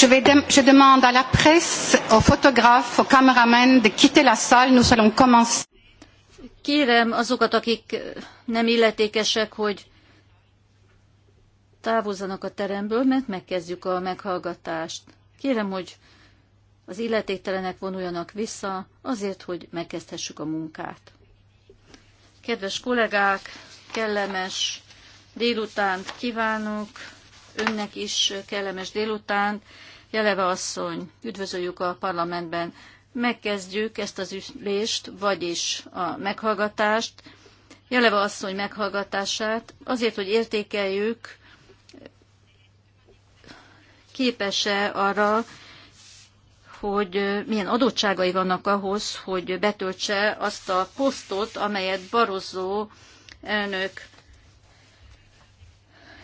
Je, vais de, je demande à la presse, aux photographes, aux caméramans de quitter la salle. Nous allons commencer. Kérem azokat, akik eh, nem illetékesek, hogy távozzanak a teremből, mert megkezdjük a meghallgatást. Kérem, hogy az illetéktelenek vonuljanak vissza, azért, hogy megkezdhessük a munkát. Kedves kollégák, kellemes délutánt kívánok! önnek is kellemes délutánt. Jeleve asszony, üdvözöljük a parlamentben. Megkezdjük ezt az ülést, vagyis a meghallgatást, Jeleve asszony meghallgatását, azért, hogy értékeljük, képes-e arra, hogy milyen adottságai vannak ahhoz, hogy betöltse azt a posztot, amelyet Barozó elnök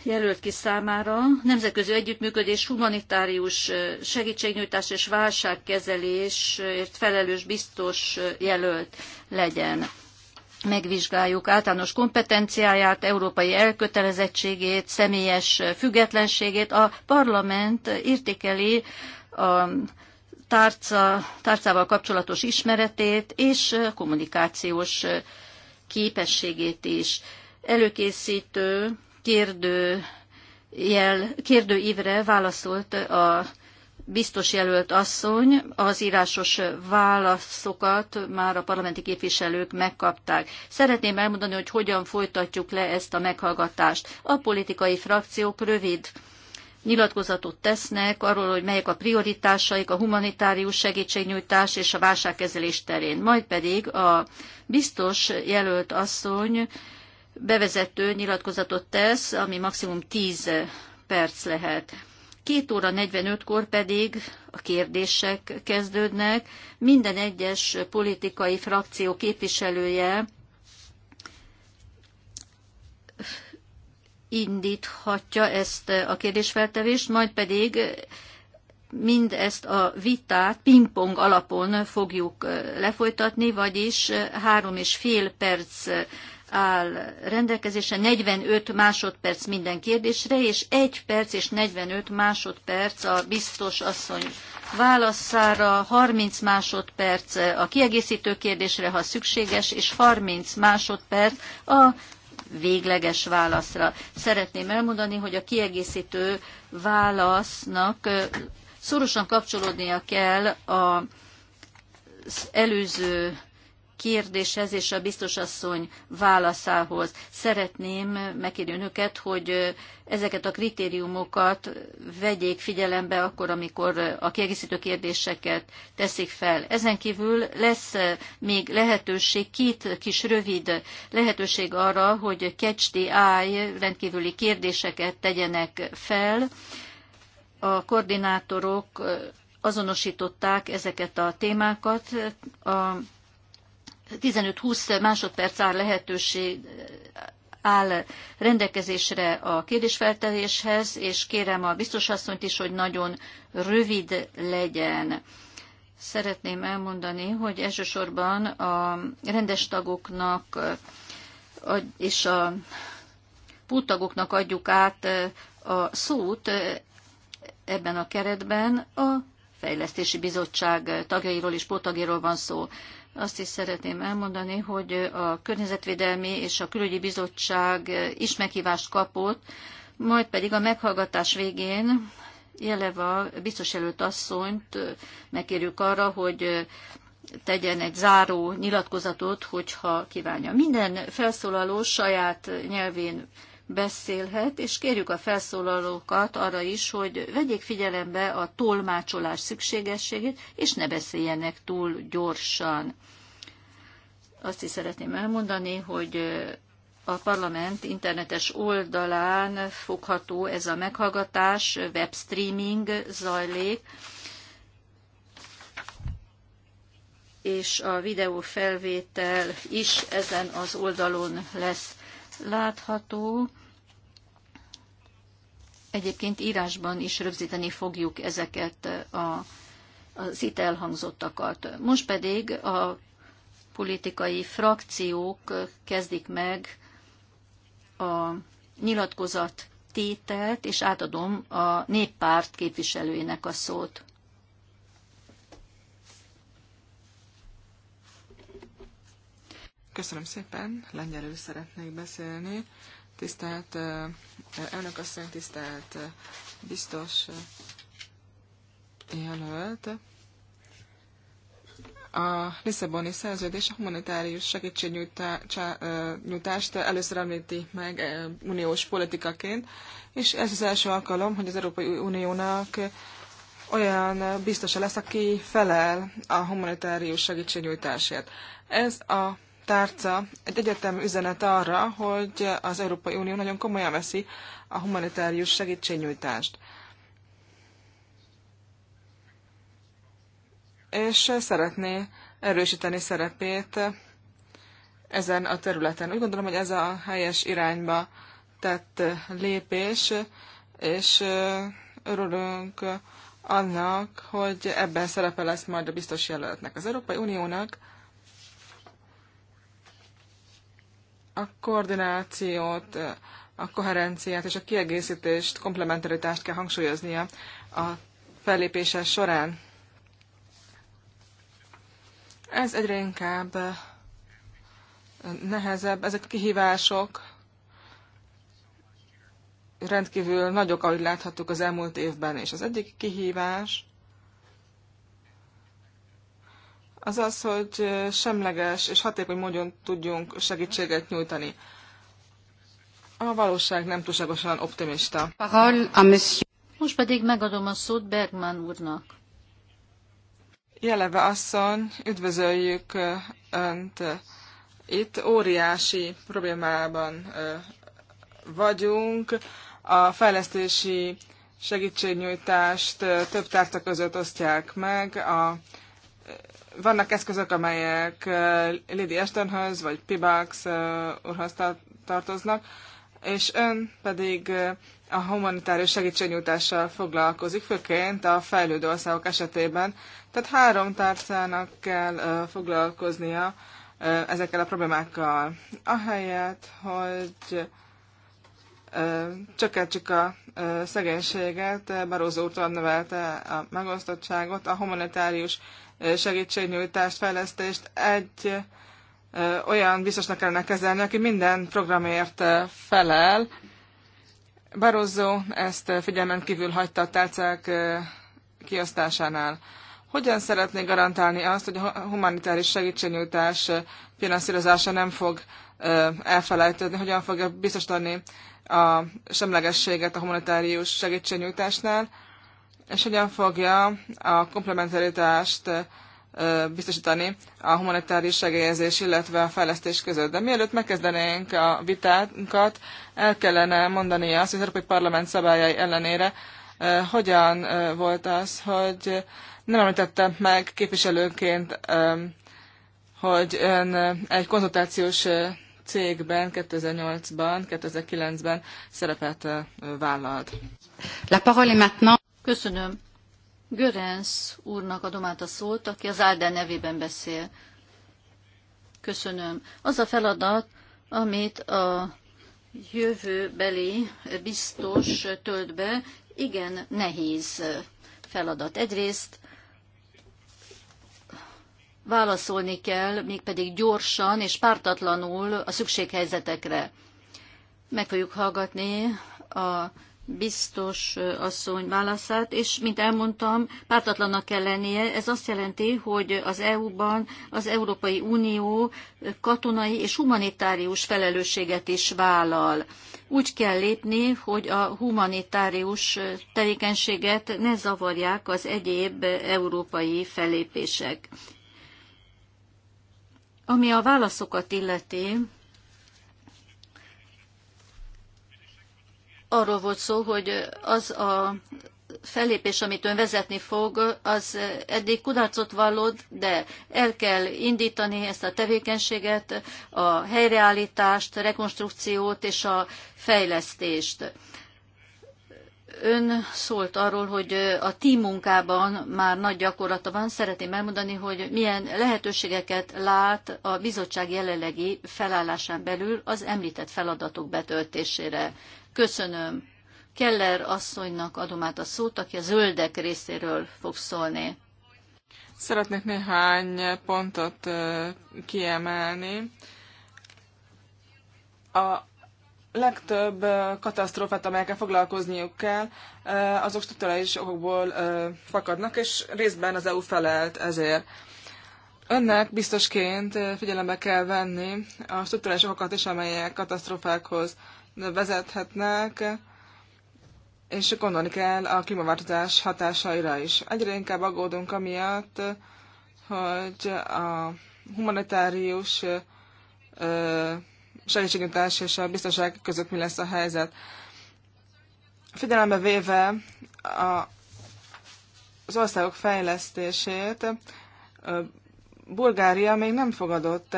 jelölt ki számára nemzetközi együttműködés, humanitárius segítségnyújtás és válságkezelésért felelős biztos jelölt legyen. Megvizsgáljuk általános kompetenciáját, európai elkötelezettségét, személyes függetlenségét. A parlament értékeli a tárca, tárcával kapcsolatos ismeretét és kommunikációs képességét is. Előkészítő kérdő jel, kérdőívre válaszolt a biztos jelölt asszony, az írásos válaszokat már a parlamenti képviselők megkapták. Szeretném elmondani, hogy hogyan folytatjuk le ezt a meghallgatást. A politikai frakciók rövid nyilatkozatot tesznek arról, hogy melyek a prioritásaik a humanitárius segítségnyújtás és a válságkezelés terén. Majd pedig a biztos jelölt asszony bevezető nyilatkozatot tesz, ami maximum 10 perc lehet. 2 óra 45-kor pedig a kérdések kezdődnek. Minden egyes politikai frakció képviselője indíthatja ezt a kérdésfeltevést, majd pedig mindezt a vitát pingpong alapon fogjuk lefolytatni, vagyis három és fél perc áll rendelkezésre 45 másodperc minden kérdésre, és 1 perc és 45 másodperc a biztos asszony válaszára, 30 másodperc a kiegészítő kérdésre, ha szükséges, és 30 másodperc a végleges válaszra. Szeretném elmondani, hogy a kiegészítő válasznak szorosan kapcsolódnia kell az előző kérdéshez és a biztosasszony válaszához. Szeretném megkérni önöket, hogy ezeket a kritériumokat vegyék figyelembe akkor, amikor a kiegészítő kérdéseket teszik fel. Ezen kívül lesz még lehetőség, két kis rövid lehetőség arra, hogy catch the eye rendkívüli kérdéseket tegyenek fel. A koordinátorok azonosították ezeket a témákat. A 15-20 másodperc áll lehetőség áll rendelkezésre a kérdésfeltevéshez, és kérem a biztosasszonyt is, hogy nagyon rövid legyen. Szeretném elmondani, hogy elsősorban a rendes tagoknak és a pulttagoknak adjuk át a szót ebben a keretben. A Fejlesztési Bizottság tagjairól és póttagjáról van szó. Azt is szeretném elmondani, hogy a Környezetvédelmi és a Külügyi Bizottság is meghívást kapott, majd pedig a meghallgatás végén Jeleva biztos előtt asszonyt megkérjük arra, hogy tegyen egy záró nyilatkozatot, hogyha kívánja. Minden felszólaló saját nyelvén beszélhet, és kérjük a felszólalókat arra is, hogy vegyék figyelembe a tolmácsolás szükségességét, és ne beszéljenek túl gyorsan. Azt is szeretném elmondani, hogy a parlament internetes oldalán fogható ez a meghallgatás, webstreaming zajlik, és a videófelvétel is ezen az oldalon lesz látható. Egyébként írásban is rögzíteni fogjuk ezeket eh, a, az itt elhangzottakat. Most pedig a politikai frakciók kezdik meg a nyilatkozat tételt, és átadom a néppárt képviselőjének a szót. Köszönöm szépen, lengyelül szeretnék beszélni. Tisztelt asszony, tisztelt biztos jelölt. A Lisszaboni szerződés a humanitárius segítségnyújtást először említi meg uniós politikaként, és ez az első alkalom, hogy az Európai Uniónak olyan biztosa lesz, aki felel a humanitárius segítségnyújtásért. Ez a tárca egy egyetem üzenet arra, hogy az Európai Unió nagyon komolyan veszi a humanitárius segítségnyújtást. És szeretné erősíteni szerepét ezen a területen. Úgy gondolom, hogy ez a helyes irányba tett lépés, és örülünk annak, hogy ebben szerepe lesz majd a biztos jelöltnek. Az Európai Uniónak a koordinációt, a koherenciát és a kiegészítést, komplementaritást kell hangsúlyoznia a fellépése során. Ez egyre inkább nehezebb. Ezek a kihívások rendkívül nagyok, ahogy láthattuk az elmúlt évben, és az egyik kihívás az az, hogy semleges és hatékony módon tudjunk segítséget nyújtani. A valóság nem túlságosan optimista. Most pedig megadom a szót Bergman úrnak. Jeleve asszony, üdvözöljük Önt. Itt óriási problémában vagyunk. A fejlesztési segítségnyújtást több tárta között osztják meg. A vannak eszközök, amelyek Lady Ashtonhoz vagy Pibax úrhoz tartoznak, és ön pedig a humanitárius segítségnyújtással foglalkozik, főként a fejlődő országok esetében. Tehát három tárcának kell foglalkoznia ezekkel a problémákkal. Ahelyett, hogy csökkentsük a szegénységet, Barózó úrtól növelte a megosztottságot, a humanitárius segítségnyújtást, fejlesztést egy olyan biztosnak kellene kezelni, aki minden programért felel. Barozzó ezt figyelmen kívül hagyta a tárcák kiosztásánál. Hogyan szeretné garantálni azt, hogy a humanitáris segítségnyújtás finanszírozása nem fog elfelejtődni? Hogyan fogja biztosítani a semlegességet a humanitárius segítségnyújtásnál? és hogyan fogja a komplementaritást biztosítani a humanitárius segélyezés, illetve a fejlesztés között. De mielőtt megkezdenénk a vitánkat, el kellene mondani azt, hogy az Európai Parlament szabályai ellenére hogyan volt az, hogy nem említettem meg képviselőként, hogy ön egy konzultációs cégben 2008-ban, 2009-ben szerepet vállalt. La parole est maintenant. Köszönöm. Görenc úrnak adom át a szót, aki az Álden nevében beszél. Köszönöm. Az a feladat, amit a jövőbeli biztos tölt be, igen nehéz feladat. Egyrészt válaszolni kell, mégpedig gyorsan és pártatlanul a szükséghelyzetekre. Meg fogjuk hallgatni a biztos asszony válaszát, és mint elmondtam, pártatlannak kell lennie. Ez azt jelenti, hogy az EU-ban az Európai Unió katonai és humanitárius felelősséget is vállal. Úgy kell lépni, hogy a humanitárius tevékenységet ne zavarják az egyéb európai fellépések. Ami a válaszokat illeti, arról volt szó, hogy az a fellépés, amit ön vezetni fog, az eddig kudarcot vallott, de el kell indítani ezt a tevékenységet, a helyreállítást, rekonstrukciót és a fejlesztést. Ön szólt arról, hogy a tímunkában munkában már nagy gyakorlata van. Szeretném elmondani, hogy milyen lehetőségeket lát a bizottság jelenlegi felállásán belül az említett feladatok betöltésére. Köszönöm. Keller asszonynak adom át a szót, aki a zöldek részéről fog szólni. Szeretnék néhány pontot kiemelni. A legtöbb katasztrófát, amelyekkel foglalkozniuk kell, azok strukturális okokból fakadnak, és részben az EU felelt ezért. Önnek biztosként figyelembe kell venni a struktúrális okokat is, amelyek katasztrófákhoz vezethetnek, és gondolni kell a klímaváltozás hatásaira is. Egyre inkább aggódunk amiatt, hogy a humanitárius segítségnyújtás és a biztonság között mi lesz a helyzet. Figyelembe véve a, az országok fejlesztését, Bulgária még nem fogadott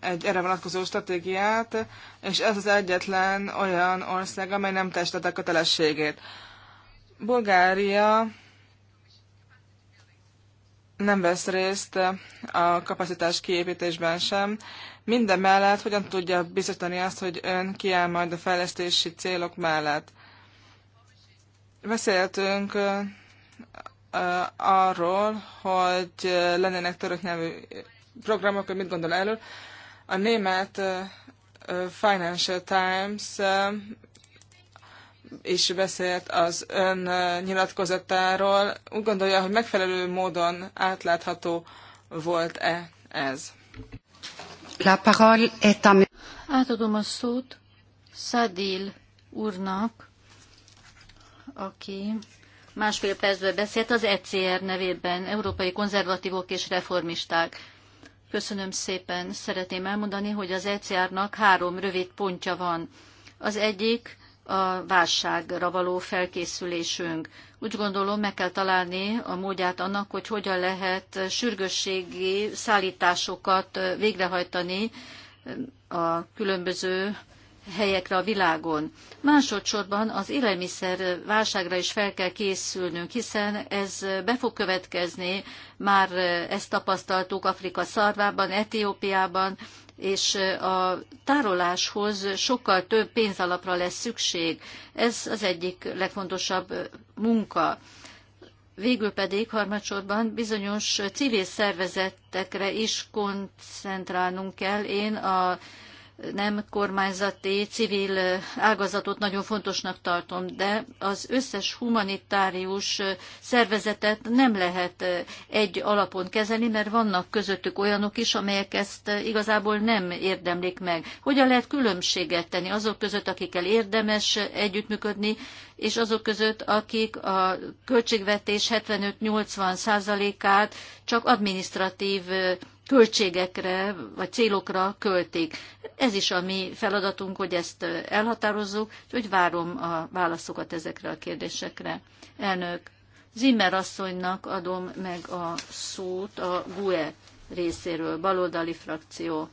egy erre vonatkozó stratégiát, és ez az egyetlen olyan ország, amely nem testet a kötelességét. Bulgária nem vesz részt a kapacitás kiépítésben sem. Minden mellett hogyan tudja biztosítani azt, hogy ön kiáll majd a fejlesztési célok mellett? Beszéltünk arról, hogy lennének török nyelvű programok, hogy mit gondol erről. A német Financial Times és beszélt az ön nyilatkozatáról. Úgy gondolja, hogy megfelelő módon átlátható volt-e ez? La parole est à... Átadom a szót Szadil úrnak, aki másfél percben beszélt az ECR nevében, Európai Konzervatívok és Reformisták. Köszönöm szépen. Szeretném elmondani, hogy az ECR-nak három rövid pontja van. Az egyik a válságra való felkészülésünk. Úgy gondolom, meg kell találni a módját annak, hogy hogyan lehet sürgősségi szállításokat végrehajtani a különböző helyekre a világon. Másodszorban az élelmiszer válságra is fel kell készülnünk, hiszen ez be fog következni, már ezt tapasztaltuk Afrika szarvában, Etiópiában, és a tároláshoz sokkal több pénzalapra lesz szükség. Ez az egyik legfontosabb munka. Végül pedig harmadsorban bizonyos civil szervezetekre is koncentrálnunk kell. Én a nem kormányzati, civil ágazatot nagyon fontosnak tartom, de az összes humanitárius szervezetet nem lehet egy alapon kezelni, mert vannak közöttük olyanok is, amelyek ezt igazából nem érdemlik meg. Hogyan lehet különbséget tenni azok között, akikkel érdemes együttműködni, és azok között, akik a költségvetés 75-80 százalékát csak adminisztratív költségekre vagy célokra költik. Ez is a mi feladatunk, hogy ezt elhatározzuk, úgyhogy várom a válaszokat ezekre a kérdésekre. Elnök, Zimmer asszonynak adom meg a szót a GUE részéről, baloldali frakció.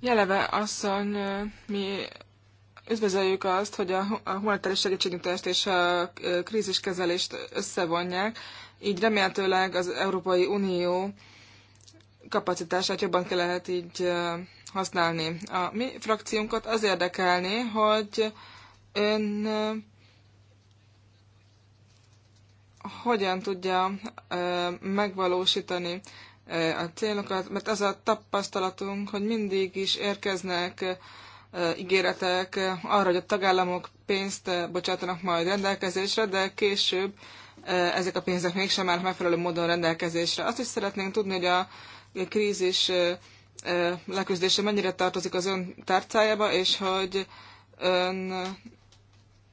Jeleve asszony, mi üdvözöljük azt, hogy a humanitárius segítségnyújtást és a kríziskezelést összevonják, így remélhetőleg az Európai Unió kapacitását jobban ki lehet így használni. A mi frakciónkat az érdekelni, hogy ön hogyan tudja megvalósítani a célokat, mert az a tapasztalatunk, hogy mindig is érkeznek ígéretek arra, hogy a tagállamok pénzt bocsátanak majd rendelkezésre, de később ezek a pénzek mégsem már megfelelő módon rendelkezésre. Azt is szeretnénk tudni, hogy a krízis leküzdése mennyire tartozik az ön tárcájába, és hogy ön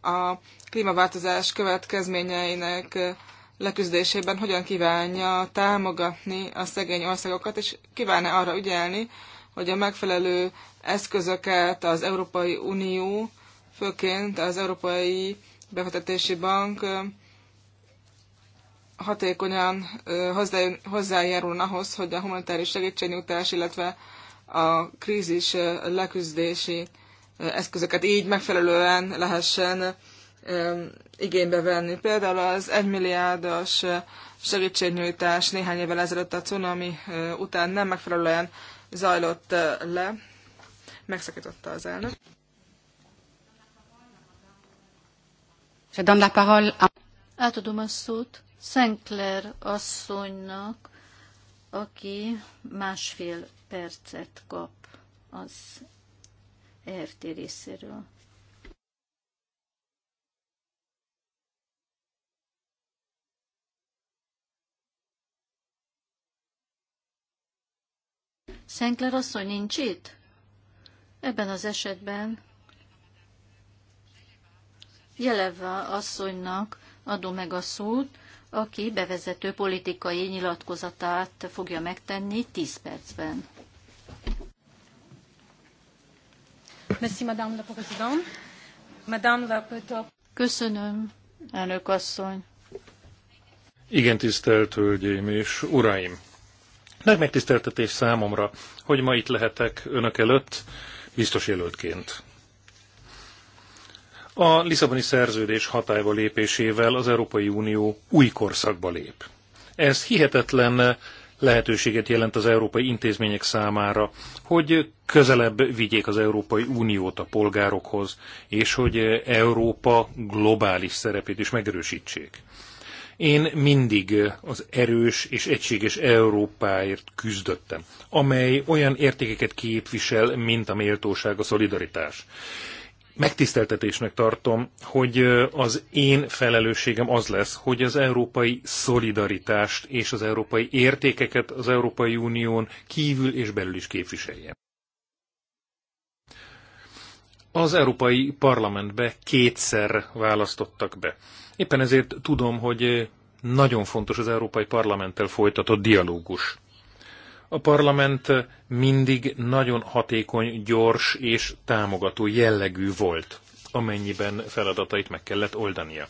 a klímaváltozás következményeinek leküzdésében hogyan kívánja támogatni a szegény országokat, és kívánja arra ügyelni, hogy a megfelelő eszközöket az Európai Unió, főként az Európai Befektetési Bank hatékonyan hozzájárulna ahhoz, hogy a humanitárius segítségnyújtás, illetve a krízis leküzdési eszközöket így megfelelően lehessen igénybe venni. Például az egymilliárdos milliárdos segítségnyújtás néhány évvel ezelőtt a cunami után nem megfelelően zajlott le, megszakította az elnök. la parole Átadom a szót Szentler asszonynak, aki másfél percet kap az EFT részéről. Szentler asszony nincs itt? Ebben az esetben Jeleva asszonynak adom meg a szót, aki bevezető politikai nyilatkozatát fogja megtenni 10 percben. Merci, Madame la Présidente. Madame la Présidente. Köszönöm, elnök asszony. Igen, tisztelt hölgyeim és uraim! Nagy megtiszteltetés számomra, hogy ma itt lehetek önök előtt biztos jelöltként. A Lisszaboni szerződés hatályba lépésével az Európai Unió új korszakba lép. Ez hihetetlen lehetőséget jelent az európai intézmények számára, hogy közelebb vigyék az Európai Uniót a polgárokhoz, és hogy Európa globális szerepét is megerősítsék. Én mindig az erős és egységes Európáért küzdöttem, amely olyan értékeket képvisel, mint a méltóság, a szolidaritás megtiszteltetésnek tartom, hogy az én felelősségem az lesz, hogy az európai szolidaritást és az európai értékeket az Európai Unión kívül és belül is képviseljem. Az Európai Parlamentbe kétszer választottak be. Éppen ezért tudom, hogy nagyon fontos az Európai Parlamenttel folytatott dialógus. A parlament mindig nagyon hatékony, gyors és támogató jellegű volt, amennyiben feladatait meg kellett oldania.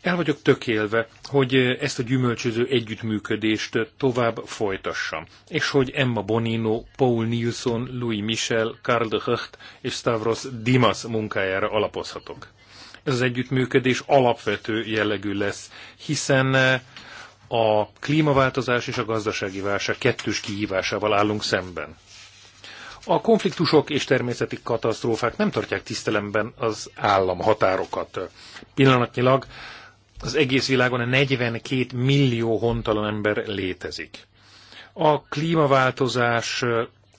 El vagyok tökélve, hogy ezt a gyümölcsöző együttműködést tovább folytassam, és hogy Emma Bonino, Paul Nilsson, Louis Michel, Karl de Hecht és Stavros Dimas munkájára alapozhatok. Ez az együttműködés alapvető jellegű lesz, hiszen eh, a klímaváltozás és a gazdasági válság kettős kihívásával állunk szemben. A konfliktusok és természeti katasztrófák nem tartják tisztelemben az állam határokat. Pillanatnyilag az egész világon 42 millió hontalan ember létezik. A klímaváltozás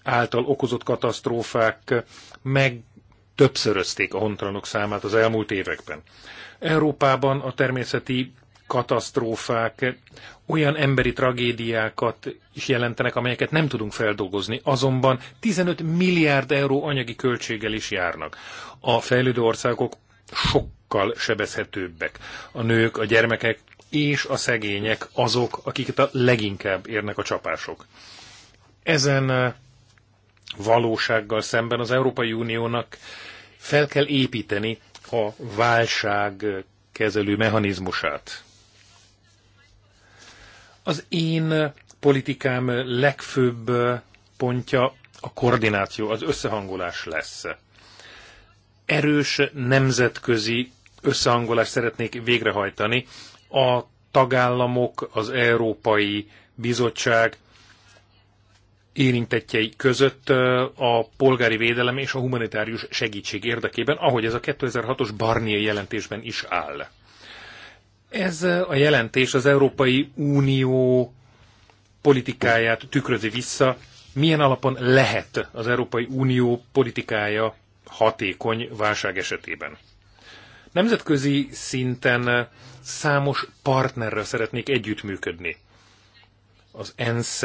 által okozott katasztrófák meg többszörözték a hontalanok számát az elmúlt években. Európában a természeti katasztrófák olyan emberi tragédiákat is jelentenek, amelyeket nem tudunk feldolgozni, azonban 15 milliárd euró anyagi költséggel is járnak. A fejlődő országok sokkal sebezhetőbbek. A nők, a gyermekek és a szegények azok, akiket a leginkább érnek a csapások. Ezen eh, valósággal szemben az Európai Uniónak fel kell építeni a válság kezelő mechanizmusát. Az én politikám legfőbb pontja a koordináció, az összehangolás lesz. Erős nemzetközi összehangolást szeretnék végrehajtani a tagállamok, az Európai Bizottság érintettjei között a polgári védelem és a humanitárius segítség érdekében, ahogy ez a 2006-os Barnier jelentésben is áll. Ez a jelentés az Európai Unió politikáját tükrözi vissza. Milyen alapon lehet az Európai Unió politikája hatékony válság esetében? Nemzetközi szinten számos partnerrel szeretnék együttműködni. Az ensz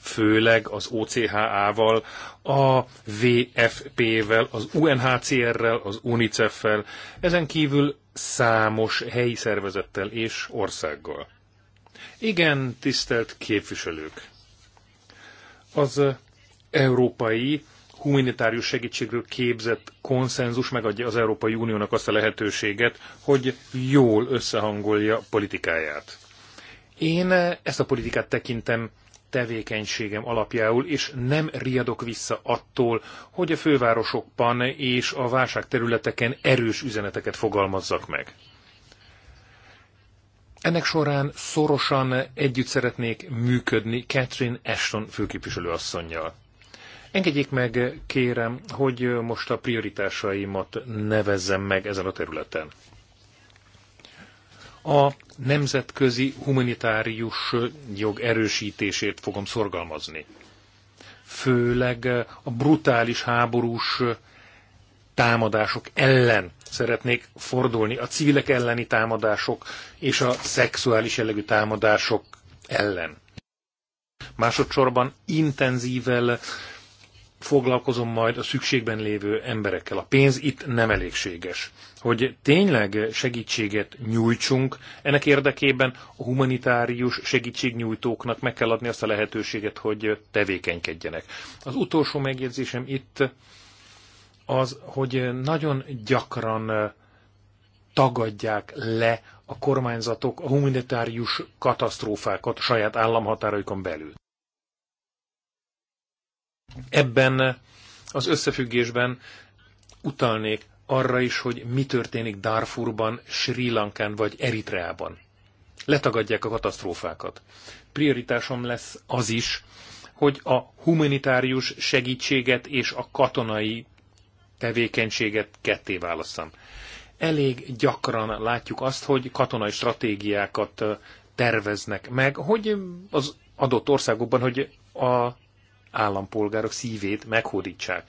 főleg az OCHA-val, a VFP-vel, az UNHCR-rel, az UNICEF-fel, ezen kívül számos helyi szervezettel és országgal. Igen, tisztelt képviselők! Az európai humanitárius segítségről képzett konszenzus megadja az Európai Uniónak azt a lehetőséget, hogy jól összehangolja politikáját. Én ezt a politikát tekintem tevékenységem alapjául, és nem riadok vissza attól, hogy a fővárosokban és a válságterületeken erős üzeneteket fogalmazzak meg. Ennek során szorosan együtt szeretnék működni Catherine Ashton főképviselőasszonynal. Engedjék meg, kérem, hogy most a prioritásaimat nevezzem meg ezen a területen a nemzetközi humanitárius jog erősítését fogom szorgalmazni. Főleg a brutális háborús támadások ellen szeretnék fordulni, a civilek elleni támadások és a szexuális jellegű támadások ellen. Másodszorban intenzível foglalkozom majd a szükségben lévő emberekkel. A pénz itt nem elégséges. Hogy tényleg segítséget nyújtsunk, ennek érdekében a humanitárius segítségnyújtóknak meg kell adni azt a lehetőséget, hogy tevékenykedjenek. Az utolsó megjegyzésem itt az, hogy nagyon gyakran tagadják le a kormányzatok a humanitárius katasztrófákat saját államhatáraikon belül. Ebben az összefüggésben utalnék arra is, hogy mi történik Darfurban, Sri Lankán vagy Eritreában. Letagadják a katasztrófákat. Prioritásom lesz az is, hogy a humanitárius segítséget és a katonai tevékenységet ketté válaszom. Elég gyakran látjuk azt, hogy katonai stratégiákat terveznek meg, hogy az adott országokban, hogy a állampolgárok szívét meghódítsák.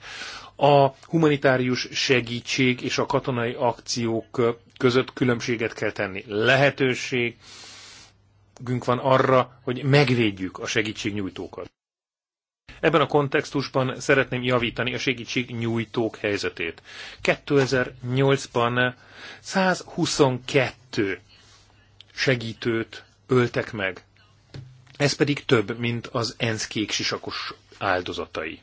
A humanitárius segítség és a katonai akciók között különbséget kell tenni. Lehetőségünk van arra, hogy megvédjük a segítségnyújtókat. Ebben a kontextusban szeretném javítani a segítségnyújtók helyzetét. 2008-ban 122 segítőt öltek meg. Ez pedig több, mint az ENSZ kék sisakos áldozatai.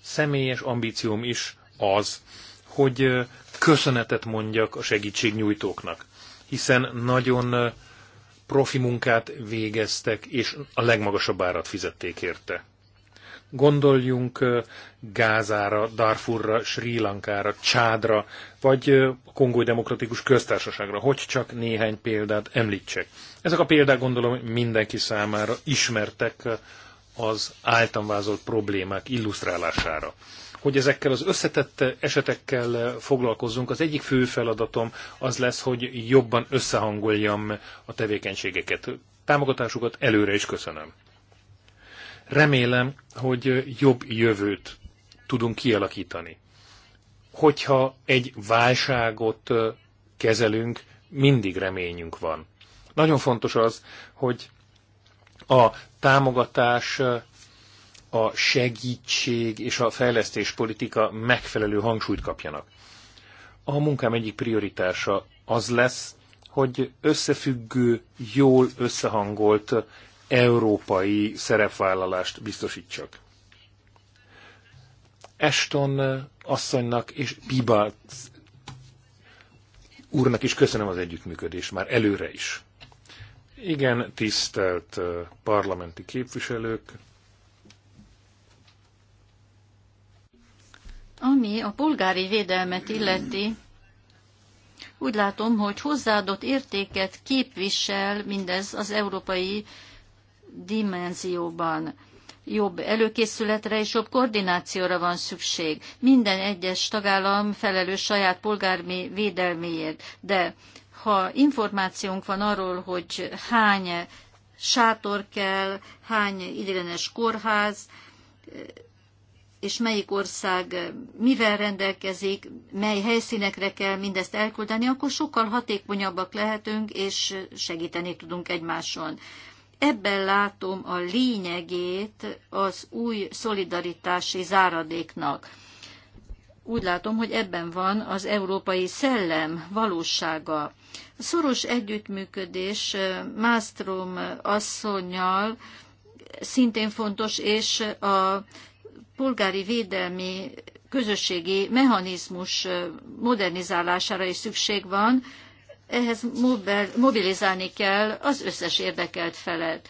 Személyes ambícióm is az, hogy köszönetet mondjak a segítségnyújtóknak, hiszen nagyon profi munkát végeztek, és a legmagasabb árat fizették érte. Gondoljunk Gázára, Darfurra, Sri Lankára, Csádra, vagy a Kongói Demokratikus Köztársaságra, hogy csak néhány példát említsek. Ezek a példák gondolom mindenki számára ismertek az általán vázolt problémák illusztrálására. Hogy ezekkel az összetett esetekkel foglalkozzunk, az egyik fő feladatom az lesz, hogy jobban összehangoljam a tevékenységeket. Támogatásukat előre is köszönöm. Remélem, hogy jobb jövőt tudunk kialakítani. Hogyha egy válságot kezelünk, mindig reményünk van. Nagyon fontos az, hogy a támogatás, a segítség és a fejlesztés politika megfelelő hangsúlyt kapjanak. A munkám egyik prioritása az lesz, hogy összefüggő, jól összehangolt európai szerepvállalást biztosítsak. Eston asszonynak és Biba úrnak is köszönöm az együttműködést már előre is. Igen, tisztelt parlamenti képviselők! Ami a polgári védelmet illeti, úgy látom, hogy hozzáadott értéket képvisel mindez az európai dimenzióban. Jobb előkészületre és jobb koordinációra van szükség. Minden egyes tagállam felelős saját polgármi védelméért, de ha információnk van arról, hogy hány sátor kell, hány idegenes kórház, és melyik ország mivel rendelkezik, mely helyszínekre kell mindezt elküldeni, akkor sokkal hatékonyabbak lehetünk, és segíteni tudunk egymáson. Ebben látom a lényegét az új szolidaritási záradéknak úgy látom, hogy ebben van az európai szellem valósága. A szoros együttműködés Mástrom asszonynal szintén fontos, és a polgári védelmi közösségi mechanizmus modernizálására is szükség van, ehhez mobilizálni kell az összes érdekelt felet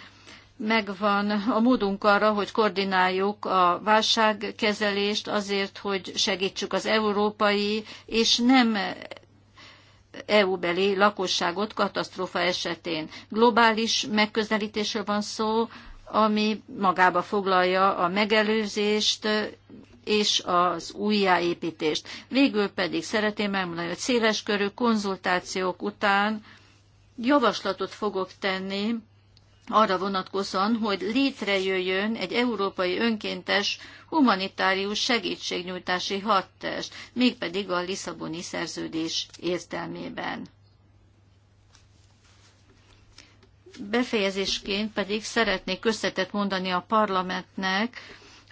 megvan a módunk arra, hogy koordináljuk a válságkezelést azért, hogy segítsük az európai és nem EU-beli lakosságot katasztrófa esetén. Globális megközelítésről van szó, ami magába foglalja a megelőzést és az újjáépítést. Végül pedig szeretném elmondani, hogy széleskörű konzultációk után javaslatot fogok tenni arra vonatkozóan, hogy létrejöjjön egy európai önkéntes humanitárius segítségnyújtási hadtest, mégpedig a Lisszaboni szerződés értelmében. Befejezésként pedig szeretnék köszönetet mondani a parlamentnek,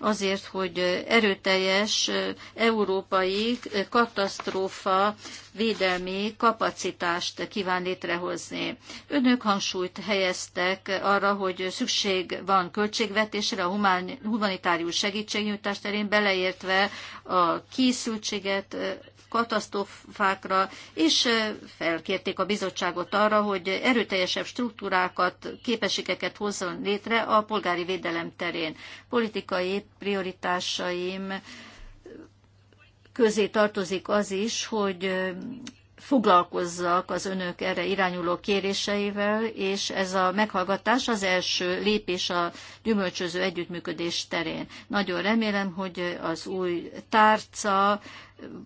azért, hogy erőteljes európai katasztrófa védelmi kapacitást kíván létrehozni. Önök hangsúlyt helyeztek arra, hogy szükség van költségvetésre a humanitárius segítségnyújtás terén, beleértve a készültséget, katasztrófákra, és felkérték a bizottságot arra, hogy erőteljesebb struktúrákat, képességeket hozzon létre a polgári védelem terén. Politikai prioritásaim közé tartozik az is, hogy foglalkozzak az önök erre irányuló kéréseivel, és ez a meghallgatás az első lépés a gyümölcsöző együttműködés terén. Nagyon remélem, hogy az új tárca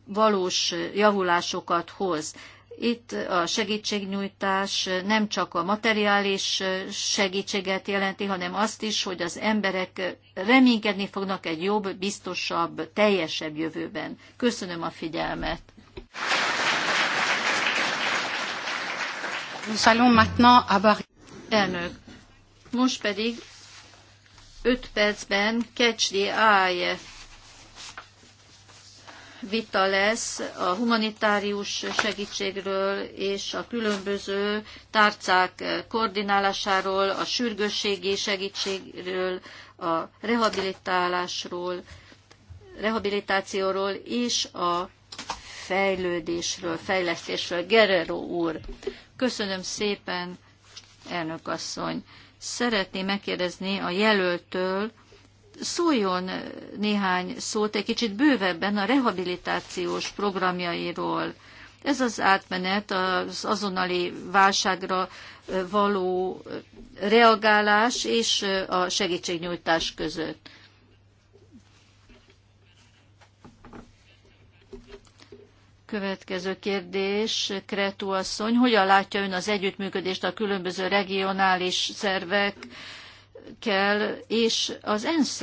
valós javulásokat hoz. Itt a segítségnyújtás nem csak a materiális segítséget jelenti, hanem azt is, hogy az emberek reménykedni fognak egy jobb, biztosabb, teljesebb jövőben. Köszönöm a figyelmet! Nous allons maintenant avoir... Elnök. Most pedig 5 percben Kecsdi Áj vita lesz a humanitárius segítségről és a különböző tárcák koordinálásáról, a sürgősségi segítségről, a rehabilitálásról, rehabilitációról és a fejlődésről, fejlesztésről. Guerrero úr. Köszönöm szépen, elnök asszony. Szeretném megkérdezni a jelöltől, szóljon néhány szót egy kicsit bővebben a rehabilitációs programjairól. Ez az átmenet az azonnali válságra való reagálás és a segítségnyújtás között. Következő kérdés, Kretu asszony, hogyan látja ön az együttműködést a különböző regionális szervekkel és az ensz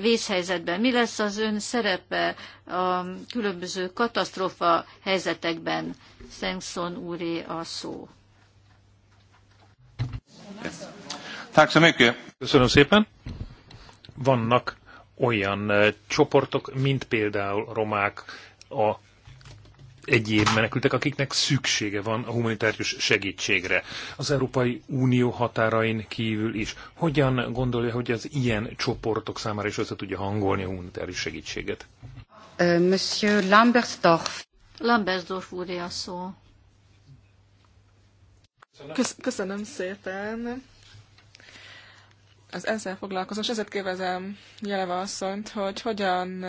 vészhelyzetben? Mi lesz az ön szerepe a különböző katasztrófa helyzetekben? Szengszon úré a szó. Köszönöm szépen. Vannak olyan eh, csoportok, mint például romák, a egyéb menekültek, akiknek szüksége van a humanitárius segítségre. Az Európai Unió határain kívül is. Hogyan gondolja, hogy az ilyen csoportok számára is össze tudja hangolni a humanitárius segítséget? Monsieur Lambersdorf. Lambersdorf úr a szó. Köszönöm. Köszönöm szépen az ezzel foglalkozom, és ezért kérdezem Jeleva asszonyt, hogy hogyan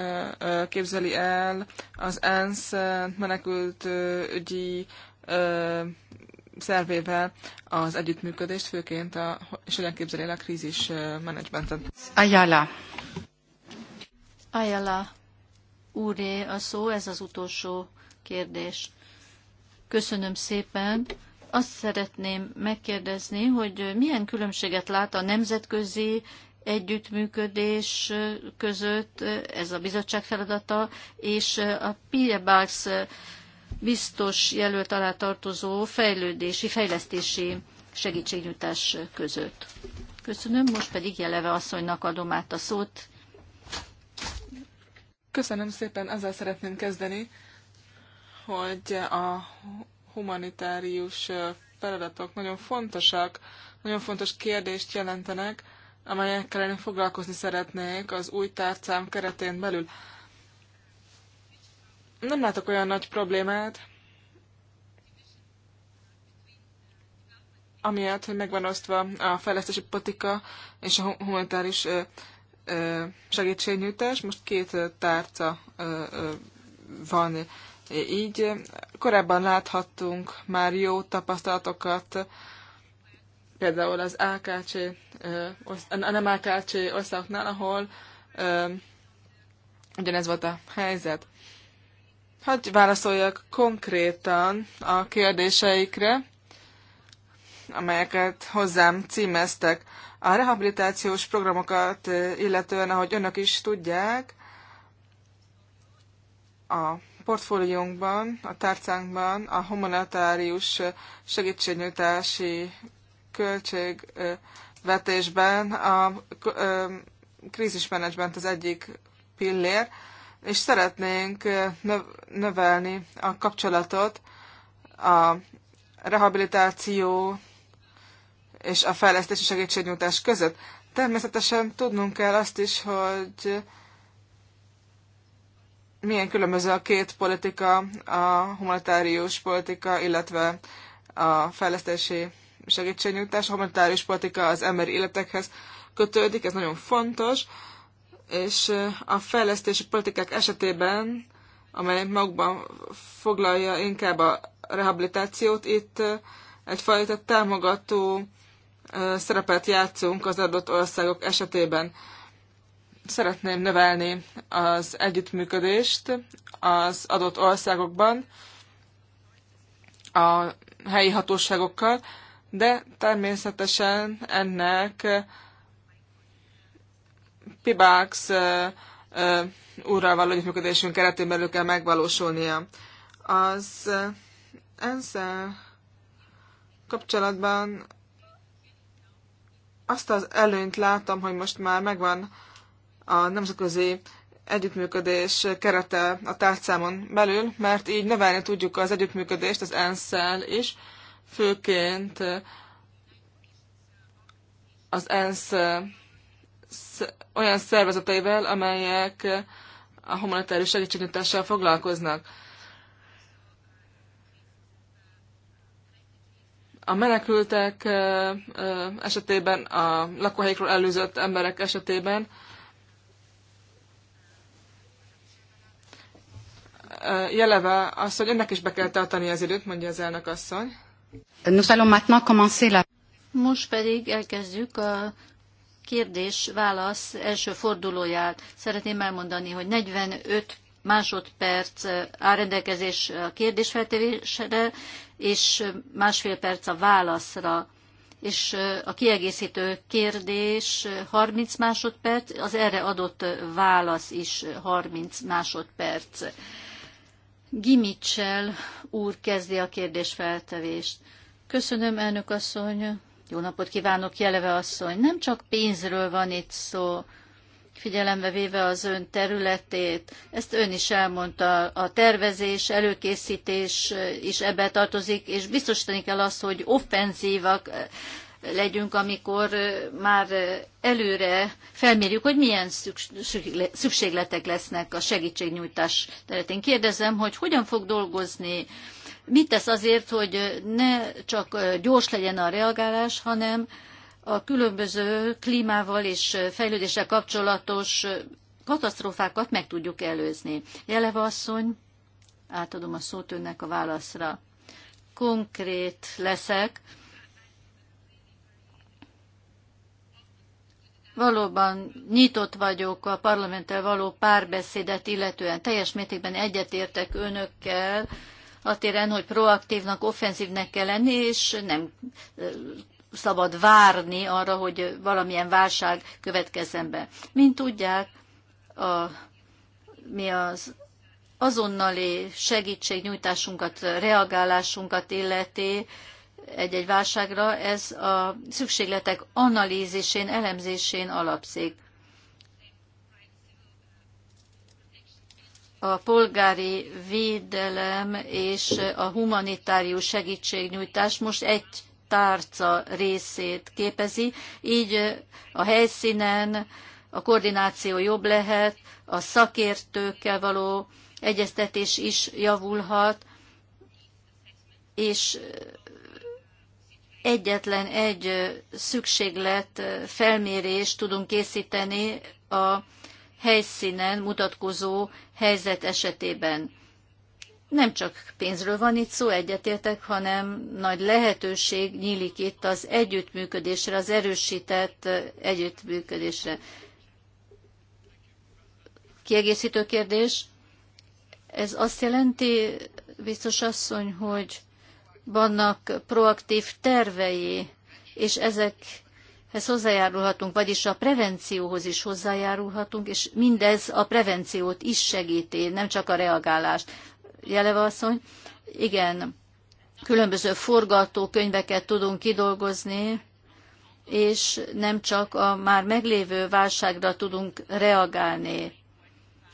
képzeli el az ENSZ menekült ügyi szervével az együttműködést, főként a, és hogyan képzeli el a krízis menedzsmentet. Ayala. Ayala, úré a szó, ez az utolsó kérdés. Köszönöm szépen. Azt szeretném megkérdezni, hogy milyen különbséget lát a nemzetközi együttműködés között, ez a bizottság feladata, és a Piebalgs biztos jelölt alá tartozó fejlődési, fejlesztési segítségnyújtás között. Köszönöm, most pedig Jeleve asszonynak adom át a szót. Köszönöm szépen, azzal szeretném kezdeni, hogy a humanitárius feladatok nagyon fontosak, nagyon fontos kérdést jelentenek, amelyekkel én foglalkozni szeretnék az új tárcám keretén belül. Nem látok olyan nagy problémát, amiatt, hogy megvan osztva a fejlesztési politika és a humanitáris segítségnyújtás. Most két tárca van így korábban láthattunk már jó tapasztalatokat, például az AKC, a nem AKC országoknál, ahol ugyanez volt a helyzet. Hogy válaszoljak konkrétan a kérdéseikre, amelyeket hozzám címeztek. A rehabilitációs programokat illetően, ahogy önök is tudják, a portfóliónkban, a tárcánkban a humanitárius segítségnyújtási költségvetésben a krízismenedzsment az egyik pillér, és szeretnénk növelni a kapcsolatot a rehabilitáció és a fejlesztési segítségnyújtás között. Természetesen tudnunk kell azt is, hogy milyen különböző a két politika, a humanitárius politika, illetve a fejlesztési segítségnyújtás. A humanitárius politika az emberi életekhez kötődik, ez nagyon fontos, és a fejlesztési politikák esetében, amely magukban foglalja inkább a rehabilitációt, itt egyfajta támogató szerepet játszunk az adott országok esetében szeretném növelni az együttműködést az adott országokban a helyi hatóságokkal, de természetesen ennek Pibax úrral való együttműködésünk keretében belül kell megvalósulnia. Az ensz kapcsolatban azt az előnyt látom, hogy most már megvan a nemzetközi együttműködés kerete a tárcámon belül, mert így növelni tudjuk az együttműködést az ensz is, főként az ENSZ olyan szervezeteivel, amelyek a humanitárius segítségnyújtással foglalkoznak. A menekültek esetében, a lakóhelyekről előzött emberek esetében Eh, jeleve azt, hogy ennek is be kell tartani az időt, mondja az elnök asszony. Nous allons maintenant commencer la... Most pedig elkezdjük a kérdés-válasz első fordulóját. Szeretném elmondani, hogy 45 másodperc eh, áll rendelkezés a kérdésfeltevésre, és másfél perc a válaszra. És eh, a kiegészítő kérdés 30 másodperc, az erre adott válasz is 30 másodperc. Gimicsel úr kezdi a kérdésfeltevést. Köszönöm, elnök asszony. Jó napot kívánok, Jeleve asszony. Nem csak pénzről van itt szó, figyelembe véve az ön területét. Ezt ön is elmondta, a tervezés, előkészítés is ebbe tartozik, és biztosítani kell azt, hogy offenzívak legyünk, amikor már előre felmérjük, hogy milyen szükségletek lesznek a segítségnyújtás területén. Kérdezem, hogy hogyan fog dolgozni, mit tesz azért, hogy ne csak gyors legyen a reagálás, hanem a különböző klímával és fejlődéssel kapcsolatos katasztrófákat meg tudjuk előzni. Jeleva asszony, átadom a szót önnek a válaszra. Konkrét leszek Valóban nyitott vagyok a parlamenttel való párbeszédet illetően. Teljes mértékben egyetértek önökkel a téren, hogy proaktívnak, offenzívnek kell lenni, és nem szabad várni arra, hogy valamilyen válság következzen be. Mint tudják, a, mi az azonnali segítségnyújtásunkat, reagálásunkat illeti, egy-egy válságra, ez a szükségletek analízisén, elemzésén alapszik. A polgári védelem és a humanitárius segítségnyújtás most egy tárca részét képezi, így a helyszínen a koordináció jobb lehet, a szakértőkkel való egyeztetés is javulhat, és egyetlen egy szükséglet felmérést tudunk készíteni a helyszínen mutatkozó helyzet esetében. Nem csak pénzről van itt szó, egyetértek, hanem nagy lehetőség nyílik itt az együttműködésre, az erősített együttműködésre. Kiegészítő kérdés? Ez azt jelenti, biztos asszony, hogy vannak proaktív tervei, és ezekhez hozzájárulhatunk, vagyis a prevencióhoz is hozzájárulhatunk, és mindez a prevenciót is segíti, nem csak a reagálást. Jeleva asszony, igen, különböző forgatókönyveket tudunk kidolgozni, és nem csak a már meglévő válságra tudunk reagálni.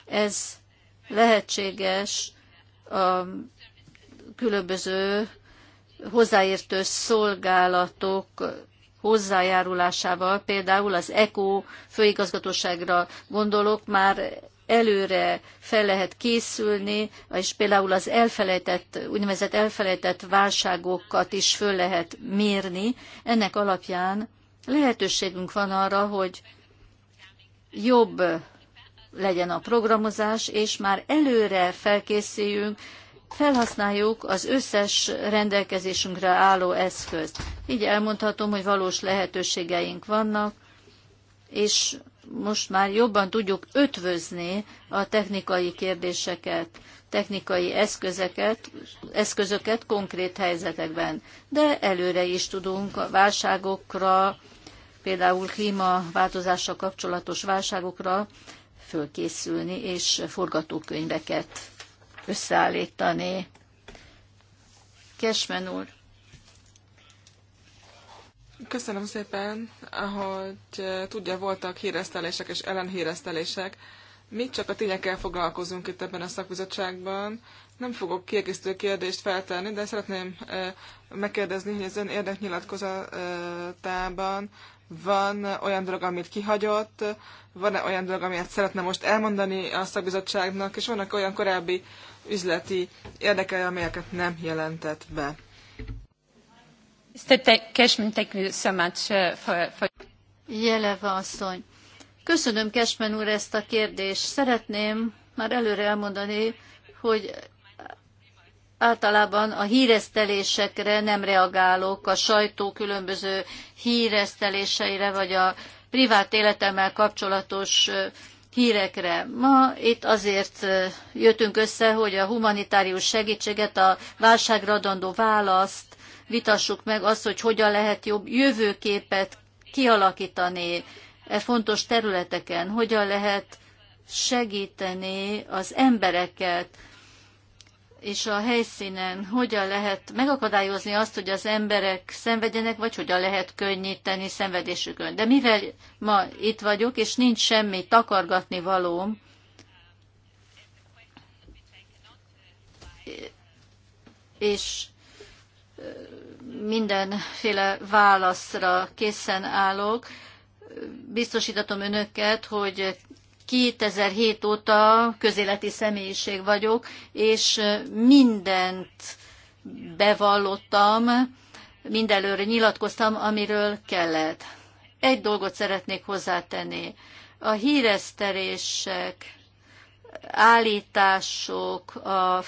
Ez lehetséges a különböző hozzáértő szolgálatok hozzájárulásával, például az ECO főigazgatóságra gondolok, már előre fel lehet készülni, és például az elfelejtett, úgynevezett elfelejtett válságokat is föl lehet mérni. Ennek alapján lehetőségünk van arra, hogy jobb legyen a programozás, és már előre felkészüljünk felhasználjuk az összes rendelkezésünkre álló eszközt. Így elmondhatom, hogy valós lehetőségeink vannak, és most már jobban tudjuk ötvözni a technikai kérdéseket, technikai eszközeket, eszközöket konkrét helyzetekben. De előre is tudunk a válságokra, például klímaváltozással kapcsolatos válságokra fölkészülni, és forgatókönyveket összeállítani. Kesmen úr. Köszönöm szépen, ahogy eh, tudja, voltak híresztelések és ellenhíresztelések. Mi csak a tényekkel foglalkozunk itt ebben a szakbizottságban. Nem fogok kiegészítő kérdést feltenni, de szeretném eh, megkérdezni, hogy az ön érdeknyilatkozatában van olyan dolog, amit kihagyott, van -e olyan dolog, amit szeretne most elmondani a szakbizottságnak, és vannak olyan korábbi üzleti érdekei, amelyeket nem jelentett be. thank you so much uh, for, Jeleva asszony. Köszönöm Kesmen úr ezt a kérdést. Szeretném már előre elmondani, hogy általában a híresztelésekre nem reagálok, a sajtó különböző híreszteléseire, vagy a privát életemmel kapcsolatos hírekre. Ma itt azért jöttünk össze, hogy a humanitárius segítséget, a válságra adandó választ vitassuk meg azt, hogy hogyan lehet jobb jövőképet kialakítani e fontos területeken, hogyan lehet segíteni az embereket, és a helyszínen hogyan lehet megakadályozni azt, hogy az emberek szenvedjenek, vagy hogyan lehet könnyíteni szenvedésükön. De mivel ma itt vagyok, és nincs semmi takargatni valóm, és mindenféle válaszra készen állok, biztosítatom önöket, hogy 2007 óta közéleti személyiség vagyok, és mindent bevallottam, mindelőre nyilatkoztam, amiről kellett. Egy dolgot szeretnék hozzátenni. A híreszterések, állítások a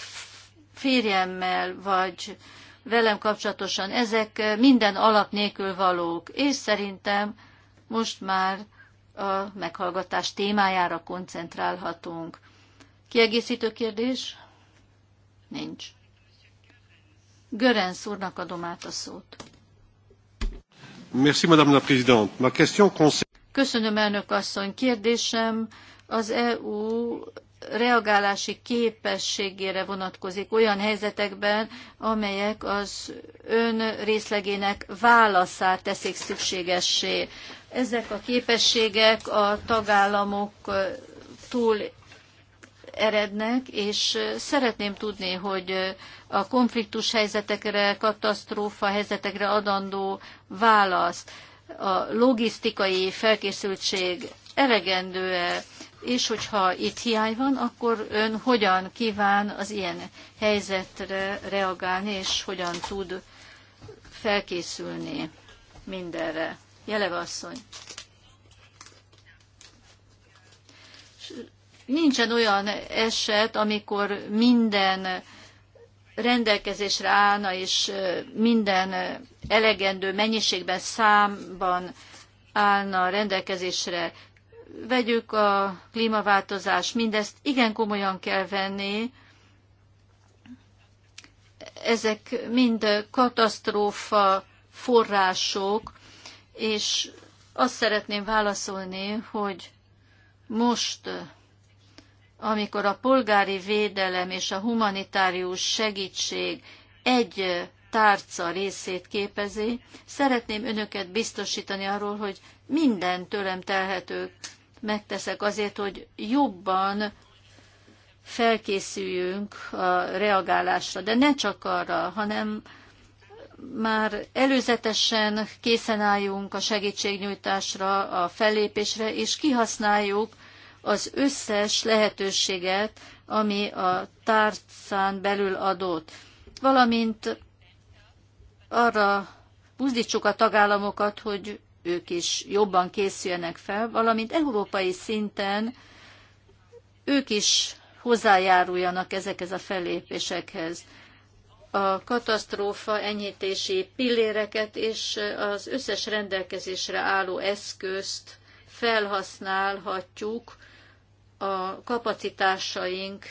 férjemmel vagy velem kapcsolatosan, ezek minden alap nélkül valók, és szerintem most már a meghallgatás témájára koncentrálhatunk. Kiegészítő kérdés? Nincs. Görens úrnak adom át a szót. Merci, Madame la Présidente. Ma question concerne... Köszönöm, elnök asszony. Kérdésem az EU reagálási képességére vonatkozik olyan helyzetekben, amelyek az ön részlegének válaszát teszik szükségessé. Ezek a képességek a tagállamok túl erednek, és szeretném tudni, hogy a konfliktus helyzetekre, katasztrófa helyzetekre adandó választ, a logisztikai felkészültség elegendő-e, és hogyha itt hiány van, akkor ön hogyan kíván az ilyen helyzetre reagálni, és hogyan tud felkészülni mindenre. Jeleva asszony. Nincsen olyan eset, amikor minden rendelkezésre állna, és minden elegendő mennyiségben, számban állna rendelkezésre. Vegyük a klímaváltozás, mindezt igen komolyan kell venni. Ezek mind katasztrófa források, és azt szeretném válaszolni, hogy most, amikor a polgári védelem és a humanitárius segítség egy tárca részét képezi, szeretném önöket biztosítani arról, hogy minden tőlem telhetőt megteszek azért, hogy jobban felkészüljünk a reagálásra, de ne csak arra, hanem már előzetesen készen álljunk a segítségnyújtásra, a fellépésre, és kihasználjuk az összes lehetőséget, ami a tárcán belül adott. Valamint arra buzdítsuk a tagállamokat, hogy ők is jobban készüljenek fel, valamint európai szinten ők is hozzájáruljanak ezekhez a fellépésekhez a katasztrófa enyhítési pilléreket és az összes rendelkezésre álló eszközt felhasználhatjuk a kapacitásaink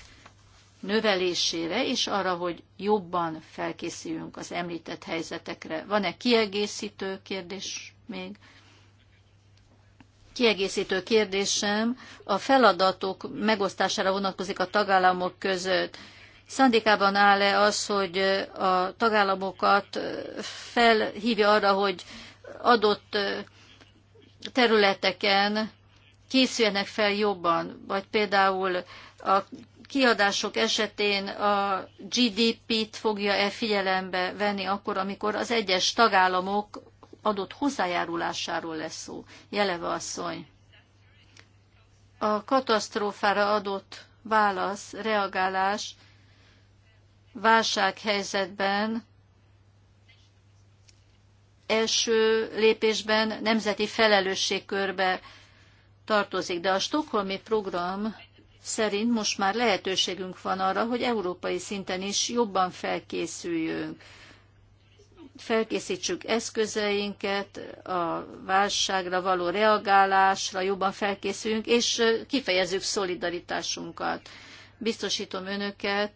növelésére, és arra, hogy jobban felkészüljünk az említett helyzetekre. Van-e kiegészítő kérdés még? Kiegészítő kérdésem a feladatok megosztására vonatkozik a tagállamok között szándékában áll-e az, hogy a tagállamokat felhívja arra, hogy adott területeken készüljenek fel jobban, vagy például a kiadások esetén a GDP-t fogja-e figyelembe venni akkor, amikor az egyes tagállamok adott hozzájárulásáról lesz szó. Jeleve asszony. A katasztrófára adott válasz, reagálás válsághelyzetben első lépésben nemzeti felelősségkörbe tartozik, de a stokholmi program szerint most már lehetőségünk van arra, hogy európai szinten is jobban felkészüljünk. Felkészítsük eszközeinket a válságra való reagálásra, jobban felkészüljünk, és kifejezzük szolidaritásunkat. Biztosítom önöket,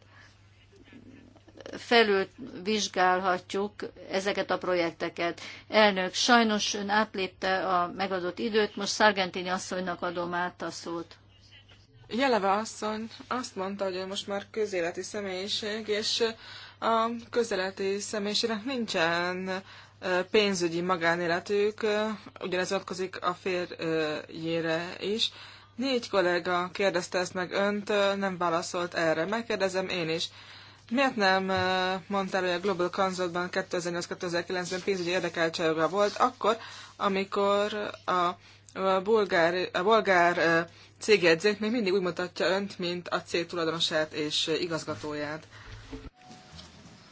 felül vizsgálhatjuk ezeket a projekteket. Elnök, sajnos ön átlépte a megadott időt, most Szargentini asszonynak adom át a szót. Jeleve asszony azt mondta, hogy ő most már közéleti személyiség, és a közéleti személyiségnek nincsen pénzügyi magánéletük, ugyanez vonatkozik a férjére is. Négy kollega kérdezte ezt meg önt, nem válaszolt erre. Megkérdezem én is. Miért nem eh, mondtál, hogy a Global Consultban 2008-2009-ben pénzügyi érdekeltsága volt, akkor, amikor a, a bulgár, a bulgár eh, cégjegyzék még mindig úgy mutatja önt, mint a cég tulajdonosát és igazgatóját?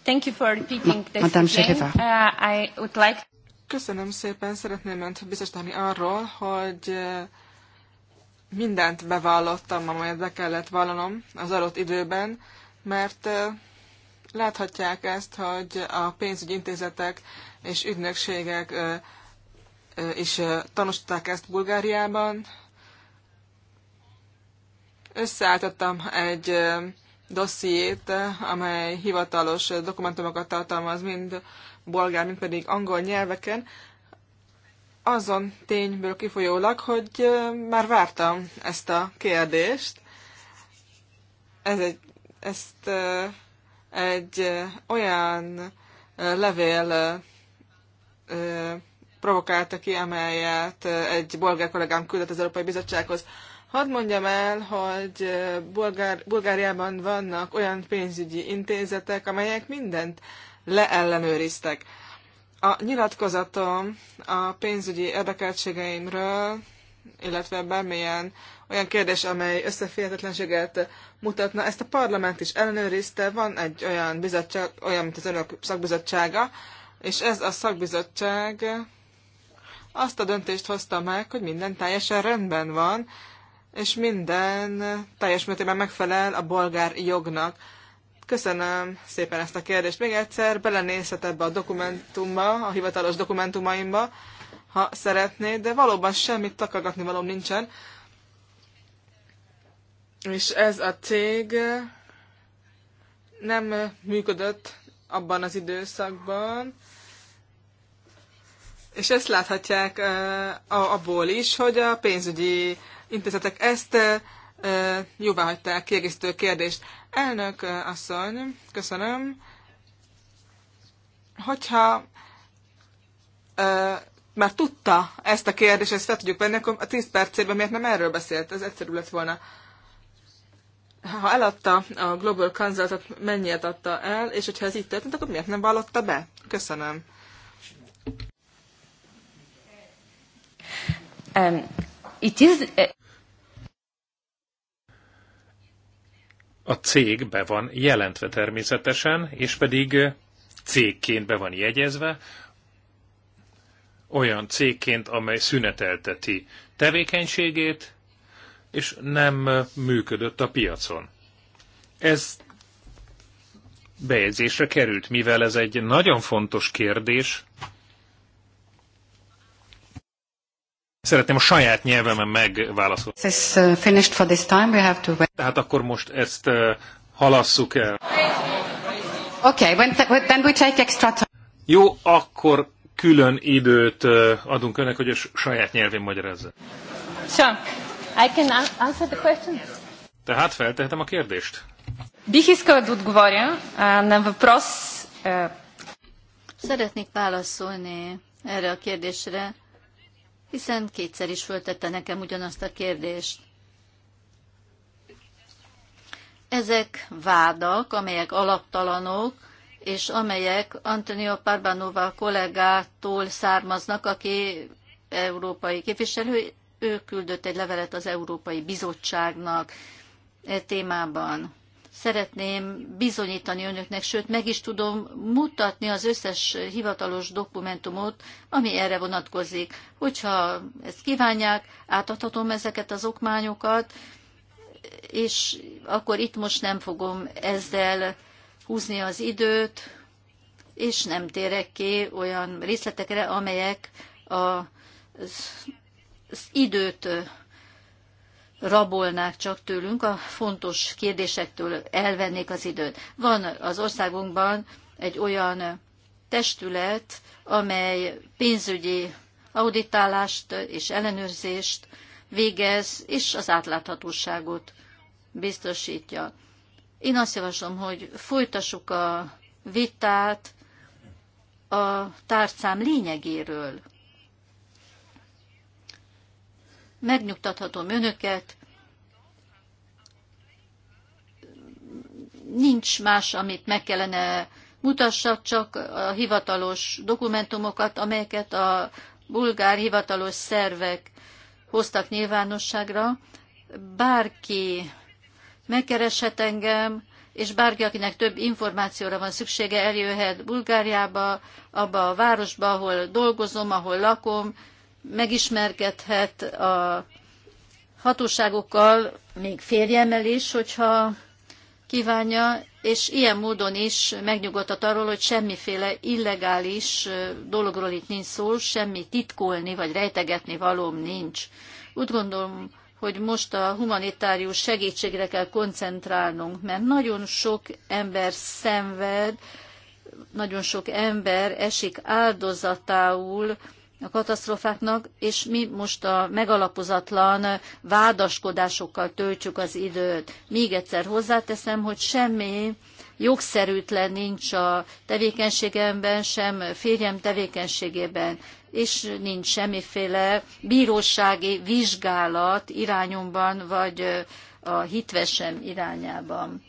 Thank you for repeating this Madame again. Uh, I would like... Köszönöm szépen, szeretném önt biztosítani arról, hogy eh, mindent bevallottam, amelyet be kellett vallanom az adott időben, mert Láthatják ezt, hogy a pénzügyi intézetek és ügynökségek is tanúsították ezt Bulgáriában. Összeálltottam egy dossziét, amely hivatalos dokumentumokat tartalmaz, mind bolgár, mind pedig angol nyelveken, azon tényből kifolyólag, hogy már vártam ezt a kérdést. Ez egy, ezt egy olyan levél provokálta ki, amelyet egy bolgár kollégám küldött az Európai Bizottsághoz. Hadd mondjam el, hogy Bulgár, Bulgáriában vannak olyan pénzügyi intézetek, amelyek mindent leellenőriztek. A nyilatkozatom a pénzügyi érdekeltségeimről illetve bármilyen olyan kérdés, amely összeférhetetlenséget mutatna. Ezt a parlament is ellenőrizte, van egy olyan bizottság, olyan, mint az önök szakbizottsága, és ez a szakbizottság azt a döntést hozta meg, hogy minden teljesen rendben van, és minden teljes mértékben megfelel a bolgár jognak. Köszönöm szépen ezt a kérdést. Még egyszer belenézhet ebbe a dokumentumba, a hivatalos dokumentumaimba, ha szeretné, de valóban semmit takagatni való nincsen. És ez a cég nem működött abban az időszakban, és ezt láthatják abból is, hogy a pénzügyi intézetek ezt jóvá hagyták, kiegészítő kérdést. Elnök asszony, köszönöm. Hogyha már tudta ezt a kérdést, ezt fel tudjuk venni, akkor a 10 percében miért nem erről beszélt? Ez egyszerű lett volna. Ha eladta a Global Consultot, mennyit adta el, és hogyha ez így történt, akkor miért nem vallotta be? Köszönöm. Um, it is... Uh, a cég be van jelentve természetesen, és pedig cégként be van jegyezve, olyan cégként, amely szünetelteti tevékenységét, és nem működött a piacon. Ez bejegyzésre került, mivel ez egy nagyon fontos kérdés. Szeretném a saját nyelvemen megválaszolni. Uh, Tehát akkor most ezt uh, halasszuk el. Okay, we take extra time. Jó, akkor külön időt adunk önnek, hogy a saját nyelvén magyarázza. So, I can answer the question? Tehát feltehetem a kérdést. Бих искала да отговоря а, на Szeretnék válaszolni erre a kérdésre, hiszen kétszer is föltette nekem ugyanazt a kérdést. Ezek vádak, amelyek alaptalanok, és amelyek Antonio Parbanova kollégától származnak, aki európai képviselő, ő küldött egy levelet az Európai Bizottságnak e témában. Szeretném bizonyítani önöknek, sőt meg is tudom mutatni az összes hivatalos dokumentumot, ami erre vonatkozik. Hogyha ezt kívánják, átadhatom ezeket az okmányokat, és akkor itt most nem fogom ezzel húzni az időt, és nem térek ki olyan részletekre, amelyek a, az, az időt rabolnák csak tőlünk, a fontos kérdésektől elvennék az időt. Van az országunkban egy olyan testület, amely pénzügyi auditálást és ellenőrzést végez, és az átláthatóságot biztosítja. Én azt javaslom, hogy folytassuk a vitát a tárcám lényegéről. Megnyugtathatom önöket, nincs más, amit meg kellene mutassak, csak a hivatalos dokumentumokat, amelyeket a bulgár hivatalos szervek hoztak nyilvánosságra. Bárki megkereshet engem, és bárki, akinek több információra van szüksége, eljöhet Bulgáriába, abba a városba, ahol dolgozom, ahol lakom, megismerkedhet a hatóságokkal, még férjemmel is, hogyha kívánja, és ilyen módon is megnyugodhat arról, hogy semmiféle illegális dologról itt nincs szó, semmi titkolni vagy rejtegetni valóm nincs. Úgy gondolom, hogy most a humanitárius segítségre kell koncentrálnunk, mert nagyon sok ember szenved, nagyon sok ember esik áldozatául a katasztrofáknak, és mi most a megalapozatlan vádaskodásokkal töltjük az időt. Még egyszer hozzáteszem, hogy semmi jogszerűtlen nincs a tevékenységemben, sem férjem tevékenységében, és nincs semmiféle bírósági vizsgálat irányomban, vagy a hitvesem irányában.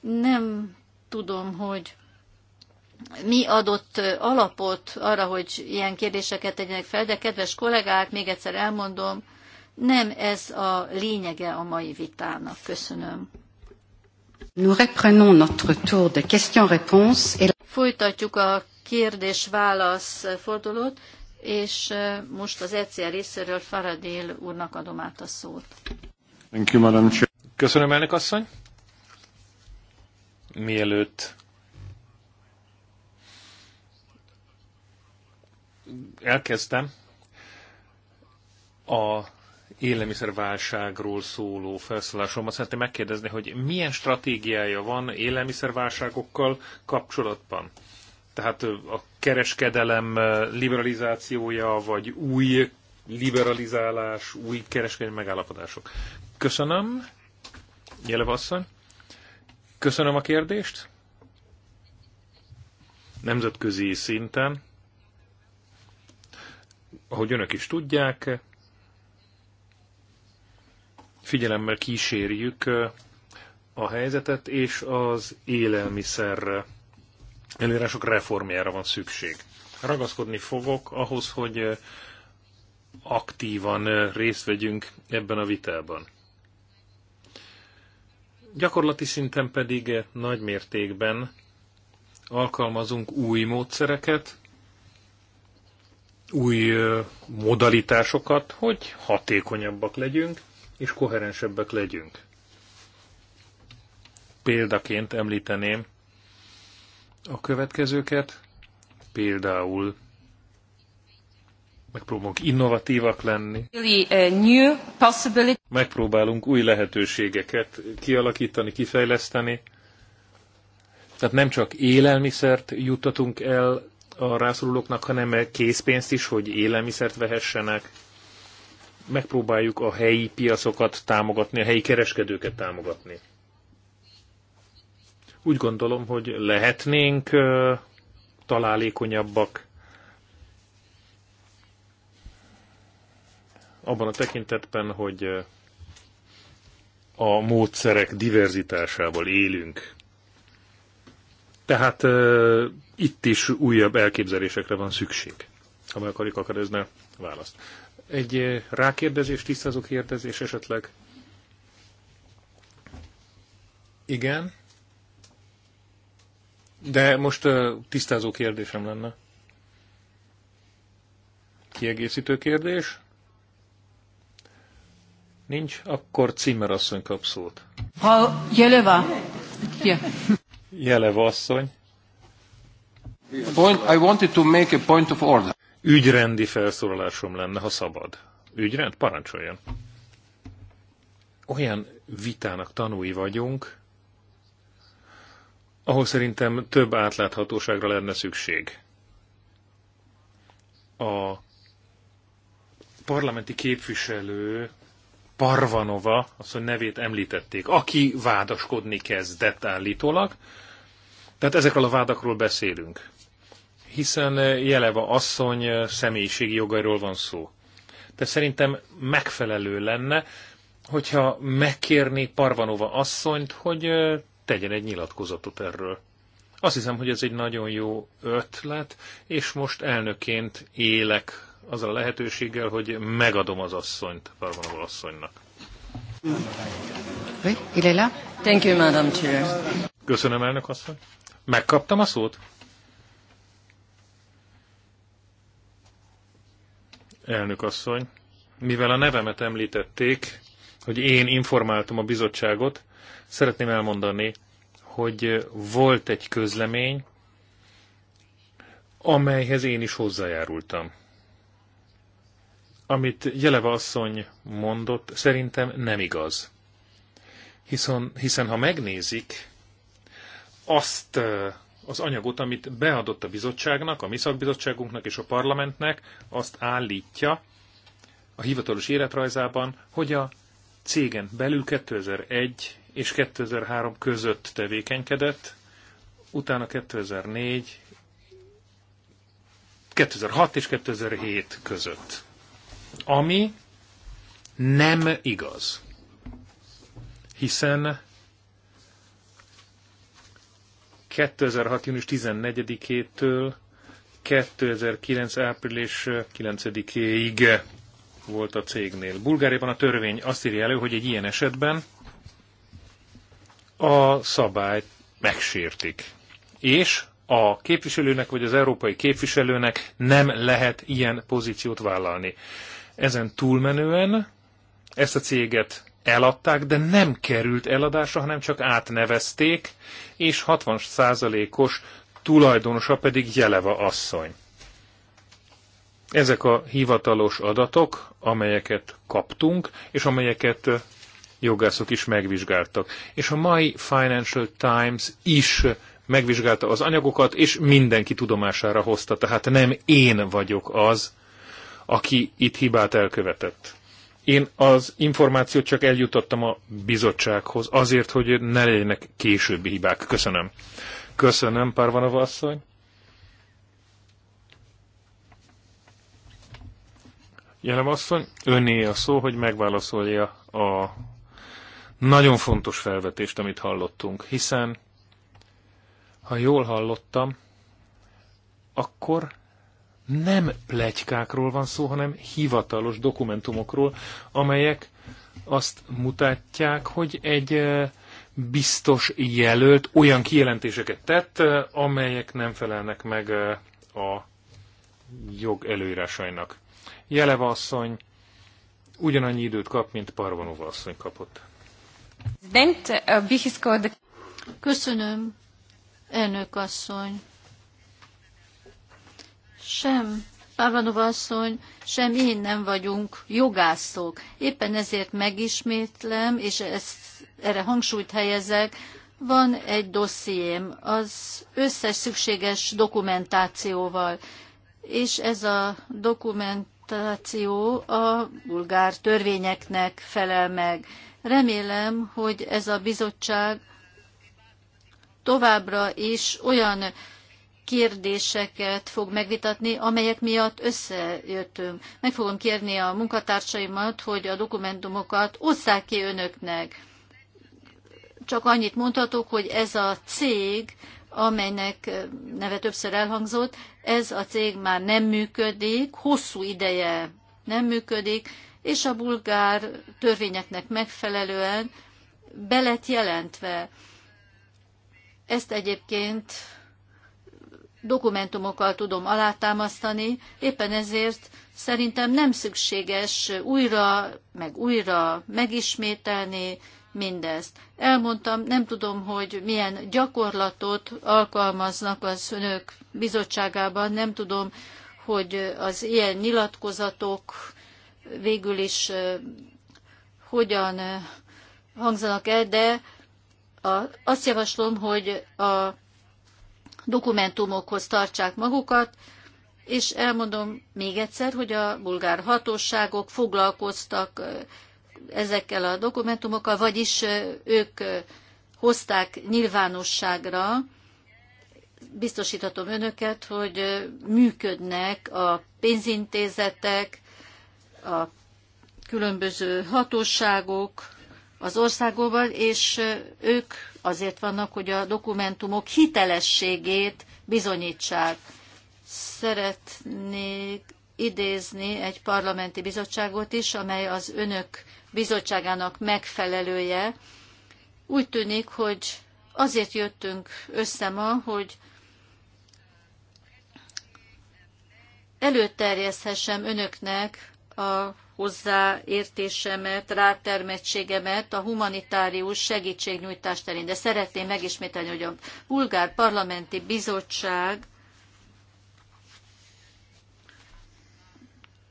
Nem tudom, hogy mi adott alapot arra, hogy ilyen kérdéseket tegyenek fel, de kedves kollégák, még egyszer elmondom, nem ez a lényege a mai vitának. Köszönöm. Nous reprenons notre tour de questions-réponses. Et... Folytatjuk a kérdés-válasz fordulót, és most az ECR részéről Faradél úrnak adom át a szót. Thank you, Madam Chair. Köszönöm, elnök asszony. Mielőtt elkezdtem a élelmiszerválságról szóló felszólásomat. Szeretném megkérdezni, hogy milyen stratégiája van élelmiszerválságokkal kapcsolatban? Tehát a kereskedelem liberalizációja, vagy új liberalizálás, új kereskedelmi megállapodások. Köszönöm, Jelev asszony. Köszönöm a kérdést. Nemzetközi szinten ahogy önök is tudják, figyelemmel kísérjük a helyzetet, és az élelmiszer előírások reformjára van szükség. Ragaszkodni fogok ahhoz, hogy aktívan részt vegyünk ebben a vitában. Gyakorlati szinten pedig nagy mértékben alkalmazunk új módszereket, új modalitásokat, hogy hatékonyabbak legyünk és koherensebbek legyünk. Példaként említeném a következőket, például megpróbálunk innovatívak lenni, uh, megpróbálunk új lehetőségeket kialakítani, kifejleszteni, tehát nem csak élelmiszert juttatunk el a rászorulóknak, hanem készpénzt is, hogy élelmiszert vehessenek. Megpróbáljuk a helyi piacokat támogatni, a helyi kereskedőket támogatni. Úgy gondolom, hogy lehetnénk találékonyabbak abban a tekintetben, hogy a módszerek diverzitásával élünk. Tehát itt is újabb elképzelésekre van szükség, ha meg akarjuk ne választ. Egy eh, rákérdezés, tisztázó kérdezés esetleg? Igen. De most uh, tisztázó kérdésem lenne. Kiegészítő kérdés? Nincs, akkor Cimmer asszony kap szót. Ha Jeleva. Ja. Jeleva asszony. I wanted to make a point of order. Ügyrendi felszólalásom lenne, ha szabad. Ügyrend? Parancsoljon. Olyan vitának tanúi vagyunk, ahol szerintem több átláthatóságra lenne szükség. A parlamenti képviselő Parvanova, azt, hogy nevét említették, aki vádaskodni kezdett állítólag. Tehát ezekről a vádakról beszélünk hiszen eh, Jeleva asszony eh, személyiségi jogairól van szó. De szerintem megfelelő lenne, hogyha megkérni Parvanova asszonyt, hogy eh, tegyen egy nyilatkozatot erről. Azt hiszem, hogy ez egy nagyon jó ötlet, és most elnöként élek azzal a lehetőséggel, hogy megadom az asszonyt Parvanova asszonynak. Thank you, Madam Chair. Köszönöm, elnök asszony. Megkaptam a szót? elnök asszony. Mivel a nevemet említették, hogy én informáltam a bizottságot, szeretném elmondani, hogy volt egy közlemény, amelyhez én is hozzájárultam. Amit Jeleva asszony mondott, szerintem nem igaz. Hiszen, hiszen ha megnézik azt az anyagot, amit beadott a bizottságnak, a mi szakbizottságunknak és a parlamentnek, azt állítja a hivatalos életrajzában, hogy a cégen belül 2001 és 2003 között tevékenykedett, utána 2004, 2006 és 2007 között. Ami nem igaz. Hiszen 2006. június 14-től 2009. április 9-ig volt a cégnél. Bulgáriában a törvény azt írja elő, hogy egy ilyen esetben a szabályt megsértik. És a képviselőnek vagy az európai képviselőnek nem lehet ilyen pozíciót vállalni. Ezen túlmenően ezt a céget eladták, de nem került eladásra, hanem csak átnevezték, és 60%-os tulajdonosa pedig Jeleva asszony. Ezek a hivatalos adatok, amelyeket kaptunk, és amelyeket jogászok is megvizsgáltak. És a mai Financial Times is megvizsgálta az anyagokat, és mindenki tudomására hozta. Tehát nem én vagyok az, aki itt hibát elkövetett. Én az információt csak eljutottam a bizottsághoz, azért, hogy ne legyenek későbbi hibák. Köszönöm. Köszönöm, Párvanova asszony. Jelen asszony, öné a szó, hogy megválaszolja a nagyon fontos felvetést, amit hallottunk, hiszen, ha jól hallottam, akkor nem plegykákról van szó, hanem hivatalos dokumentumokról, amelyek azt mutatják, hogy egy biztos jelölt olyan kijelentéseket tett, amelyek nem felelnek meg a jog előírásainak. Jeleva asszony ugyanannyi időt kap, mint Parvanova asszony kapott. Köszönöm, elnök asszony. Sem Pávanova asszony, sem én nem vagyunk jogászok. Éppen ezért megismétlem, és ezt, erre hangsúlyt helyezek, van egy dossziém az összes szükséges dokumentációval, és ez a dokumentáció a bulgár törvényeknek felel meg. Remélem, hogy ez a bizottság továbbra is olyan kérdéseket fog megvitatni, amelyek miatt összejöttünk. Meg fogom kérni a munkatársaimat, hogy a dokumentumokat osszák ki önöknek. Csak annyit mondhatok, hogy ez a cég, amelynek neve többször elhangzott, ez a cég már nem működik, hosszú ideje nem működik, és a bulgár törvényeknek megfelelően belet jelentve. Ezt egyébként dokumentumokkal tudom alátámasztani, éppen ezért szerintem nem szükséges újra, meg újra megismételni mindezt. Elmondtam, nem tudom, hogy milyen gyakorlatot alkalmaznak az önök bizottságában, nem tudom, hogy az ilyen nyilatkozatok végül is hogyan hangzanak el, de azt javaslom, hogy a dokumentumokhoz tartsák magukat, és elmondom még egyszer, hogy a bulgár hatóságok foglalkoztak ezekkel a dokumentumokkal, vagyis ők hozták nyilvánosságra, biztosíthatom önöket, hogy működnek a pénzintézetek, a különböző hatóságok az országokban, és ők azért vannak, hogy a dokumentumok hitelességét bizonyítsák. Szeretnék idézni egy parlamenti bizottságot is, amely az önök bizottságának megfelelője. Úgy tűnik, hogy azért jöttünk össze ma, hogy előterjeszthessem önöknek a hozzáértésemet, rátermettségemet a humanitárius segítségnyújtás terén. De szeretném megismételni, hogy a Bulgár Parlamenti Bizottság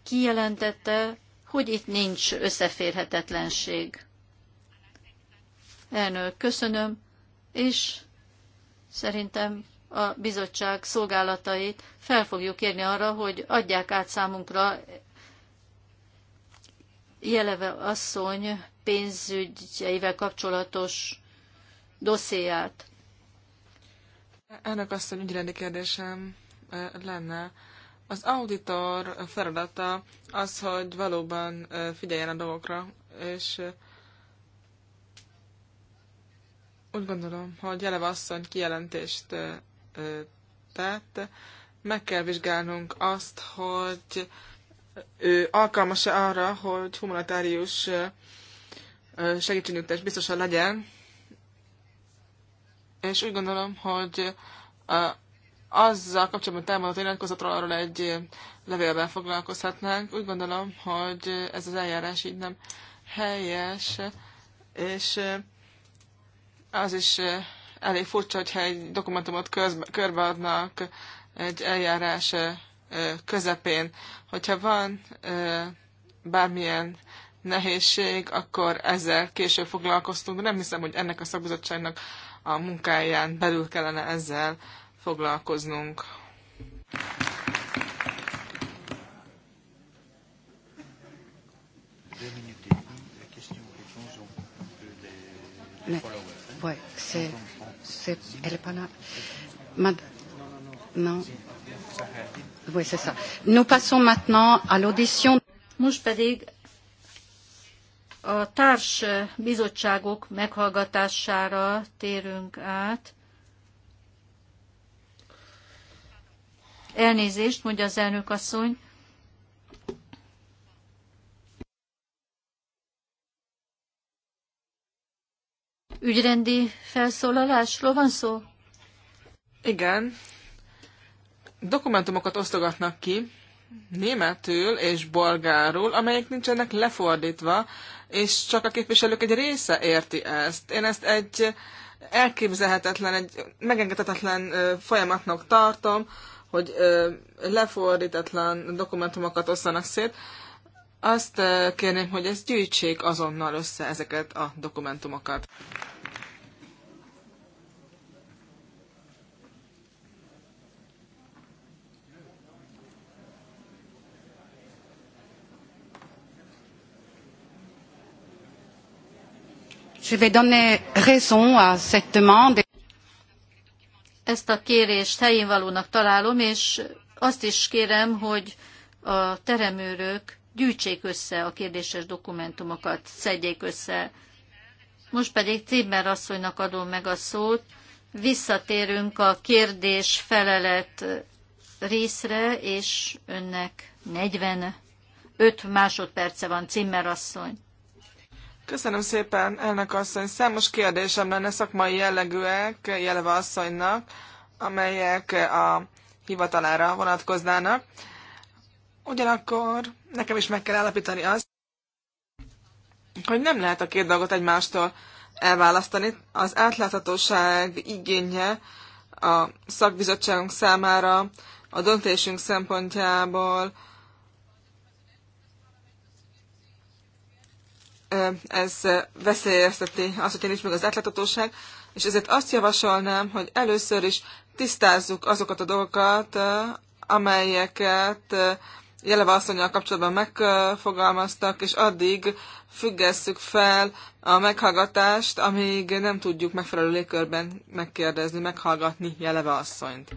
kijelentette, hogy itt nincs összeférhetetlenség. Elnök, köszönöm, és szerintem a bizottság szolgálatait fel fogjuk kérni arra, hogy adják át számunkra Jeleve asszony pénzügyeivel kapcsolatos dosszéját. Ennek mondja, ügyrendi kérdésem e, lenne. Az auditor feladata az, hogy valóban e, figyeljen a dolgokra, és e, úgy gondolom, hogy eleve asszony kijelentést tett, meg kell vizsgálnunk azt, hogy ő alkalmas-e arra, hogy humanitárius segítségnyújtás biztosan legyen. És úgy gondolom, hogy a, azzal kapcsolatban támadott nyilatkozatról arról egy levélben foglalkozhatnánk. Úgy gondolom, hogy ez az eljárás így nem helyes, és az is elég furcsa, hogyha egy dokumentumot körbeadnak egy eljárás közepén. Hogyha van bármilyen nehézség, akkor ezzel később foglalkoztunk. Nem hiszem, hogy ennek a szakbizottságnak a munkáján belül kellene ezzel foglalkoznunk. Mais, ouais, c'est, c'est, elle est pas là. Mad... Non. Oui, c'est ça. Nous passons maintenant à l'audition. Most pedig a társ bizottságok meghallgatására térünk át. Elnézést, mondja az elnök asszony. Ügyrendi felszólalásról van szó? Igen, dokumentumokat osztogatnak ki németül és bolgárul, amelyek nincsenek lefordítva, és csak a képviselők egy része érti ezt. Én ezt egy elképzelhetetlen, egy megengedhetetlen folyamatnak tartom, hogy lefordítatlan dokumentumokat osztanak szét. Azt kérném, hogy ezt gyűjtsék azonnal össze ezeket a dokumentumokat. Je vais donner raison à cette demande. Ezt a kérést helyén valónak találom, és azt is kérem, hogy a teremőrök gyűjtsék össze a kérdéses dokumentumokat, szedjék össze. Most pedig Cimmer asszonynak adom meg a szót. Visszatérünk a kérdés-felelet részre, és önnek 45 másodperce van, Cimmer asszony. Köszönöm szépen, elnök asszony. Számos kérdésem lenne szakmai jellegűek Jeleva asszonynak, amelyek a hivatalára vonatkoznának. Ugyanakkor nekem is meg kell állapítani azt, hogy nem lehet a két dolgot egymástól elválasztani. Az átláthatóság igénye a szakbizottságunk számára, a döntésünk szempontjából, ez veszélyezteti azt, hogy nincs meg az átláthatóság, és ezért azt javasolnám, hogy először is tisztázzuk azokat a dolgokat, amelyeket Jeleva asszonyjal kapcsolatban megfogalmaztak, és addig függesszük fel a meghallgatást, amíg nem tudjuk megfelelő légkörben megkérdezni, meghallgatni Jeleva asszonyt.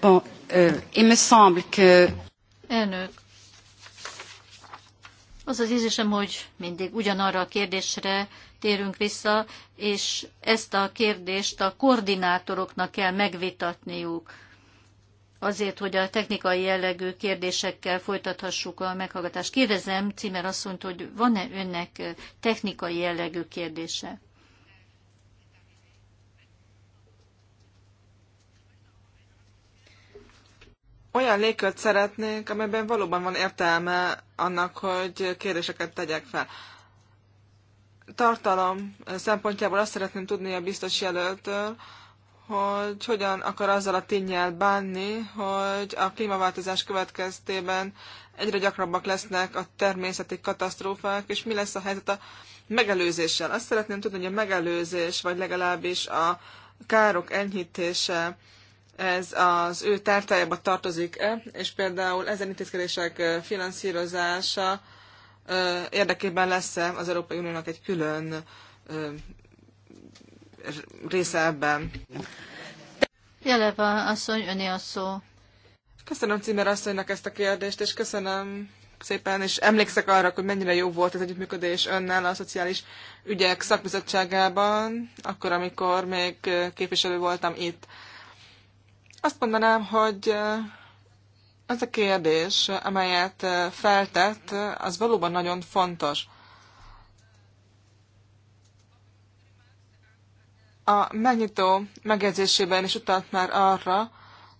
Bon, euh, il me semble que Elnök, az az ízésem, hogy mindig ugyanarra a kérdésre térünk vissza, és ezt a kérdést a koordinátoroknak kell megvitatniuk azért, hogy a technikai jellegű kérdésekkel folytathassuk a meghallgatást. Kérdezem Cimer asszonyt, hogy van-e önnek technikai jellegű kérdése? olyan légkört szeretnék, amelyben valóban van értelme annak, hogy kérdéseket tegyek fel. Tartalom szempontjából azt szeretném tudni a biztos jelöltől, hogy hogyan akar azzal a tényel bánni, hogy a klímaváltozás következtében egyre gyakrabbak lesznek a természeti katasztrófák, és mi lesz a helyzet a megelőzéssel. Azt szeretném tudni, hogy a megelőzés, vagy legalábbis a károk enyhítése ez az ő tártájába tartozik-e, és például ezen intézkedések finanszírozása érdekében lesz-e az Európai Uniónak egy külön része ebben. Jeleva asszony, öné a szó. Köszönöm Cimer asszonynak ezt a kérdést, és köszönöm szépen, és emlékszek arra, hogy mennyire jó volt az együttműködés önnel a Szociális Ügyek Szakbizottságában, akkor, amikor még képviselő voltam itt. Azt mondanám, hogy ez a kérdés, amelyet feltett, az valóban nagyon fontos. A megnyitó megjegyzésében is utalt már arra,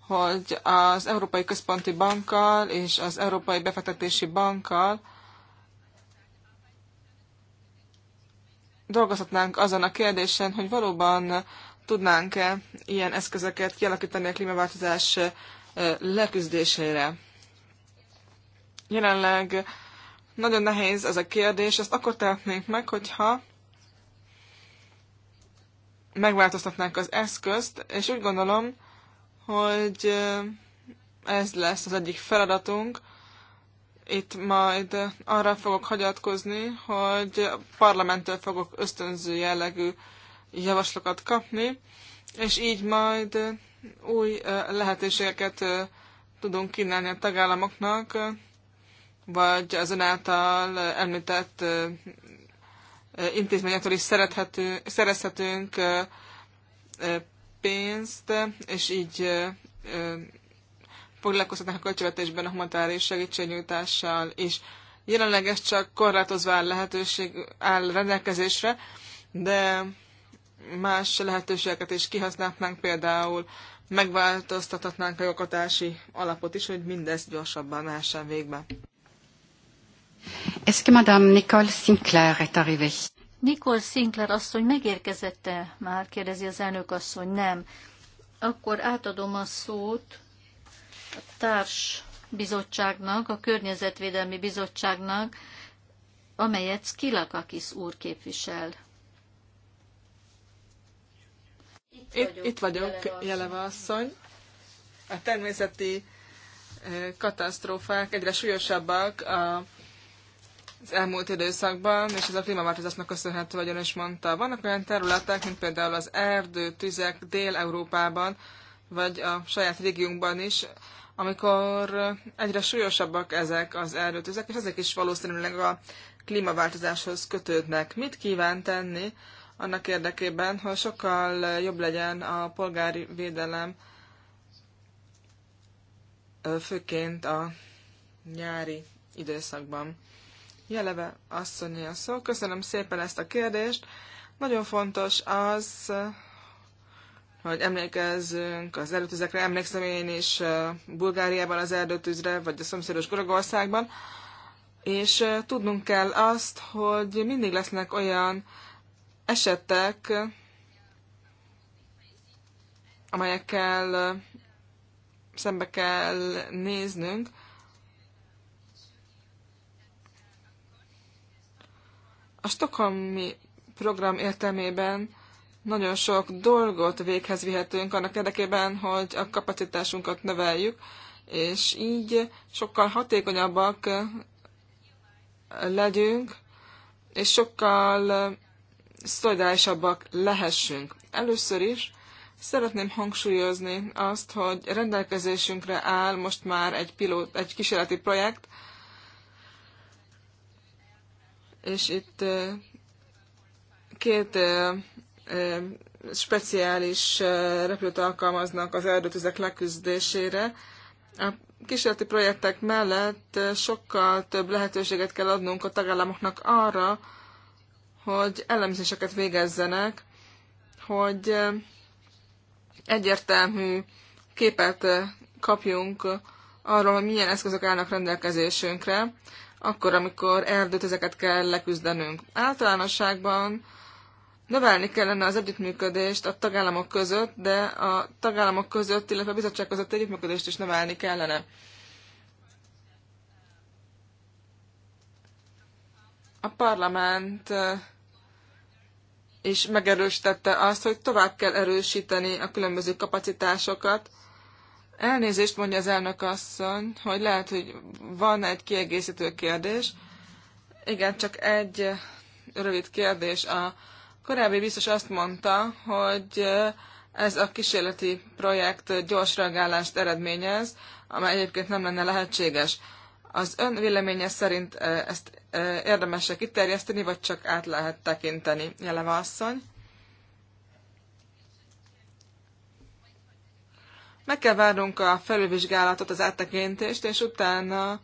hogy az Európai Központi Bankkal és az Európai Befektetési Bankkal dolgozhatnánk azon a kérdésen, hogy valóban tudnánk-e ilyen eszközöket kialakítani a klímaváltozás leküzdésére. Jelenleg nagyon nehéz ez a kérdés, ezt akkor tehetnénk meg, hogyha megváltoztatnánk az eszközt, és úgy gondolom, hogy ez lesz az egyik feladatunk. Itt majd arra fogok hagyatkozni, hogy parlamenttől fogok ösztönző jellegű javaslatokat kapni, és így majd új lehetőségeket tudunk kínálni a tagállamoknak, vagy azonáltal említett intézményektől is szerezhetünk pénzt, és így foglalkozhatnak a költségvetésben a humanitárius segítségnyújtással is. Jelenleg ez csak korlátozva áll lehetőség áll rendelkezésre, de más lehetőségeket is kihasználhatnánk, például megváltoztathatnánk a jogatási alapot is, hogy mindez gyorsabban lehessen végbe. Est-ce que Madame Nicole Sinclair est arrivée? Nicole Sinclair asszony megérkezette már, kérdezi az elnök asszony. Nem. Akkor átadom a szót a társ bizottságnak, a Környezetvédelmi Bizottságnak, amelyet Skilakakis úr képvisel. Itt, itt vagyok, Jeleva asszony. A természeti eh, katasztrófák egyre súlyosabbak a az elmúlt időszakban, és ez a klímaváltozásnak köszönhető, ahogy ön is mondta. Vannak olyan területek, mint például az erdő, tüzek Dél-Európában, vagy a saját régiónkban is, amikor egyre súlyosabbak ezek az erdőtüzek, és ezek is valószínűleg a klímaváltozáshoz kötődnek. Mit kíván tenni annak érdekében, hogy sokkal jobb legyen a polgári védelem, főként a nyári időszakban. Jeleve asszonyi a szó. Köszönöm szépen ezt a kérdést. Nagyon fontos az, hogy emlékezzünk az erdőtüzekre. Emlékszem én is Bulgáriában az erdőtűzre, vagy a szomszédos Görögországban. És tudnunk kell azt, hogy mindig lesznek olyan esetek, amelyekkel szembe kell néznünk, a Stockholmi program értelmében nagyon sok dolgot véghez vihetünk annak érdekében, hogy a kapacitásunkat növeljük, és így sokkal hatékonyabbak legyünk, és sokkal szolidálisabbak lehessünk. Először is szeretném hangsúlyozni azt, hogy rendelkezésünkre áll most már egy, pilót, egy kísérleti projekt, és itt két speciális repülőt alkalmaznak az erdőtüzek leküzdésére. A kísérleti projektek mellett sokkal több lehetőséget kell adnunk a tagállamoknak arra, hogy elemzéseket végezzenek, hogy egyértelmű képet kapjunk arról, hogy milyen eszközök állnak rendelkezésünkre, akkor, amikor ezeket kell leküzdenünk. Általánosságban növelni kellene az együttműködést a tagállamok között, de a tagállamok között, illetve a bizottság között együttműködést is növelni kellene. a parlament is megerősítette azt, hogy tovább kell erősíteni a különböző kapacitásokat. Elnézést mondja az elnök asszony, hogy lehet, hogy van egy kiegészítő kérdés. Igen, csak egy rövid kérdés. A korábbi biztos azt mondta, hogy ez a kísérleti projekt gyors reagálást eredményez, amely egyébként nem lenne lehetséges. Az ön véleménye szerint ezt érdemesek kiterjeszteni, vagy csak át lehet tekinteni, Jeleva asszony? Meg kell várnunk a felülvizsgálatot, az áttekintést, és utána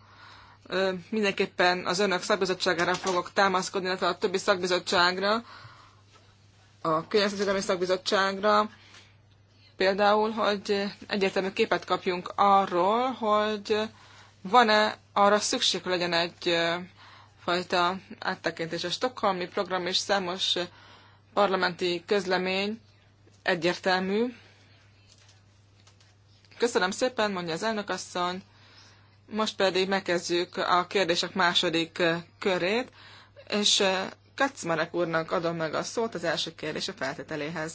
mindenképpen az önök szakbizottságára fogok támaszkodni, illetve a többi szakbizottságra, a környezetvédelmi Szakbizottságra, például, hogy egyértelmű képet kapjunk arról, hogy van-e arra szükség, hogy legyen egy fajta áttekintés? A stokholmi program és számos parlamenti közlemény egyértelmű. Köszönöm szépen, mondja az elnökasszony. Most pedig megkezdjük a kérdések második körét, és Kacmarek úrnak adom meg a szót az első kérdés a feltételéhez.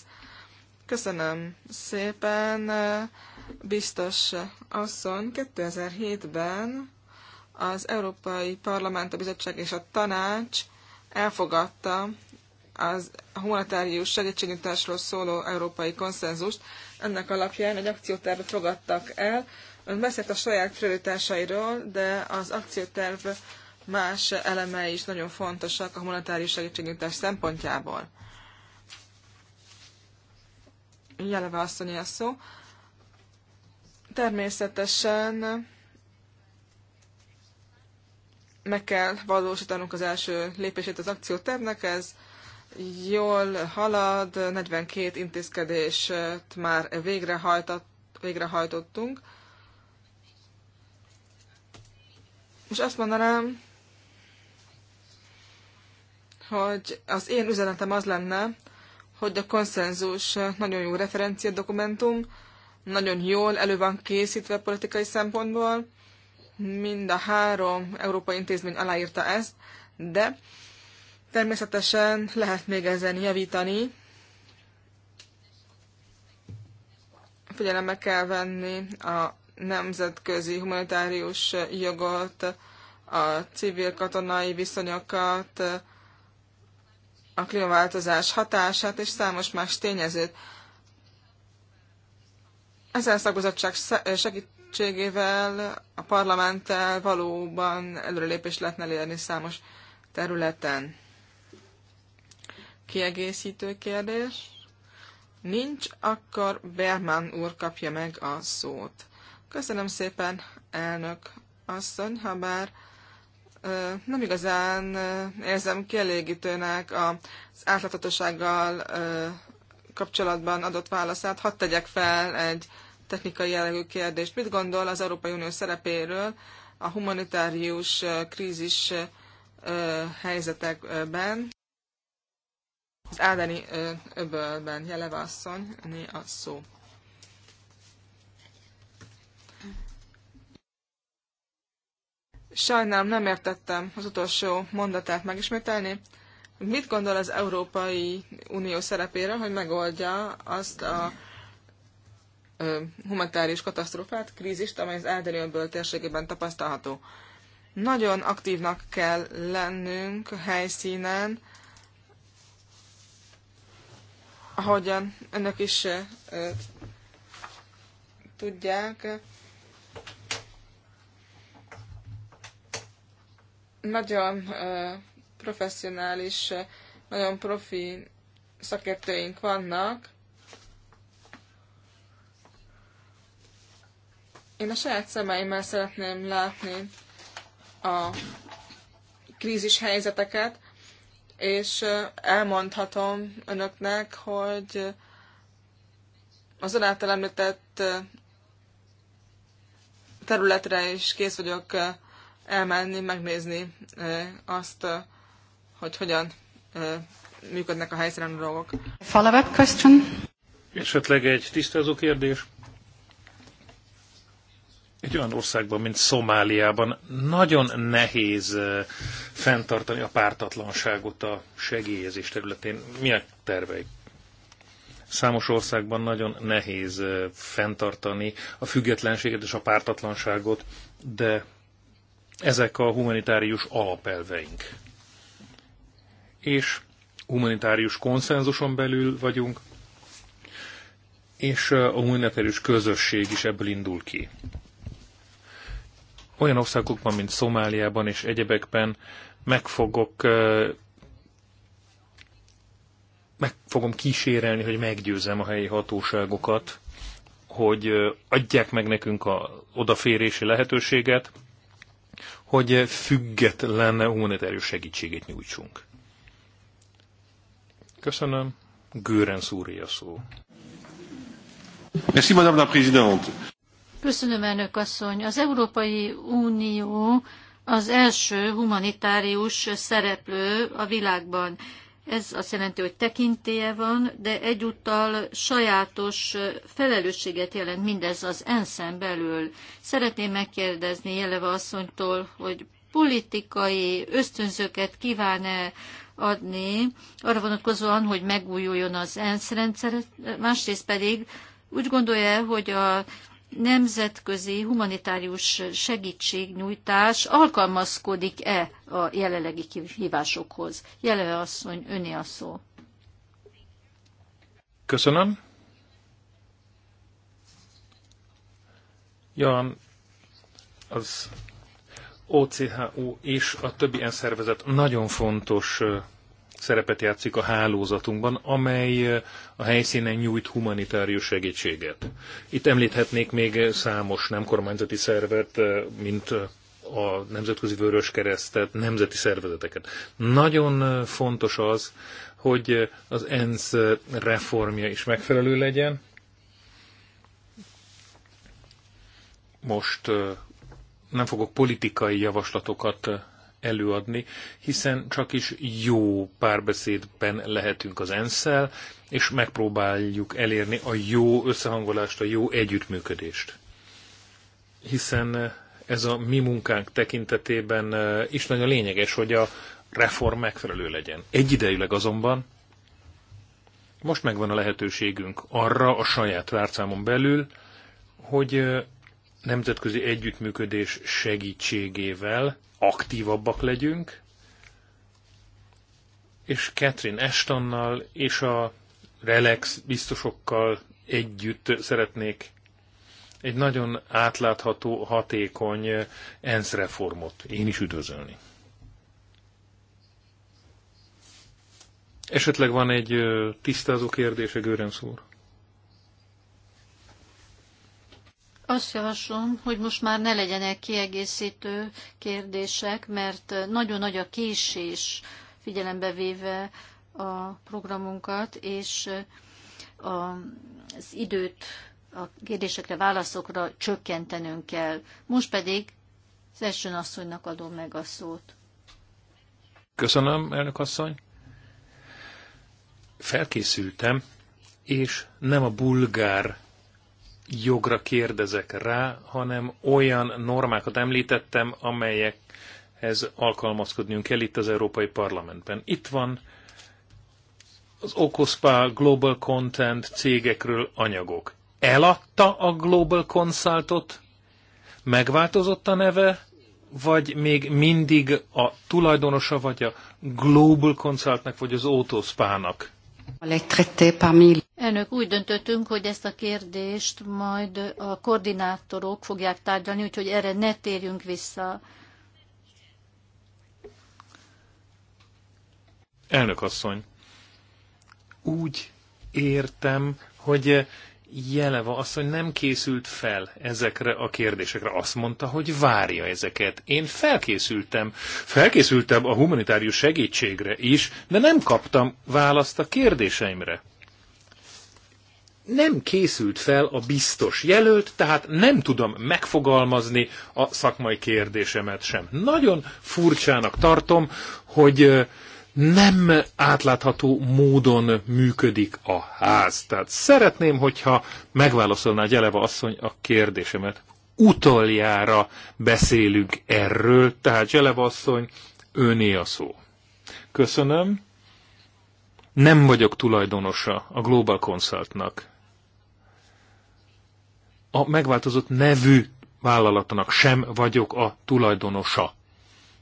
Köszönöm szépen, eh, biztos asszony. 2007-ben az Európai Parlament, a Bizottság és a Tanács elfogadta az humanitárius segítségnyújtásról szóló európai konszenzust. Ennek alapján egy akciótervet fogadtak el. Ön beszélt a saját prioritásairól, de az akcióterv más elemei is nagyon fontosak a humanitárius segítségnyújtás szempontjából. Jeleve asszony a szó. Természetesen meg kell valósítanunk az első lépését az akciótervnek, ez jól halad, 42 intézkedést már végrehajtottunk. És azt mondanám, hogy az én üzenetem az lenne, hogy a konszenzus nagyon jó referencia dokumentum, nagyon jól elő van készítve politikai szempontból, mind a három európai intézmény aláírta ezt, de természetesen lehet még ezen javítani. Figyelembe kell venni a nemzetközi humanitárius jogot, a civil-katonai viszonyokat, a klímaváltozás hatását és számos más tényezőt. Ezen szakbizottság segítségével a parlamenttel valóban előrelépést lehetne elérni számos területen. Kiegészítő kérdés? Nincs, akkor Berman úr kapja meg a szót. Köszönöm szépen, elnök asszony, ha bár nem igazán érzem kielégítőnek az átláthatósággal kapcsolatban adott válaszát. Hadd tegyek fel egy technikai jellegű kérdést. Mit gondol az Európai Unió szerepéről a humanitárius krízis helyzetekben? Az Ádeni öbölben Jeleva asszony, né a szó. Sajnálom, nem értettem az utolsó mondatát megismételni. Mit gondol az Európai Unió szerepére, hogy megoldja azt a ö, humanitárius katasztrófát, krízist, amely az Elderionből térségében tapasztalható? Nagyon aktívnak kell lennünk a helyszínen, ahogyan önök is ö, tudják, Nagyon professzionális, nagyon profi szakértőink vannak. Én a saját szemeimmel szeretném látni a krízis helyzeteket, és elmondhatom önöknek, hogy az önáltal említett területre is kész vagyok elmenni, megnézni azt, hogy hogyan működnek a helyszínen a dolgok. Follow-up question? Esetleg egy tisztázó kérdés? Egy olyan országban, mint Szomáliában nagyon nehéz fenntartani a pártatlanságot a segélyezés területén. Milyen terveik? Számos országban nagyon nehéz fenntartani a függetlenséget és a pártatlanságot, de ezek a humanitárius alapelveink. És humanitárius konszenzuson belül vagyunk, és eh, a humanitárius közösség is ebből indul ki. Olyan országokban, mint Szomáliában és egyebekben meg fogok eh, meg fogom kísérelni, hogy meggyőzem a helyi hatóságokat, hogy eh, adják meg nekünk a odaférési lehetőséget, hogy független humanitárius segítségét nyújtsunk. Köszönöm. Gőren szúri a szó. Merci, Madame la Présidente. Köszönöm, elnök asszony. Az Európai Unió az első humanitárius szereplő a világban. Ez azt jelenti, hogy tekintélye van, de egyúttal sajátos felelősséget jelent mindez az enszem belül. Szeretném megkérdezni Jeleva asszonytól, hogy politikai ösztönzőket kíván-e adni arra vonatkozóan, hogy megújuljon az ENSZ rendszer, másrészt pedig úgy gondolja, hogy a nemzetközi humanitárius segítségnyújtás alkalmazkodik-e a jelenlegi kihívásokhoz? Jeleve asszony, öné a szó. Köszönöm. Jan, az OCHU és a többi ENSZ szervezet nagyon fontos szerepet játszik a hálózatunkban, amely eh, a helyszínen nyújt humanitárius segítséget. Itt említhetnék még számos nem kormányzati szervet, eh, mint eh, a Nemzetközi Vörös Keresztet, nemzeti szervezeteket. Nagyon fontos az, hogy az ENSZ reformja is megfelelő legyen. Most nem fogok politikai javaslatokat előadni, hiszen csak is jó párbeszédben lehetünk az ensz és megpróbáljuk elérni a jó összehangolást, a jó együttműködést. Hiszen ez a mi munkánk tekintetében eh, is nagyon lényeges, hogy a reform megfelelő legyen. Egyidejűleg azonban most megvan a lehetőségünk arra a saját várcámon belül, hogy eh, nemzetközi együttműködés segítségével aktívabbak legyünk, és Catherine Ashtonnal és a Relax biztosokkal együtt szeretnék egy nagyon átlátható, hatékony ENSZ reformot én is üdvözölni. Esetleg van egy tisztázó kérdése, Görenc úr? Azt javaslom, hogy most már ne legyenek kiegészítő kérdések, mert nagyon nagy a késés figyelembe véve a programunkat, és az időt a kérdésekre, válaszokra csökkentenünk kell. Most pedig az első asszonynak adom meg a szót. Köszönöm, elnök asszony. Felkészültem, és nem a bulgár jogra kérdezek rá, hanem olyan normákat említettem, amelyekhez alkalmazkodnunk kell itt az Európai Parlamentben. Itt van az okospa Global Content cégekről anyagok. Eladta a Global Consultot? Megváltozott a neve? Vagy még mindig a tulajdonosa vagy a Global Consultnak vagy az Autospának? Elnök, úgy döntöttünk, hogy ezt a kérdést majd a koordinátorok fogják tárgyalni, úgyhogy erre ne térjünk vissza. Elnök asszony, úgy értem, hogy Jeleva hogy nem készült fel ezekre a kérdésekre. Azt mondta, hogy várja ezeket. Én felkészültem. Felkészültem a humanitárius segítségre is, de nem kaptam választ a kérdéseimre. Nem készült fel a biztos jelölt, tehát nem tudom megfogalmazni a szakmai kérdésemet sem. Nagyon furcsának tartom, hogy nem átlátható módon működik a ház. Tehát szeretném, hogyha megválaszolná Gyeleva asszony a kérdésemet. Utoljára beszélünk erről, tehát Gyeleva asszony, öné a szó. Köszönöm. Nem vagyok tulajdonosa a Global Consultnak. A megváltozott nevű vállalatnak sem vagyok a tulajdonosa.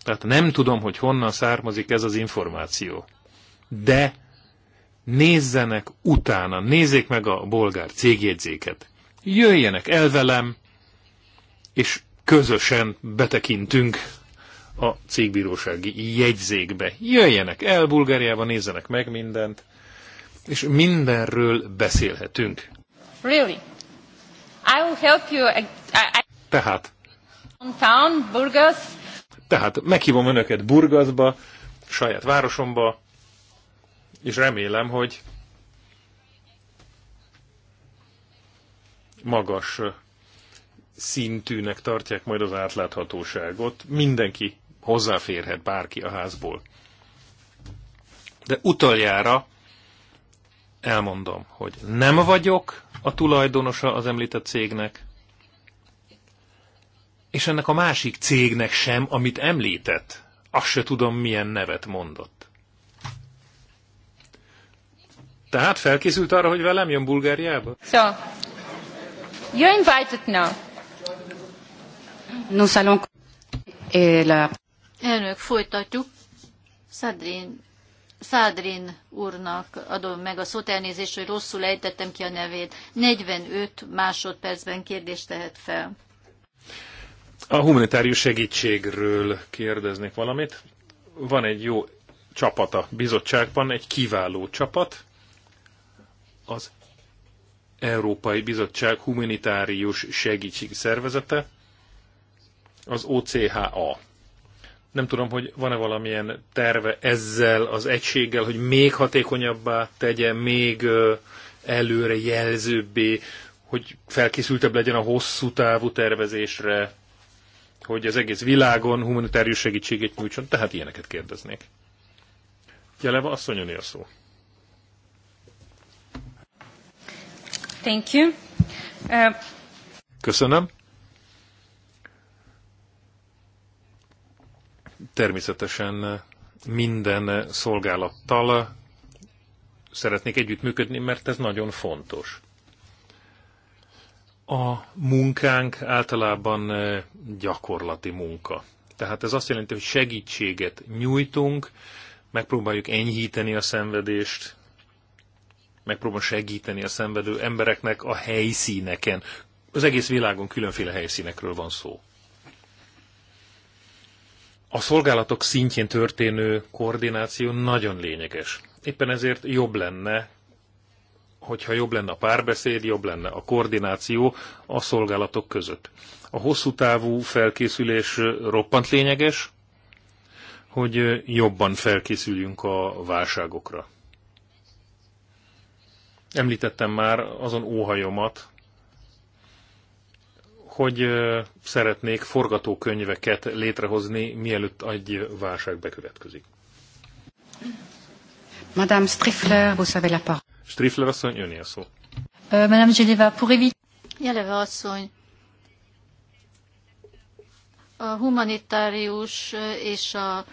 Tehát nem tudom, hogy honnan származik ez az információ. De nézzenek utána, nézzék meg a bolgár cégjegyzéket. Jöjjenek el velem, és közösen betekintünk a cégbírósági jegyzékbe. Jöjjenek el Bulgáriába, nézzenek meg mindent, és mindenről beszélhetünk. Really? I will help you. I, I... Tehát. Downtown, Burgos, tehát meghívom önöket Burgazba, saját városomba, és remélem, hogy magas szintűnek tartják majd az átláthatóságot. Mindenki hozzáférhet, bárki a házból. De utoljára elmondom, hogy nem vagyok a tulajdonosa az említett cégnek, és ennek a másik cégnek sem, amit említett, azt se tudom, milyen nevet mondott. Tehát felkészült arra, hogy velem jön Bulgáriába? So, you're invited now. Nous allons... Elnök, folytatjuk. Szadrin, Szádrin úrnak adom meg a szót, elnézést, hogy rosszul ejtettem ki a nevét. 45 másodpercben kérdést tehet fel. A humanitárius segítségről kérdeznék valamit. Van egy jó csapat a bizottságban, egy kiváló csapat, az Európai Bizottság Humanitárius segítség Szervezete, az OCHA. Nem tudom, hogy van-e valamilyen terve ezzel az egységgel, hogy még hatékonyabbá tegye, még előre jelzőbbé, hogy felkészültebb legyen a hosszú távú tervezésre, hogy az egész világon humanitárius segítséget nyújtson, tehát ilyeneket kérdeznék. Jeleva asszonyon a szó. Thank you. Uh... Köszönöm. Természetesen minden szolgálattal szeretnék együttműködni, mert ez nagyon fontos. A munkánk általában e, gyakorlati munka. Tehát ez azt jelenti, hogy segítséget nyújtunk, megpróbáljuk enyhíteni a szenvedést, megpróbáljuk segíteni a szenvedő embereknek a helyszíneken. Az egész világon különféle helyszínekről van szó. A szolgálatok szintjén történő koordináció nagyon lényeges. Éppen ezért jobb lenne hogyha jobb lenne a párbeszéd, jobb lenne a koordináció a szolgálatok között. A hosszú távú felkészülés roppant lényeges, hogy jobban felkészüljünk a válságokra. Említettem már azon óhajomat, hogy szeretnék forgatókönyveket létrehozni, mielőtt egy válság bekövetkezik. Madame Strifler, vous avez la parole. Strifler asszony, jönni a szó. Madame Geneva, pour éviter... Jeleve asszony, a humanitárius és a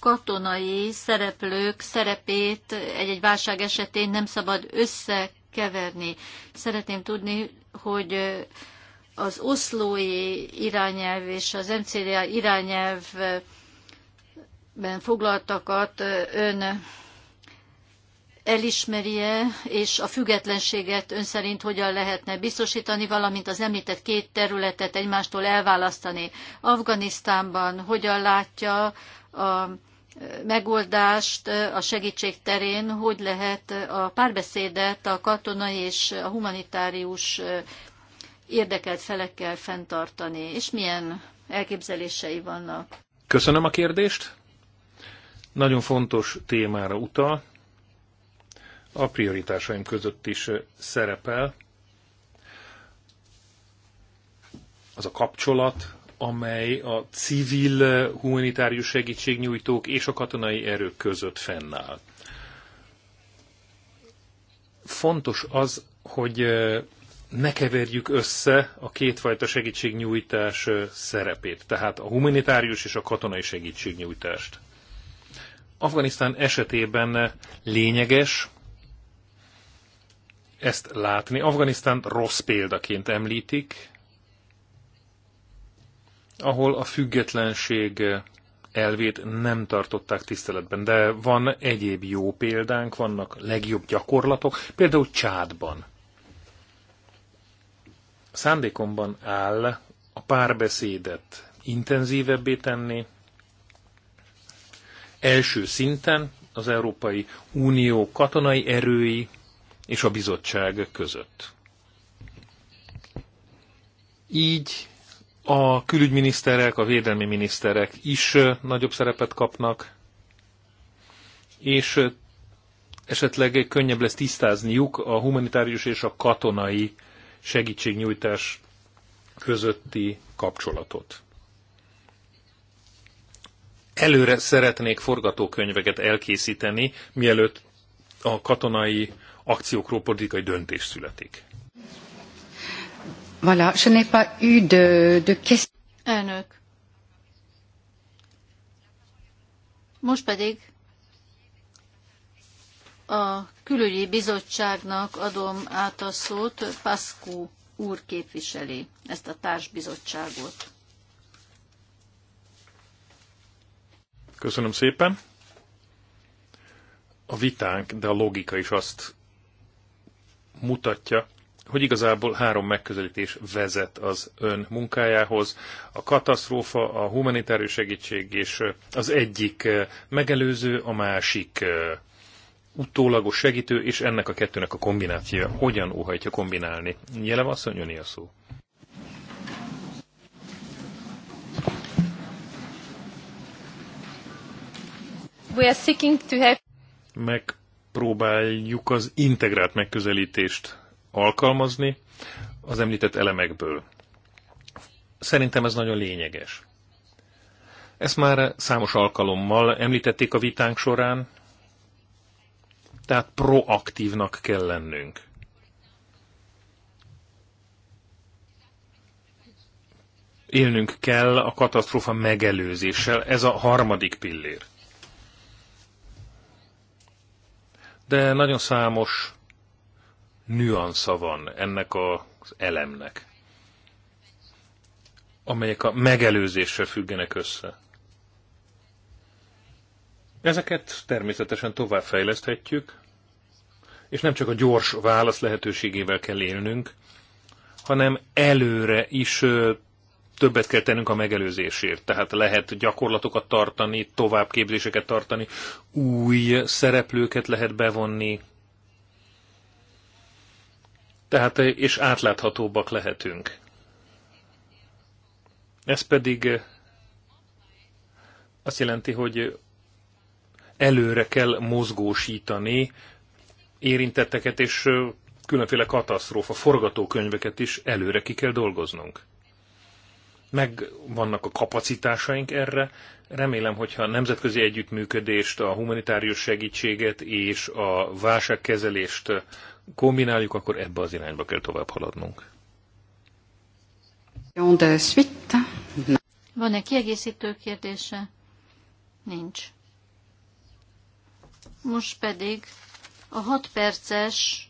katonai szereplők szerepét egy-egy válság esetén nem szabad összekeverni. Szeretném tudni, hogy az oszlói irányelv és az MCDA irányelvben foglaltakat ön Elismeri-e és a függetlenséget ön szerint hogyan lehetne biztosítani, valamint az említett két területet egymástól elválasztani. Afganisztánban hogyan látja a e, megoldást a segítség terén, hogy lehet a párbeszédet a katonai és a humanitárius e, érdekelt felekkel fenntartani, és milyen elképzelései vannak. Köszönöm a kérdést. Nagyon fontos témára utal a prioritásaim között is szerepel. Az a kapcsolat, amely a civil humanitárius segítségnyújtók és a katonai erők között fennáll. Fontos az, hogy ne keverjük össze a kétfajta segítségnyújtás szerepét, tehát a humanitárius és a katonai segítségnyújtást. Afganisztán esetében lényeges, ezt látni. Afganisztán rossz példaként említik, ahol a függetlenség elvét nem tartották tiszteletben, de van egyéb jó példánk, vannak legjobb gyakorlatok, például Csádban. Szándékomban áll a párbeszédet intenzívebbé tenni, első szinten az Európai Unió katonai erői, és a bizottság között. Így a külügyminiszterek, a védelmi miniszterek is nagyobb szerepet kapnak, és esetleg könnyebb lesz tisztázniuk a humanitárius és a katonai segítségnyújtás közötti kapcsolatot. Előre szeretnék forgatókönyveket elkészíteni, mielőtt a katonai akciókról politikai döntés születik. Voilà, je n'ai pas eu de, de question. Elnök. Most pedig a külügyi bizottságnak adom át a szót, Pascu úr képviseli ezt a társbizottságot. Köszönöm szépen. A vitánk, de a logika is azt mutatja, hogy igazából három megközelítés vezet az ön munkájához. A katasztrófa, a humanitárius segítség és az egyik megelőző, a másik utólagos segítő, és ennek a kettőnek a kombinációja. Hogyan óhajtja kombinálni? Jelen asszony, jönni a szó. We are seeking to have... Meg próbáljuk az integrált megközelítést alkalmazni az említett elemekből. Szerintem ez nagyon lényeges. Ezt már számos alkalommal említették a vitánk során, tehát proaktívnak kell lennünk. Élnünk kell a katasztrófa megelőzéssel, ez a harmadik pillér. de nagyon számos nüansza van ennek az elemnek, amelyek a megelőzéssel függenek össze. Ezeket természetesen továbbfejleszthetjük, és nem csak a gyors válasz lehetőségével kell élnünk, hanem előre is többet kell tennünk a megelőzésért. Tehát lehet gyakorlatokat tartani, továbbképzéseket tartani, új szereplőket lehet bevonni. Tehát, és átláthatóbbak lehetünk. Ez pedig azt jelenti, hogy előre kell mozgósítani érintetteket, és különféle katasztrófa forgatókönyveket is előre ki kell dolgoznunk meg vannak a kapacitásaink erre. Remélem, hogyha a nemzetközi együttműködést, a humanitárius segítséget és a válságkezelést kombináljuk, akkor ebbe az irányba kell tovább haladnunk. Van-e kiegészítő kérdése? Nincs. Most pedig a hat perces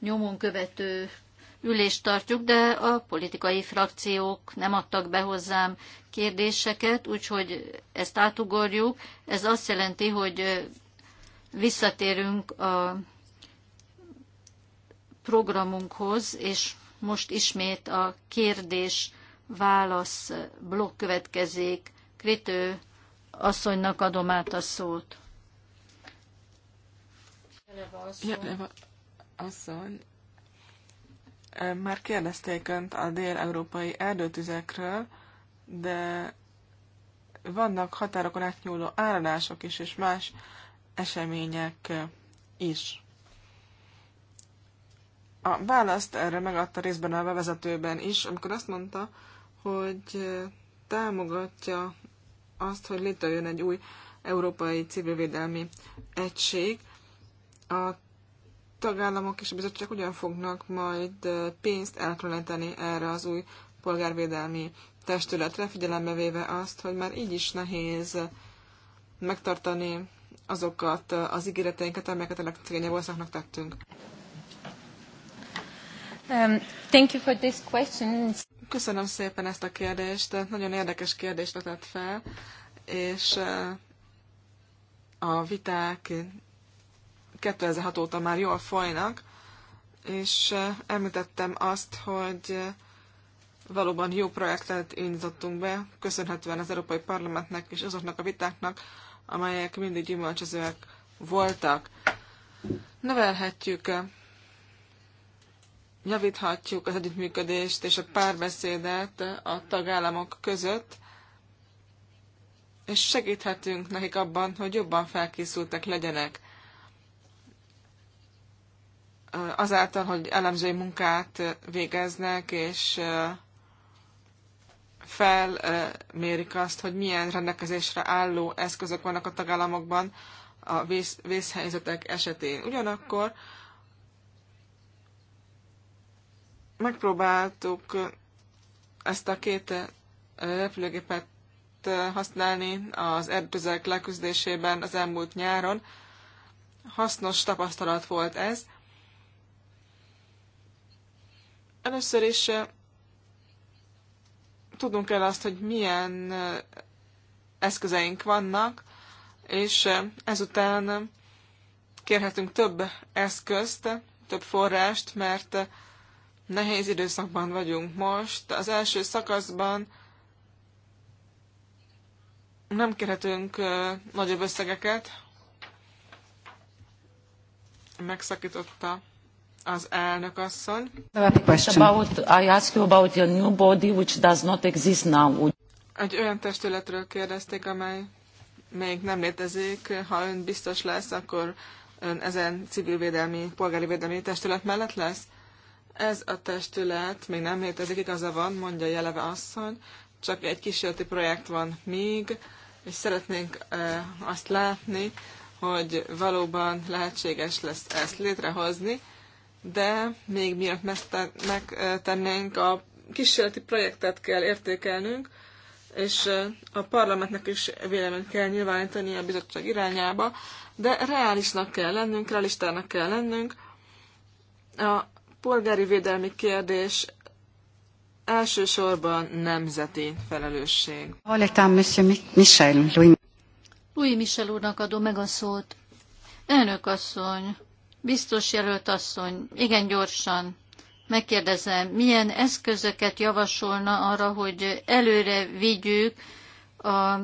nyomon követő ülést tartjuk, de a politikai frakciók nem adtak be hozzám kérdéseket, úgyhogy ezt átugorjuk. Ez azt jelenti, hogy visszatérünk a programunkhoz, és most ismét a kérdés-válasz blokk következik. Kritő asszonynak adom át a szót. Jeleva asszony, már kérdezték Önt a dél-európai erdőtüzekről, de vannak határokon átnyúló áradások is, és más események is. A választ erre megadta részben a bevezetőben is, amikor azt mondta, hogy támogatja azt, hogy létrejön egy új európai civilvédelmi egység. A tagállamok és a bizottság ugyan fognak majd pénzt elkülöníteni erre az új polgárvédelmi testületre, figyelembe véve azt, hogy már így is nehéz megtartani azokat az ígéreteinket, amelyeket a legszegényebb országnak tettünk. Um, thank you for this question. Köszönöm szépen ezt a kérdést, nagyon érdekes kérdést vetett fel, és a viták 2006 óta már jól folynak, és említettem azt, hogy valóban jó projektet indítottunk be, köszönhetően az Európai Parlamentnek és azoknak a vitáknak, amelyek mindig gyümölcsözőek voltak. Növelhetjük, javíthatjuk az együttműködést és a párbeszédet a tagállamok között, és segíthetünk nekik abban, hogy jobban felkészültek legyenek azáltal, hogy elemzői munkát végeznek, és felmérik azt, hogy milyen rendelkezésre álló eszközök vannak a tagállamokban a vész, vészhelyzetek esetén. Ugyanakkor megpróbáltuk ezt a két repülőgépet használni az erdőzők leküzdésében az elmúlt nyáron. Hasznos tapasztalat volt ez, Először is tudnunk kell azt, hogy milyen eszközeink vannak, és ezután kérhetünk több eszközt, több forrást, mert nehéz időszakban vagyunk most. Az első szakaszban nem kérhetünk nagyobb összegeket. Megszakította az elnök asszony. About, I ask you about your new body, which does not exist now. Egy olyan testületről kérdezték, amely még nem létezik. Ha ön biztos lesz, akkor ön ezen civilvédelmi, polgári védelmi testület mellett lesz? Ez a testület még nem létezik, igaza van, mondja Jeleve asszony, csak egy kísérleti projekt van még, és szeretnénk azt látni, hogy valóban lehetséges lesz ezt létrehozni, de még miért megtennénk, a kísérleti projektet kell értékelnünk, és a parlamentnek is véleményt kell nyilvánítani a bizottság irányába, de reálisnak kell lennünk, realistának kell lennünk. A polgári védelmi kérdés elsősorban nemzeti felelősség. Michel, Louis Michel úrnak adom meg a szót. Elnök asszony, Biztos jelölt asszony, igen gyorsan megkérdezem, milyen eszközöket javasolna arra, hogy előre vigyük a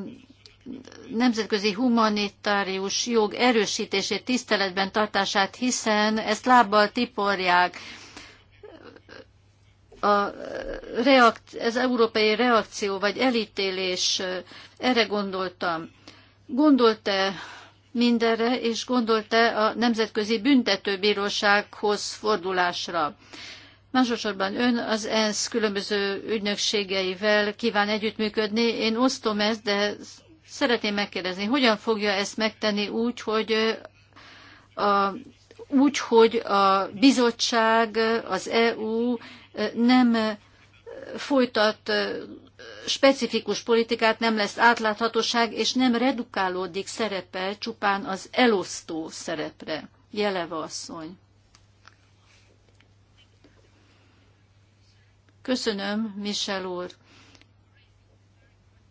nemzetközi humanitárius jog erősítését, tiszteletben tartását, hiszen ezt lábbal tiporják. A reakt, ez európai reakció vagy elítélés, erre gondoltam. Gondolt-e mindenre, és gondolt-e a Nemzetközi Büntetőbírósághoz fordulásra? Másosorban ön az ENSZ különböző ügynökségeivel kíván együttműködni. Én osztom ezt, de szeretném megkérdezni, hogyan fogja ezt megtenni úgy, hogy a, úgy, hogy a bizottság, az EU nem folytat specifikus politikát, nem lesz átláthatóság, és nem redukálódik szerepe csupán az elosztó szerepre. Jeleva asszony. Köszönöm, Michel úr.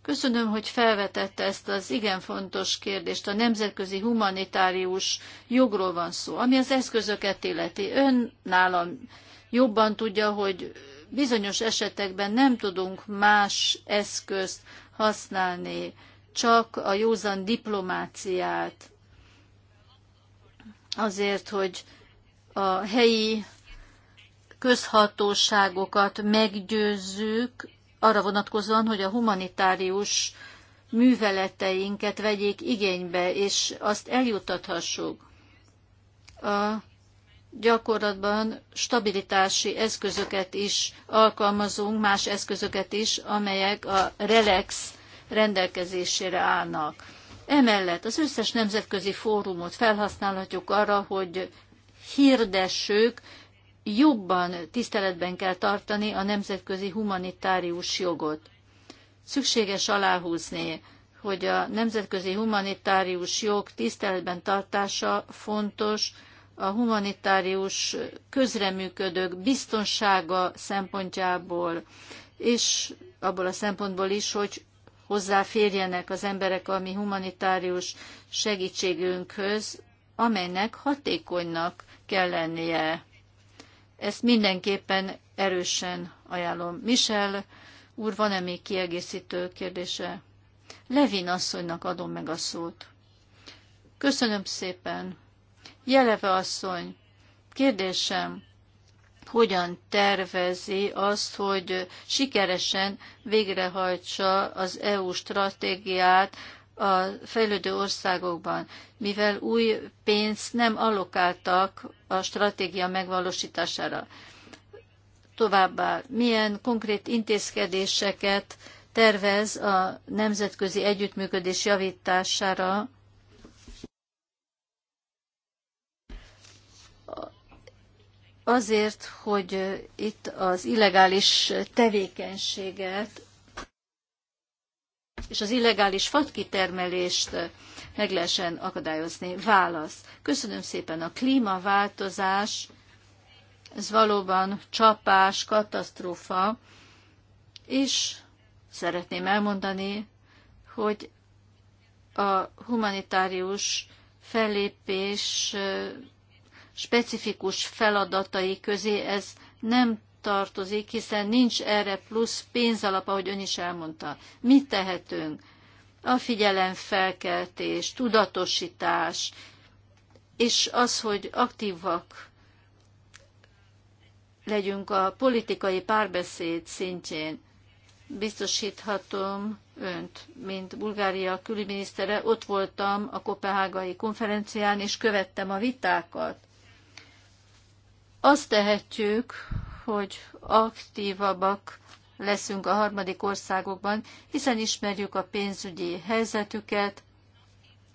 Köszönöm, hogy felvetette ezt az igen fontos kérdést. A nemzetközi humanitárius jogról van szó, ami az eszközöket illeti. Ön nálam jobban tudja, hogy bizonyos esetekben nem tudunk más eszközt használni, csak a józan diplomáciát, azért, hogy a helyi közhatóságokat meggyőzzük arra vonatkozóan, hogy a humanitárius műveleteinket vegyék igénybe, és azt eljutathassuk. A gyakorlatban stabilitási eszközöket is alkalmazunk, más eszközöket is, amelyek a RELEX rendelkezésére állnak. Emellett az összes nemzetközi fórumot felhasználhatjuk arra, hogy hirdessük, jobban tiszteletben kell tartani a nemzetközi humanitárius jogot. Szükséges aláhúzni, hogy a nemzetközi humanitárius jog tiszteletben tartása fontos, a humanitárius közreműködők biztonsága szempontjából, és abból a szempontból is, hogy hozzáférjenek az emberek a mi humanitárius segítségünkhöz, amelynek hatékonynak kell lennie. Ezt mindenképpen erősen ajánlom. Michel úr, van-e még kiegészítő kérdése? Levin asszonynak adom meg a szót. Köszönöm szépen. Jeleve asszony, kérdésem, hogyan tervezi azt, hogy sikeresen végrehajtsa az EU stratégiát a fejlődő országokban, mivel új pénzt nem allokáltak a stratégia megvalósítására. Továbbá, milyen konkrét intézkedéseket tervez a nemzetközi együttműködés javítására azért, hogy itt az illegális tevékenységet és az illegális fatkitermelést meg lehessen akadályozni. Válasz. Köszönöm szépen. A klímaváltozás, ez valóban csapás, katasztrófa, és szeretném elmondani, hogy a humanitárius fellépés specifikus feladatai közé ez nem tartozik, hiszen nincs erre plusz pénzalap, ahogy ön is elmondta. Mit tehetünk? A figyelemfelkeltés, tudatosítás, és az, hogy aktívak legyünk a politikai párbeszéd szintjén. Biztosíthatom önt, mint Bulgária külügyminisztere, ott voltam a Kopenhágai konferencián, és követtem a vitákat. Azt tehetjük, hogy aktívabbak leszünk a harmadik országokban, hiszen ismerjük a pénzügyi helyzetüket,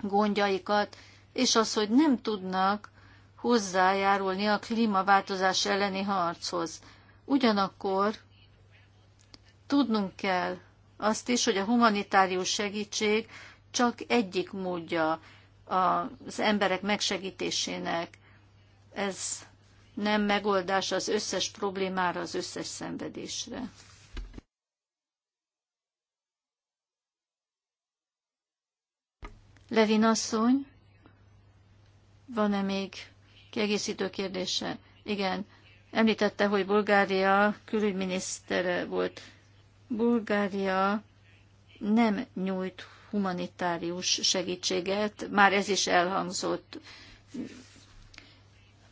gondjaikat, és az, hogy nem tudnak hozzájárulni a klímaváltozás elleni harchoz. Ugyanakkor tudnunk kell azt is, hogy a humanitárius segítség csak egyik módja az emberek megsegítésének. Ez nem megoldás az összes problémára, az összes szenvedésre. Levin asszony, van-e még kiegészítő kérdése? Igen, említette, hogy Bulgária külügyminisztere volt. Bulgária nem nyújt humanitárius segítséget, már ez is elhangzott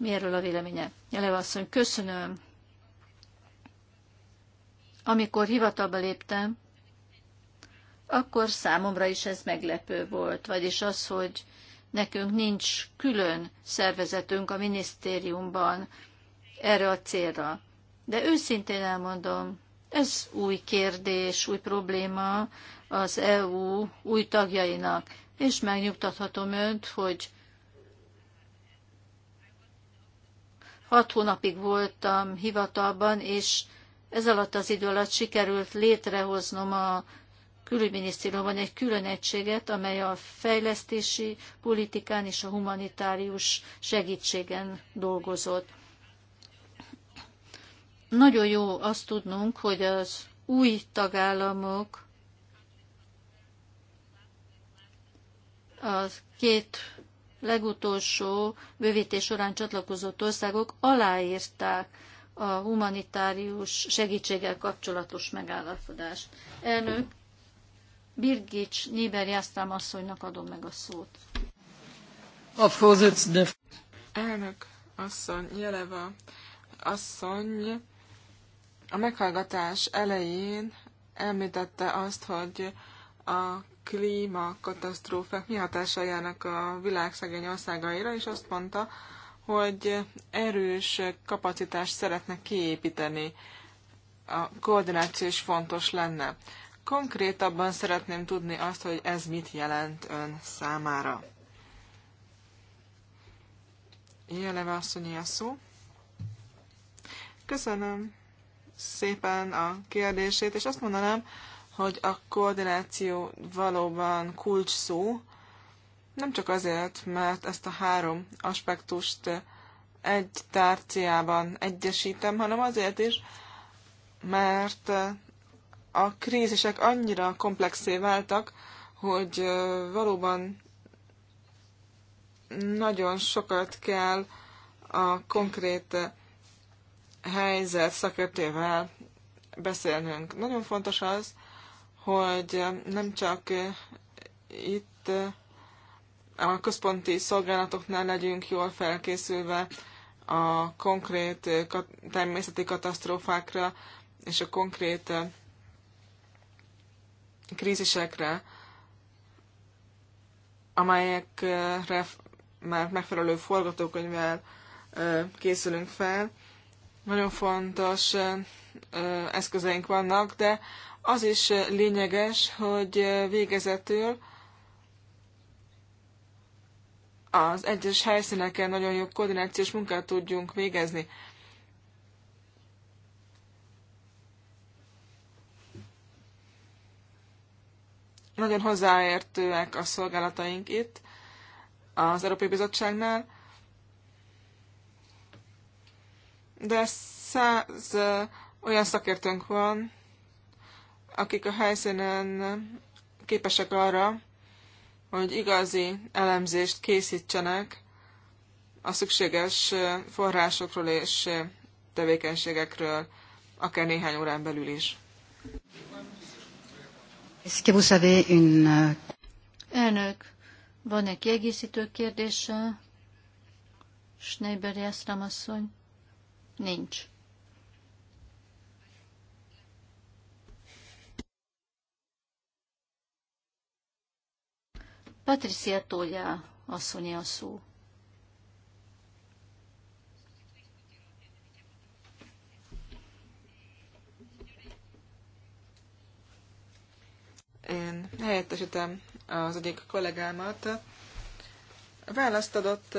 mi erről a véleménye. Jeleva asszony, köszönöm. Amikor hivatalba léptem, akkor számomra is ez meglepő volt, vagyis az, hogy nekünk nincs külön szervezetünk a minisztériumban erre a célra. De őszintén elmondom, ez új kérdés, új probléma az EU új tagjainak, és megnyugtathatom önt, hogy Hat hónapig voltam hivatalban, és ez alatt az idő alatt sikerült létrehoznom a külügyminisztériumban egy külön egységet, amely a fejlesztési politikán és a humanitárius segítségen dolgozott. Nagyon jó azt tudnunk, hogy az új tagállamok a két legutolsó bővítés során csatlakozott országok aláírták a humanitárius segítséggel kapcsolatos megállapodást. Elnök, Birgics Niber Jásztrám asszonynak adom meg a szót. A Elnök asszony, Jeleva asszony a meghallgatás elején említette azt, hogy a klímakatasztrófák mi hatással a világ szegény országaira, és azt mondta, hogy erős kapacitást szeretne kiépíteni. A koordináció is fontos lenne. Konkrétabban szeretném tudni azt, hogy ez mit jelent ön számára. Jeleve asszonyi a szó. Köszönöm szépen a kérdését, és azt mondanám, hogy a koordináció valóban kulcs szó, nem csak azért, mert ezt a három aspektust egy tárciában egyesítem, hanem azért is, mert a krízisek annyira komplexé váltak, hogy valóban nagyon sokat kell a konkrét helyzet szakértővel beszélnünk. Nagyon fontos az, hogy nem csak eh, itt eh, a központi szolgálatoknál legyünk jól felkészülve a konkrét eh, természeti katasztrófákra és a konkrét krízisekre, amelyekre már megfelelő forgatókönyvvel készülünk fel. Nagyon fontos eszközeink vannak, de az is lényeges, hogy végezetül az egyes helyszíneken nagyon jó koordinációs munkát tudjunk végezni. Nagyon hozzáértőek a szolgálataink itt az Európai Bizottságnál, de száz olyan szakértőnk van, akik a helyszínen képesek arra, hogy igazi elemzést készítsenek a szükséges forrásokról és tevékenységekről, akár néhány órán belül is. Euh, Elnök, van egy kiegészítő kérdése? Schneiber Jászram asszony? Nincs. Patricia Tolja asszonyi a szó. Én helyettesítem az egyik kollégámat. Választ adott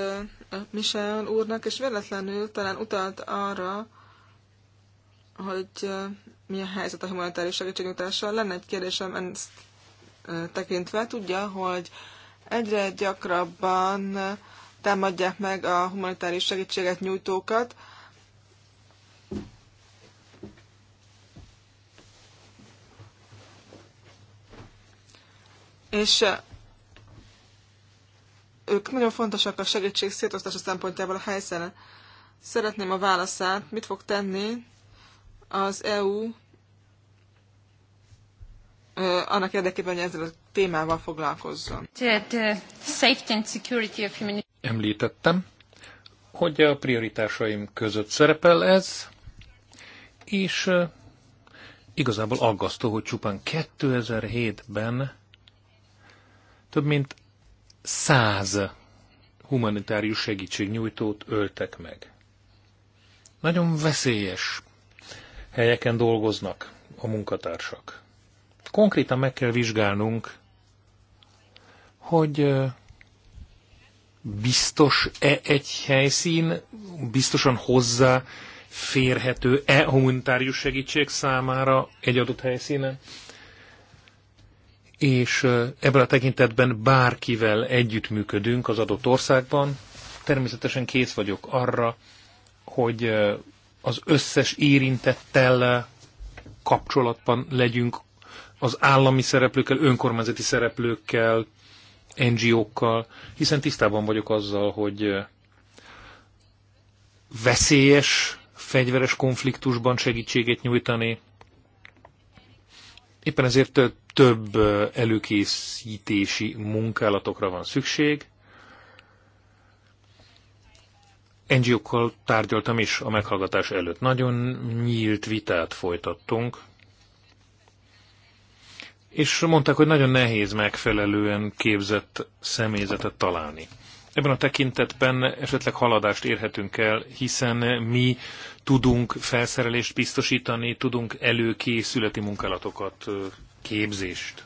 Michel úrnak, és véletlenül talán utalt arra, hogy mi a helyzet a humanitárius segítségnyújtással. Lenne egy kérdésem ezt tekintve. Tudja, hogy Egyre gyakrabban támadják meg a humanitárius segítséget nyújtókat. És ők nagyon fontosak a segítség szétosztása szempontjából a helyszínen. Szeretném a válaszát, mit fog tenni az EU annak érdekében, hogy ezzel a témával foglalkozzon. Említettem, hogy a prioritásaim között szerepel ez, és igazából aggasztó, hogy csupán 2007-ben több mint száz humanitárius segítségnyújtót öltek meg. Nagyon veszélyes helyeken dolgoznak a munkatársak. Konkrétan meg kell vizsgálnunk hogy biztos-e egy helyszín, biztosan hozzá férhető-e humanitárius segítség számára egy adott helyszínen, és ebben a tekintetben bárkivel együttműködünk az adott országban. Természetesen kész vagyok arra, hogy az összes érintettel kapcsolatban legyünk, az állami szereplőkkel, önkormányzati szereplőkkel, NGO-kkal, hiszen tisztában vagyok azzal, hogy veszélyes fegyveres konfliktusban segítséget nyújtani. Éppen ezért több előkészítési munkálatokra van szükség. NGO-kkal tárgyaltam is a meghallgatás előtt. Nagyon nyílt vitát folytattunk, és mondták, hogy nagyon nehéz megfelelően képzett személyzetet találni. Ebben a tekintetben esetleg haladást érhetünk el, hiszen mi tudunk felszerelést biztosítani, tudunk előkészületi munkálatokat, képzést.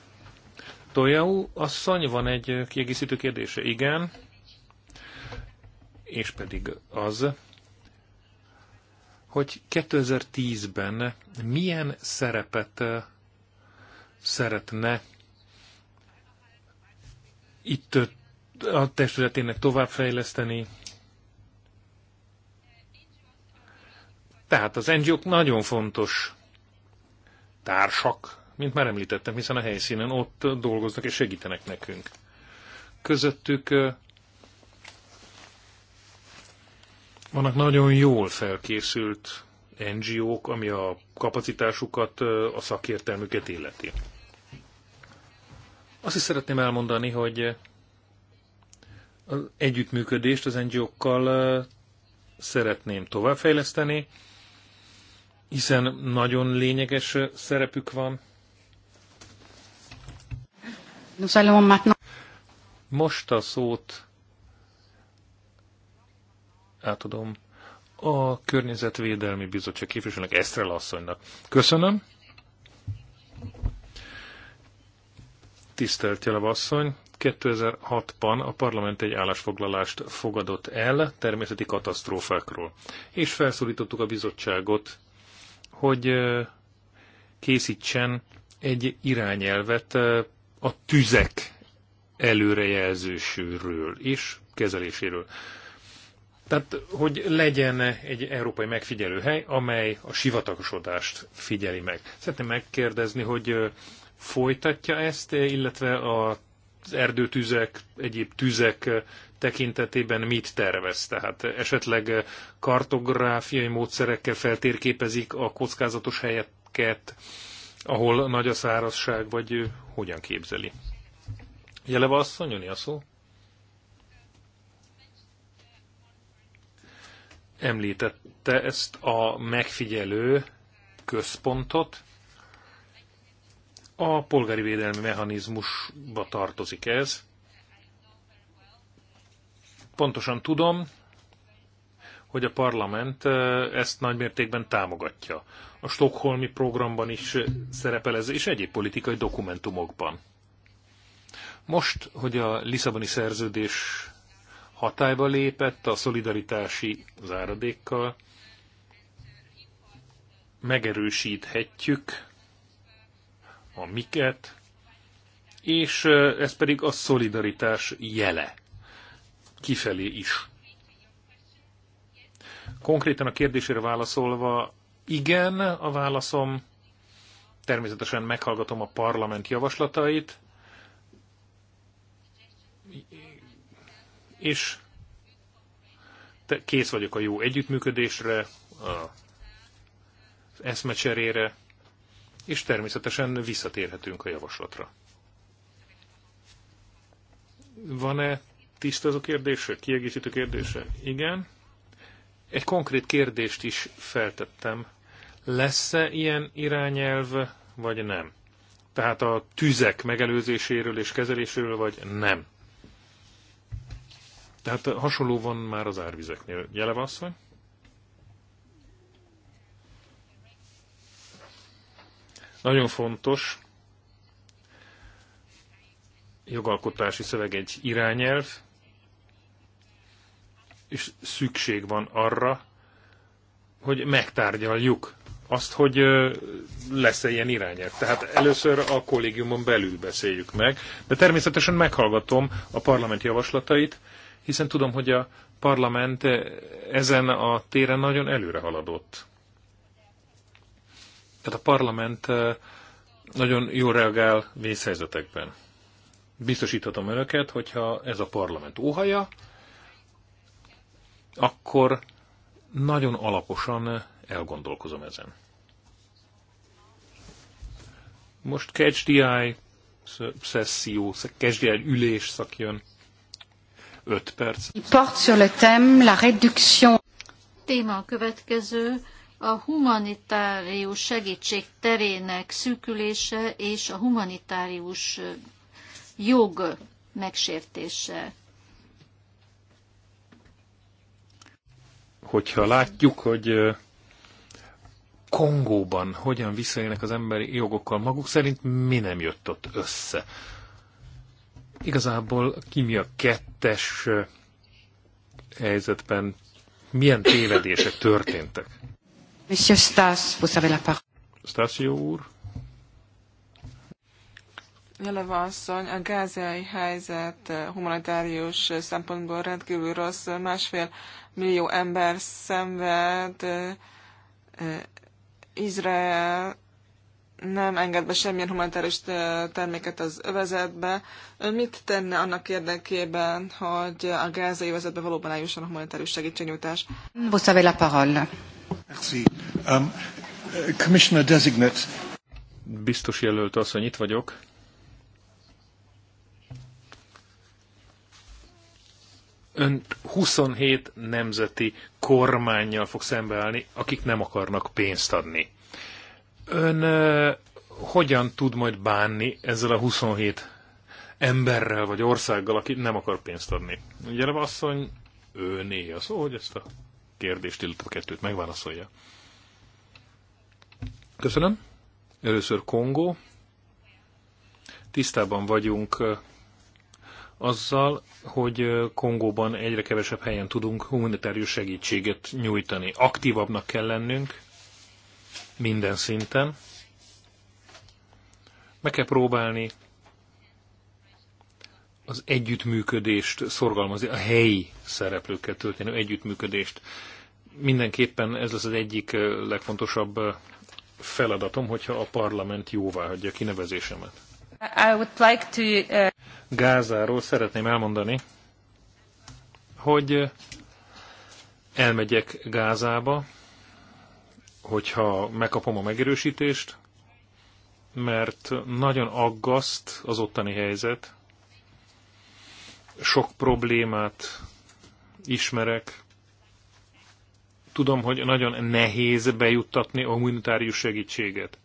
Tojau asszony, van egy kiegészítő kérdése? Igen. És pedig az, hogy 2010-ben milyen szerepet szeretne itt a testületének továbbfejleszteni. Tehát az ngo nagyon fontos társak, mint már említettem, hiszen a helyszínen ott dolgoznak és segítenek nekünk. Közöttük vannak nagyon jól felkészült NGO-k, ami a kapacitásukat, a szakértelmüket illeti. Azt is szeretném elmondani, hogy az együttműködést az NGO-kkal szeretném továbbfejleszteni, hiszen nagyon lényeges szerepük van. Most a szót átadom a Környezetvédelmi Bizottság képviselőnek, Esztrel asszonynak. Köszönöm. Tisztelt Jelev asszony, 2006-ban a parlament egy állásfoglalást fogadott el természeti katasztrófákról, és felszólítottuk a bizottságot, hogy készítsen egy irányelvet a tüzek előrejelzősőről és kezeléséről. Tehát, hogy legyen egy európai megfigyelőhely, amely a sivatagosodást figyeli meg. Szeretném megkérdezni, hogy folytatja ezt, illetve az erdőtüzek, egyéb tüzek tekintetében mit tervez? Tehát esetleg kartográfiai módszerekkel feltérképezik a kockázatos helyeket, ahol nagy a szárazság, vagy hogyan képzeli? Jeleva asszony, a szó? említette ezt a megfigyelő központot. A polgári védelmi mechanizmusba tartozik ez. Pontosan tudom, hogy a parlament eh, ezt nagymértékben támogatja. A Stockholmi programban is szerepel ez, és egyéb politikai dokumentumokban. Most, hogy a Lisszaboni szerződés hatályba lépett a szolidaritási záradékkal, megerősíthetjük a miket, és ez pedig a szolidaritás jele kifelé is. Konkrétan a kérdésére válaszolva, igen, a válaszom, természetesen meghallgatom a parlament javaslatait, és kész vagyok a jó együttműködésre, az eszmecserére, és természetesen visszatérhetünk a javaslatra. Van-e tisztázó kérdése, kiegészítő kérdése? Igen. Egy konkrét kérdést is feltettem. Lesz-e ilyen irányelv, vagy nem? Tehát a tüzek megelőzéséről és kezeléséről, vagy nem? Tehát hasonló van már az árvizeknél. Jeleva asszony? Nagyon fontos jogalkotási szöveg egy irányelv, és szükség van arra, hogy megtárgyaljuk azt, hogy lesz-e ilyen irányelv. Tehát először a kollégiumon belül beszéljük meg, de természetesen meghallgatom a parlament javaslatait, hiszen tudom, hogy a parlament ezen a téren nagyon előre haladott. Tehát a parlament eh, nagyon jól reagál vészhelyzetekben. Biztosíthatom önöket, hogyha ez a parlament óhaja, akkor nagyon alaposan elgondolkozom ezen. Most catch the eye szesszió, catch the eye ülés szakjön. 5 perc. Téma a következő, a humanitárius segítség terének szűkülése és a humanitárius jog megsértése. Hogyha látjuk, hogy Kongóban hogyan visszaélnek az emberi jogokkal maguk szerint, mi nem jött ott össze. Igazából a kimia kettes helyzetben milyen tévedések történtek? Monsieur Stas, vous avez la parole. jó úr. Jeleva asszony, a gázai helyzet humanitárius szempontból rendkívül rossz. Másfél millió ember szenved. Izrael nem enged be semmilyen humanitárius terméket az övezetbe. Ön mit tenne annak érdekében, hogy a gázai övezetbe valóban eljusson a humanitárius segítségnyújtás? Vous avez la parole. Merci. Um, commissioner designate. Biztos jelölt hogy itt vagyok. Ön 27 nemzeti kormányjal fog szembeállni, akik nem akarnak pénzt adni Ön hogyan tud majd bánni ezzel a 27 emberrel vagy országgal, aki nem akar pénzt adni? Ugye a asszony ő néha szó, hogy ezt a kérdést, illetve a kettőt megválaszolja. Köszönöm. Először Kongó. Tisztában vagyunk azzal, hogy Kongóban egyre kevesebb helyen tudunk humanitárius segítséget nyújtani. Aktívabbnak kell lennünk, minden szinten. Meg kell próbálni az együttműködést szorgalmazni, a helyi szereplőkkel történő együttműködést. Mindenképpen ez az egyik legfontosabb feladatom, hogyha a parlament jóvá hagyja kinevezésemet. I would like to, uh... Gázáról szeretném elmondani, hogy elmegyek Gázába, hogyha megkapom a megerősítést, mert nagyon aggaszt az ottani helyzet. Sok problémát ismerek. Tudom, hogy nagyon nehéz bejuttatni a humanitárius segítséget.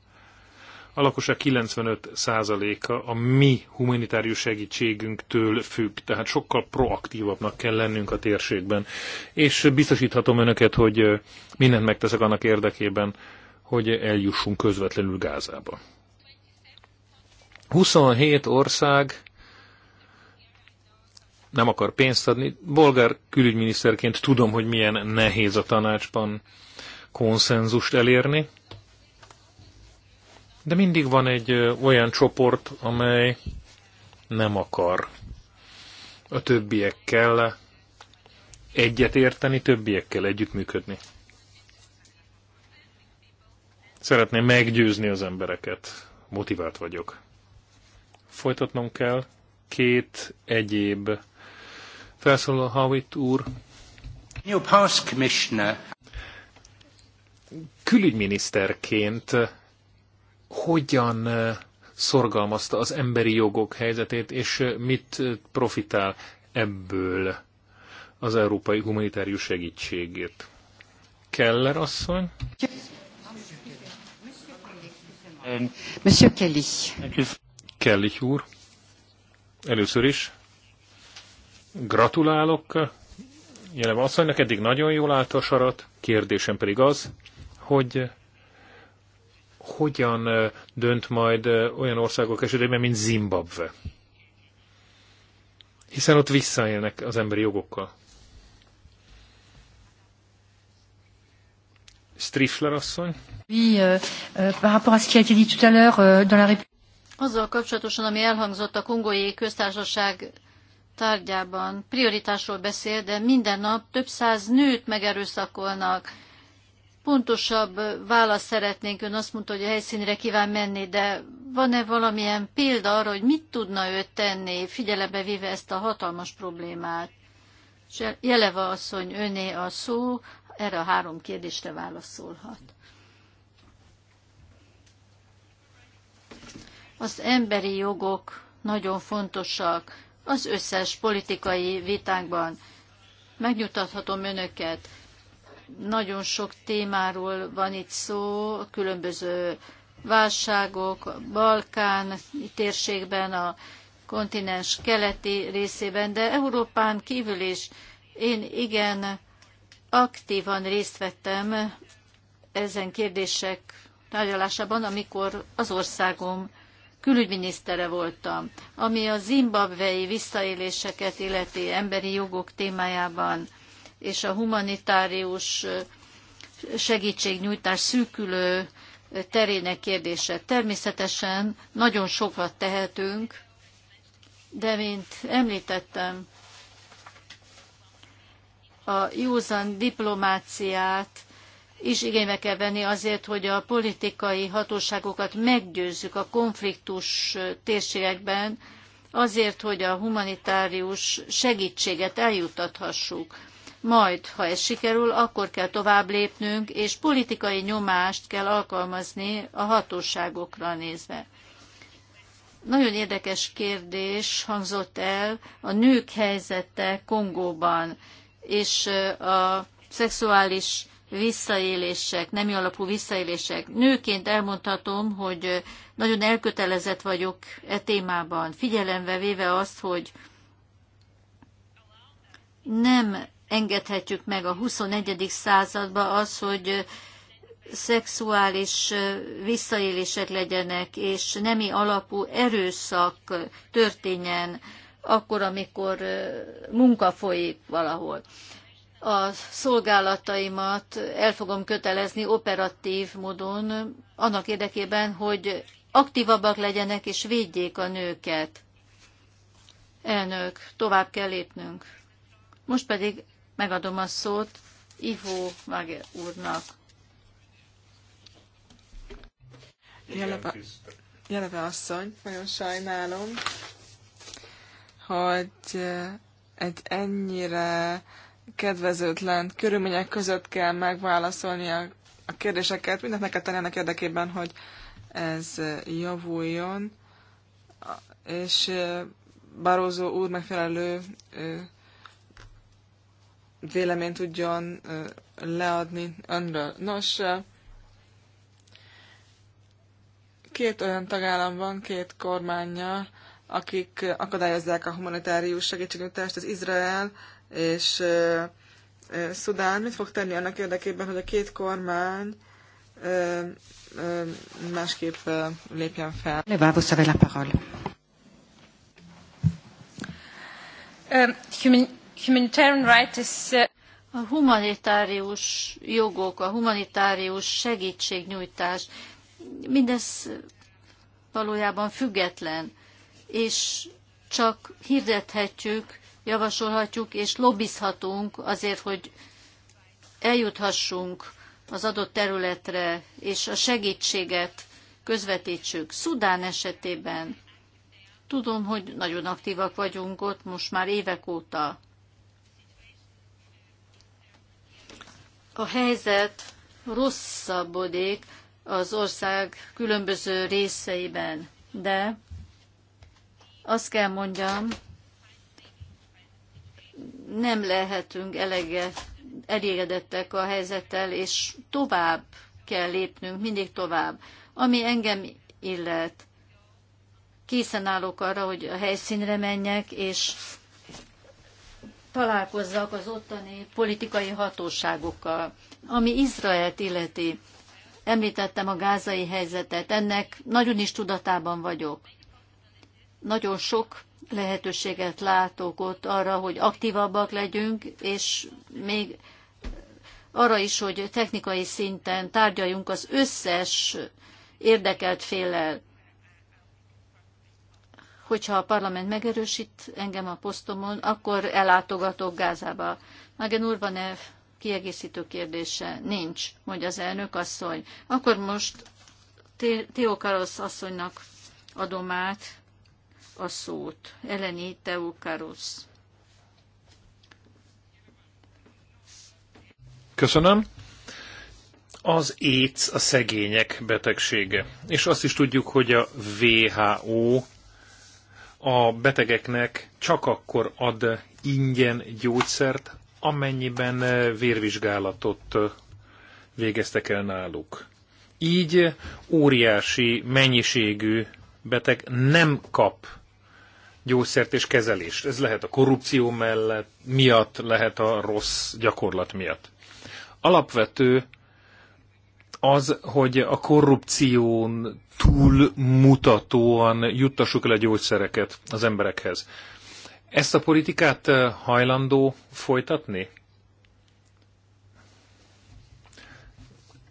A lakosság 95%-a a mi humanitárius segítségünktől függ, tehát sokkal proaktívabbnak kell lennünk a térségben. És biztosíthatom önöket, hogy mindent megteszek annak érdekében, hogy eljussunk közvetlenül Gázába. 27 ország nem akar pénzt adni. Bolgár külügyminiszterként tudom, hogy milyen nehéz a tanácsban konszenzust elérni, de mindig van egy olyan csoport, amely nem akar a többiekkel egyet érteni, többiekkel együttműködni. Szeretném meggyőzni az embereket. Motivált vagyok. Folytatnom kell két egyéb felszólal Howitt úr. New Past Commissioner. Külügyminiszterként hogyan szorgalmazta az emberi jogok helyzetét, és mit profitál ebből az európai humanitárius segítségét. Keller asszony? Monsieur Kelly. Kelly úr, először is gratulálok jelen asszonynak, eddig nagyon jól állt a sarat, kérdésem pedig az, hogy hogyan dönt majd olyan országok esetében, mint Zimbabwe. Hiszen ott visszaélnek az emberi jogokkal. Strifler asszony. Euh, euh, a euh, Azzal kapcsolatosan, ami elhangzott a kongói köztársaság tárgyában, prioritásról beszél, de minden nap több száz nőt megerőszakolnak pontosabb választ szeretnénk. Ön azt mondta, hogy a helyszínre kíván menni, de van-e valamilyen példa arra, hogy mit tudna ő tenni, figyelembe véve ezt a hatalmas problémát? Jeleva asszony, öné a szó, erre a három kérdésre válaszolhat. Az emberi jogok nagyon fontosak az összes politikai vitánkban. Megnyugtathatom önöket, nagyon sok témáról van itt szó, különböző válságok, Balkán térségben, a kontinens keleti részében, de Európán kívül is én igen aktívan részt vettem ezen kérdések tárgyalásában, amikor az országom külügyminisztere voltam, ami a zimbabvei visszaéléseket illeti emberi jogok témájában és a humanitárius segítségnyújtás szűkülő terének kérdése. Természetesen nagyon sokat tehetünk, de mint említettem, a józan diplomáciát is igénybe kell venni azért, hogy a politikai hatóságokat meggyőzzük a konfliktus térségekben, azért, hogy a humanitárius segítséget eljutathassuk majd, ha ez sikerül, akkor kell tovább lépnünk, és politikai nyomást kell alkalmazni a hatóságokra nézve. Nagyon érdekes kérdés hangzott el a nők helyzete Kongóban, és a szexuális visszaélések, nemi alapú visszaélések. Nőként elmondhatom, hogy nagyon elkötelezett vagyok e témában, figyelembe véve azt, hogy nem engedhetjük meg a 21. századba az, hogy szexuális visszaélések legyenek, és nemi alapú erőszak történjen akkor, amikor munka folyik valahol. A szolgálataimat el fogom kötelezni operatív módon annak érdekében, hogy aktívabbak legyenek és védjék a nőket. Elnök, tovább kell lépnünk. Most pedig megadom a szót Ivo Váge úrnak. Jeleve, asszony, nagyon sajnálom, hogy egy ennyire kedvezőtlen körülmények között kell megválaszolni a, a kérdéseket. Mindent meg kell tenni ennek érdekében, hogy ez javuljon, és Barózó úr megfelelő véleményt tudjon leadni önről. Nos, két olyan tagállam van, két kormánya, akik akadályozzák a humanitárius segítségnyújtást, az Izrael és Szudán. Mit fog tenni annak érdekében, hogy a két kormány másképp lépjen fel? Le a savez Uh, a humanitárius jogok, a humanitárius segítségnyújtás, mindez valójában független, és csak hirdethetjük, javasolhatjuk és lobbizhatunk azért, hogy eljuthassunk az adott területre, és a segítséget közvetítsük. Szudán esetében tudom, hogy nagyon aktívak vagyunk ott most már évek óta. a helyzet rosszabbodik az ország különböző részeiben, de azt kell mondjam, nem lehetünk elege, elégedettek a helyzettel, és tovább kell lépnünk, mindig tovább. Ami engem illet, készen állok arra, hogy a helyszínre menjek, és találkozzak az ottani politikai hatóságokkal. Ami Izraelt illeti, említettem a gázai helyzetet, ennek nagyon is tudatában vagyok. Nagyon sok lehetőséget látok ott arra, hogy aktívabbak legyünk, és még arra is, hogy technikai szinten tárgyaljunk az összes érdekelt félel hogyha a parlament megerősít engem a posztomon, akkor ellátogatok Gázába. Magen úr, van-e kiegészítő kérdése? Nincs, mondja az elnök asszony. Akkor most Karosz asszonynak adom át a szót. Eleni Karosz. Köszönöm. Az AIDS a szegények betegsége. És azt is tudjuk, hogy a WHO a betegeknek csak akkor ad ingyen gyógyszert, amennyiben eh, vérvizsgálatot eh, végeztek el náluk. Így óriási mennyiségű beteg nem kap gyógyszert és kezelést. Ez lehet a korrupció mellett, miatt, lehet a rossz gyakorlat miatt. Alapvető az, hogy a korrupción túlmutatóan juttassuk el a gyógyszereket az emberekhez. Ezt a politikát eh, hajlandó folytatni?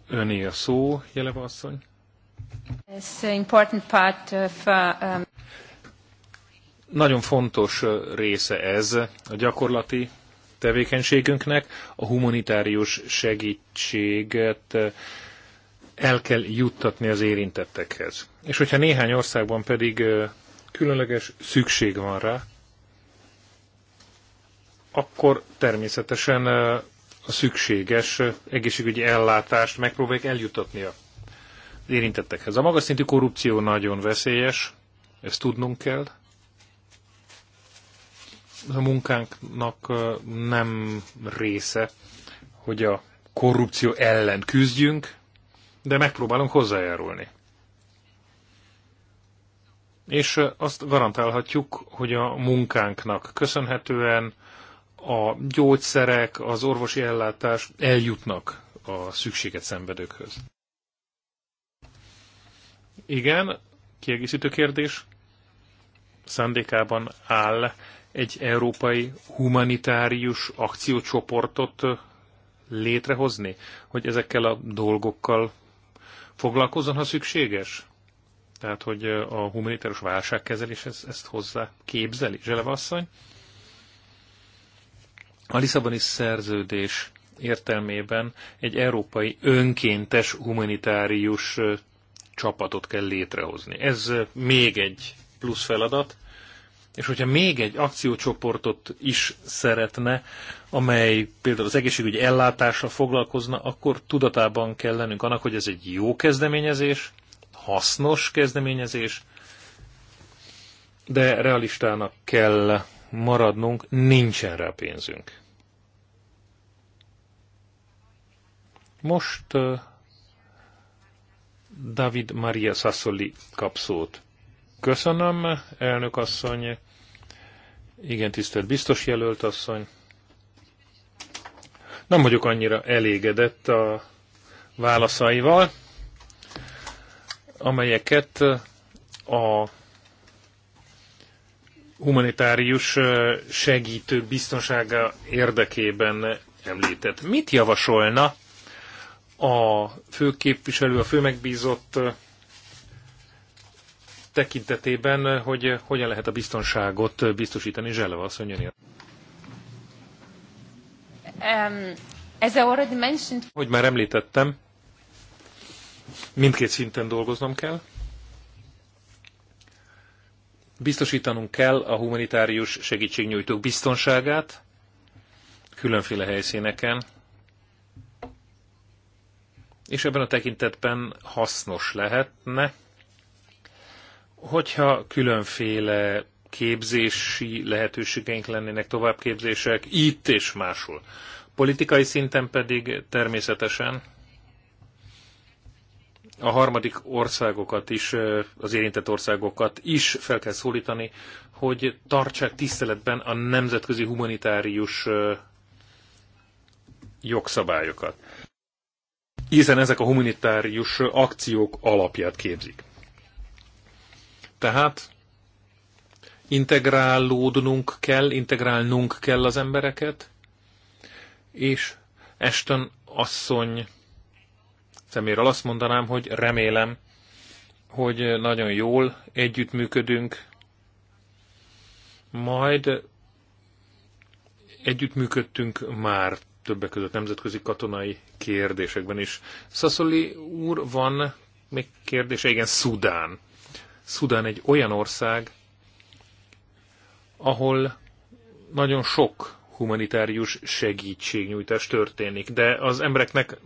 Öné a szó, Jeleva asszony. Uh, um, Nagyon fontos eh, része ez a gyakorlati tevékenységünknek, a humanitárius segítséget eh, el kell juttatni az érintettekhez. És hogyha néhány országban pedig különleges szükség van rá, akkor természetesen a szükséges egészségügyi ellátást megpróbálják eljutatni az érintettekhez. A magas szintű korrupció nagyon veszélyes, ezt tudnunk kell. A munkánknak nem része, hogy a korrupció ellen küzdjünk, de megpróbálunk hozzájárulni. És azt garantálhatjuk, hogy a munkánknak köszönhetően a gyógyszerek, az orvosi ellátás eljutnak a szükséget szenvedőkhöz. Igen, kiegészítő kérdés. Szándékában áll egy európai humanitárius akciócsoportot létrehozni, hogy ezekkel a dolgokkal foglalkozzon, ha szükséges? Tehát, hogy a humanitáros válságkezelés ezt hozzá képzeli, Zseleva asszony? A Lisszaboni szerződés értelmében egy európai önkéntes humanitárius csapatot kell létrehozni. Ez még egy plusz feladat, és hogyha még egy akciócsoportot is szeretne, amely például az egészségügyi ellátásra foglalkozna, akkor tudatában kell lennünk annak, hogy ez egy jó kezdeményezés, hasznos kezdeményezés, de realistának kell maradnunk, nincsen rá pénzünk. Most uh, David Maria Sassoli kap szót. Köszönöm, elnök asszony. Igen, tisztelt biztos jelölt asszony. Nem vagyok annyira elégedett a válaszaival, amelyeket a humanitárius segítő biztonsága érdekében említett. Mit javasolna a főképviselő, a főmegbízott tekintetében, hogy hogyan lehet a biztonságot biztosítani. Zseleva asszonyon. um, as I already mentioned... Hogy már említettem, mindkét szinten dolgoznom kell. Biztosítanunk kell a humanitárius segítségnyújtók biztonságát különféle helyszíneken, és ebben a tekintetben hasznos lehetne Hogyha különféle képzési lehetőségeink lennének, továbbképzések itt és máshol. Politikai szinten pedig természetesen a harmadik országokat is, az érintett országokat is fel kell szólítani, hogy tartsák tiszteletben a nemzetközi humanitárius jogszabályokat. Hiszen ezek a humanitárius akciók alapját képzik. Tehát integrálódnunk kell, integrálnunk kell az embereket, és Eston asszony szeméről azt mondanám, hogy remélem, hogy nagyon jól együttműködünk, majd együttműködtünk már többek között nemzetközi katonai kérdésekben is. Szaszoli úr, van még kérdése? Igen, Szudán. Szudán egy olyan ország, ahol nagyon sok humanitárius segítségnyújtás történik, de az embereknek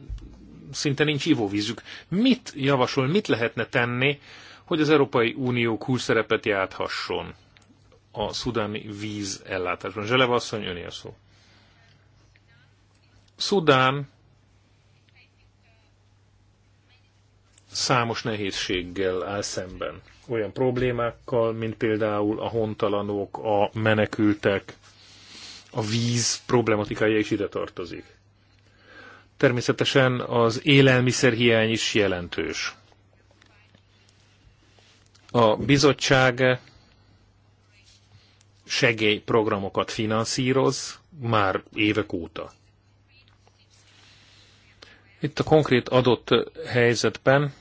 szinte nincs ivóvízük. Mit javasol, mit lehetne tenni, hogy az Európai Unió kulszerepet játhasson a szudáni víz ellátásban? Zseleva asszony, öné a szó. Szudán számos nehézséggel áll szemben olyan problémákkal, mint például a hontalanok, a menekültek, a víz problematikája is ide tartozik. Természetesen az élelmiszerhiány is jelentős. A bizottság segélyprogramokat finanszíroz már évek óta. Itt a konkrét adott helyzetben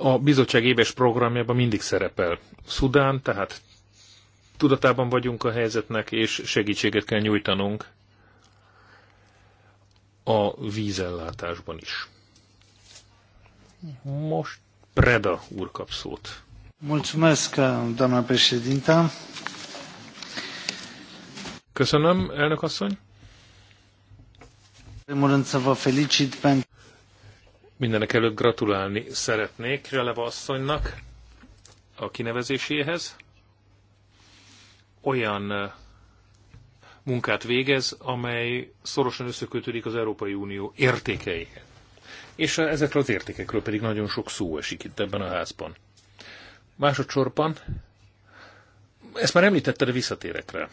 a bizottság éves programjában mindig szerepel Szudán, tehát tudatában vagyunk a helyzetnek, és segítséget kell nyújtanunk a vízellátásban is. Most Preda úr kap szót. Mulțumesc, doamna președinta. Köszönöm, elnök asszony. În vă felicit pentru Mindenek előtt gratulálni szeretnék Releva asszonynak a kinevezéséhez. Olyan munkát végez, amely szorosan összekötődik az Európai Unió értékeihez. És ezekről az értékekről pedig nagyon sok szó esik itt ebben a házban. Másodszorban, ezt már említetted a visszatérekre.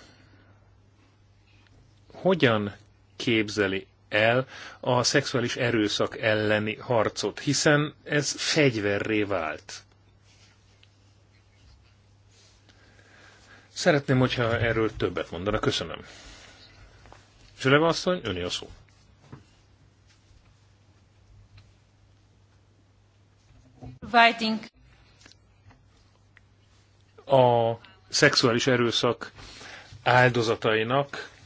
Hogyan képzeli el a szexuális erőszak elleni harcot, hiszen ez fegyverré vált. Szeretném, hogyha erről többet mondana. Köszönöm. Zsüleva asszony, öné a szó. A szexuális erőszak áldozatainak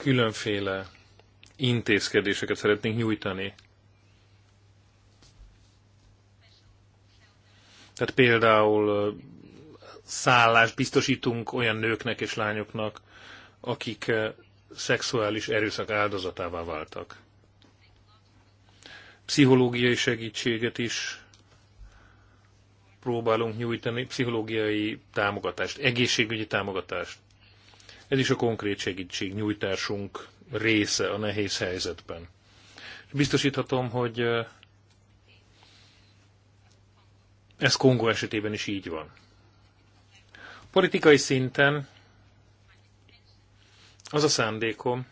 különféle intézkedéseket szeretnénk nyújtani. Tehát például szállást biztosítunk olyan nőknek és lányoknak, akik szexuális erőszak áldozatává váltak. Pszichológiai segítséget is próbálunk nyújtani, pszichológiai támogatást, egészségügyi támogatást. Ez is a konkrét nyújtásunk része a nehéz helyzetben. Biztosíthatom, hogy ez Kongó esetében is így van. Politikai szinten az a szándékom,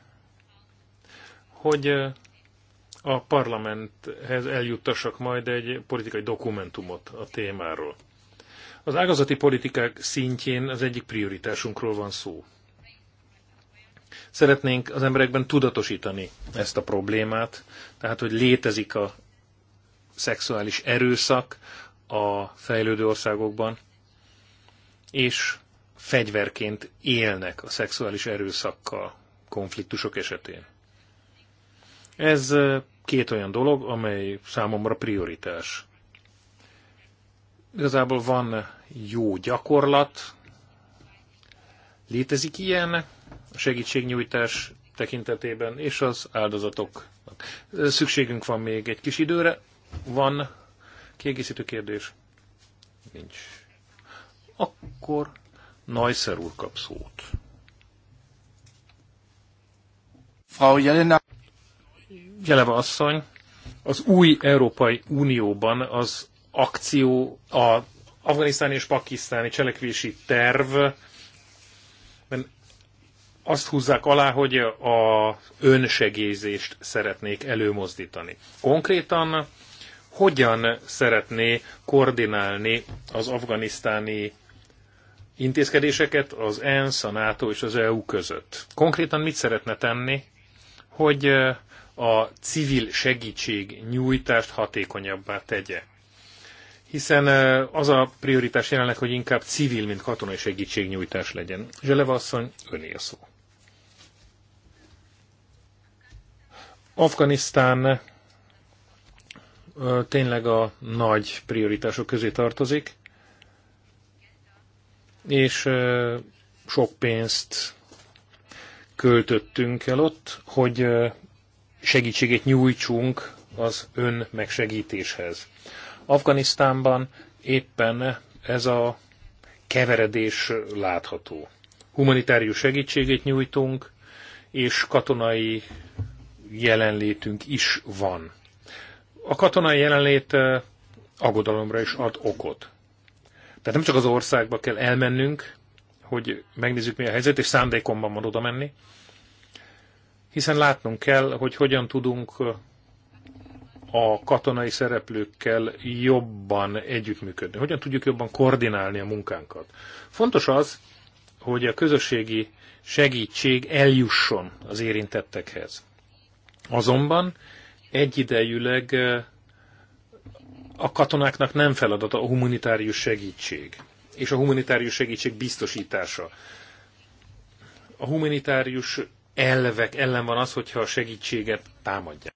hogy a parlamenthez eljuttassak majd egy politikai dokumentumot a témáról. Az ágazati politikák szintjén az egyik prioritásunkról van szó. Szeretnénk az emberekben tudatosítani ezt a problémát, tehát hogy létezik a szexuális erőszak a fejlődő országokban, és fegyverként élnek a szexuális erőszakkal konfliktusok esetén. Ez két olyan dolog, amely számomra prioritás. Igazából van jó gyakorlat, létezik ilyen, segítségnyújtás tekintetében és az áldozatoknak. Szükségünk van még egy kis időre. Van kiegészítő kérdés? Nincs. Akkor Neusser úr kap szót. Frau Jelena. Jeleva asszony, az új Európai Unióban az akció, a afganisztáni és pakisztáni cselekvési terv azt húzzák alá, hogy a önsegélyzést szeretnék előmozdítani. Konkrétan hogyan szeretné koordinálni az afganisztáni intézkedéseket az ENSZ, a NATO és az EU között. Konkrétan mit szeretne tenni, hogy a civil segítség nyújtást hatékonyabbá tegye? Hiszen az a prioritás jelenleg, hogy inkább civil, mint katonai segítségnyújtás legyen. Zseleva asszony, öné a szó. Afganisztán tényleg a nagy prioritások közé tartozik, és sok pénzt költöttünk el ott, hogy segítséget nyújtsunk az ön megsegítéshez. Afganisztánban éppen ez a keveredés látható. Humanitárius segítséget nyújtunk, és katonai jelenlétünk is van. A katonai jelenlét aggodalomra is ad okot. Tehát nem csak az országba kell elmennünk, hogy megnézzük mi a helyzet, és szándékomban van oda menni, hiszen látnunk kell, hogy hogyan tudunk a katonai szereplőkkel jobban együttműködni, hogyan tudjuk jobban koordinálni a munkánkat. Fontos az, hogy a közösségi segítség eljusson az érintettekhez. Azonban egyidejűleg a katonáknak nem feladata a humanitárius segítség, és a humanitárius segítség biztosítása. A humanitárius elvek ellen van az, hogyha a segítséget támadják.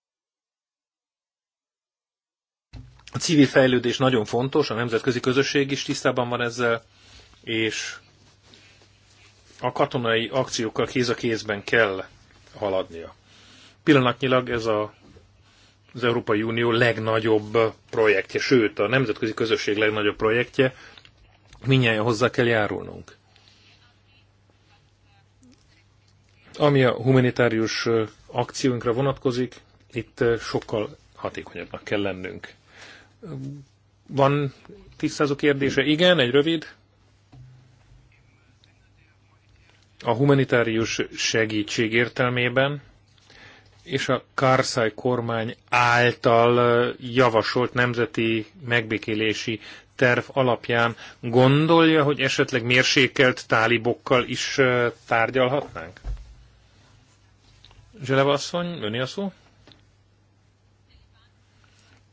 A civil fejlődés nagyon fontos, a nemzetközi közösség is tisztában van ezzel, és a katonai akciókkal kéz a kézben kell haladnia. Pillanatnyilag ez a, az Európai Unió legnagyobb projektje, sőt a nemzetközi közösség legnagyobb projektje, minnyáján hozzá kell járulnunk. Ami a humanitárius akcióinkra vonatkozik, itt sokkal hatékonyabbnak kell lennünk. Van tisztázó kérdése? Igen, egy rövid. A humanitárius segítség értelmében és a Kárszáj kormány által javasolt nemzeti megbékélési terv alapján gondolja, hogy esetleg mérsékelt tálibokkal is tárgyalhatnánk? Zseleva asszony, öné a szó?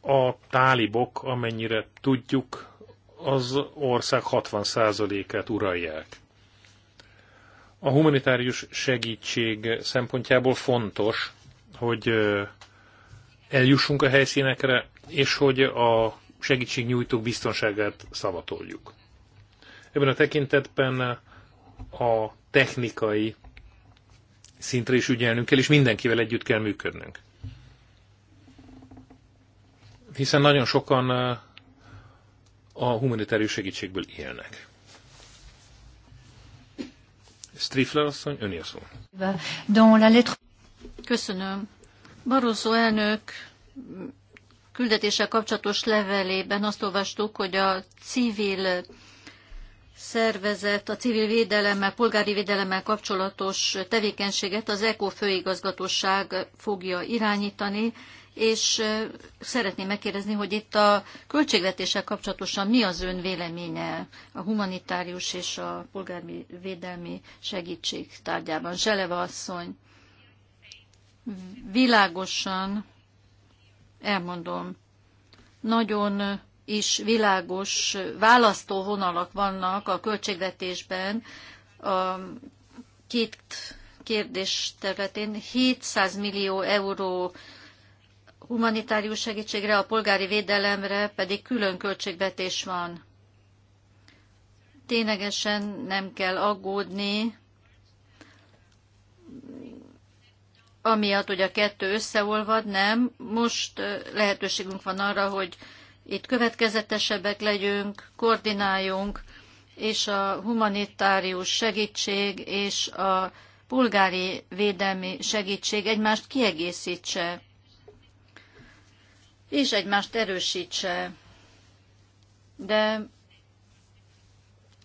A tálibok, amennyire tudjuk, az ország 60%-át uralják. A humanitárius segítség szempontjából fontos, hogy eljussunk a helyszínekre, és hogy a segítségnyújtók biztonságát szavatoljuk. Ebben a tekintetben a technikai szintre is ügyelnünk kell, és mindenkivel együtt kell működnünk. Hiszen nagyon sokan a humanitárius segítségből élnek. Strifler asszony, öné a szó. Köszönöm. Barroso elnök küldetése kapcsolatos levelében azt olvastuk, hogy a civil szervezet, a civil védelemmel, polgári védelemmel kapcsolatos tevékenységet az ECO főigazgatóság fogja irányítani, és szeretném megkérdezni, hogy itt a költségvetéssel kapcsolatosan mi az ön véleménye a humanitárius és a polgári védelmi segítség tárgyában? Zseleva asszony világosan elmondom, nagyon is világos választóvonalak vannak a költségvetésben a két kérdés területén. 700 millió euró humanitárius segítségre, a polgári védelemre pedig külön költségvetés van. Ténylegesen nem kell aggódni, amiatt, hogy a kettő összeolvad, nem. Most lehetőségünk van arra, hogy itt következetesebbek legyünk, koordináljunk, és a humanitárius segítség és a polgári védelmi segítség egymást kiegészítse, és egymást erősítse. De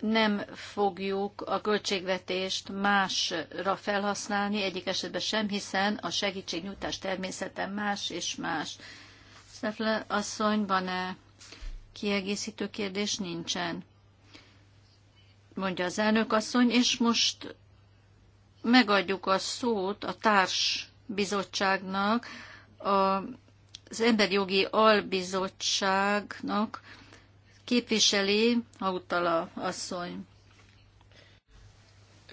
nem fogjuk a költségvetést másra felhasználni, egyik esetben sem, hiszen a segítségnyújtás természete más és más. Szefle asszony, van-e kiegészítő kérdés? Nincsen. Mondja az elnök asszony, és most megadjuk a szót a társ bizottságnak, az Emberjogi Albizottságnak, képviseli Hautala asszony.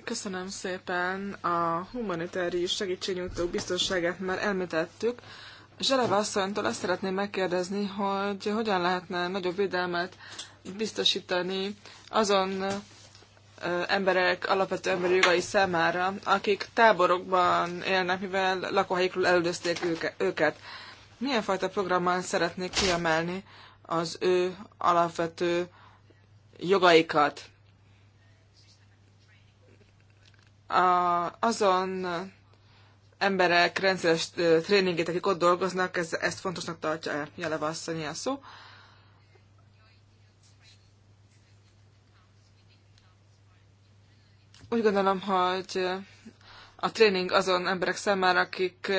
Köszönöm szépen a humanitárius segítségnyújtók biztonságát már elmítettük. Zsereva asszonytól azt szeretném megkérdezni, hogy hogyan lehetne nagyobb védelmet biztosítani azon emberek alapvető emberi jogai számára, akik táborokban élnek, mivel lakóhelyükről elüldözték őket. Milyen fajta programmal szeretnék kiemelni az ő alapvető jogaikat. A, azon emberek rendszeres tréningét, akik ott dolgoznak, ez, ezt fontosnak tartja el. Jeleva asszony, a szó. Úgy gondolom, hogy a tréning azon emberek számára, akik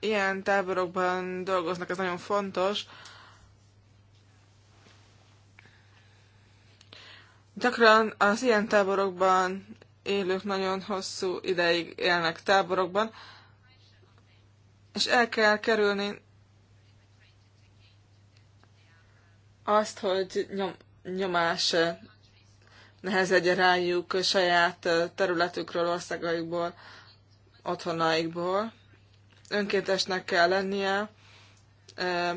ilyen táborokban dolgoznak, ez nagyon fontos, Gyakran az ilyen táborokban élők nagyon hosszú ideig élnek táborokban, és el kell kerülni azt, hogy nyom, nyomás nehezedje rájuk saját területükről, országaikból, otthonaikból. Önkéntesnek kell lennie. Eh,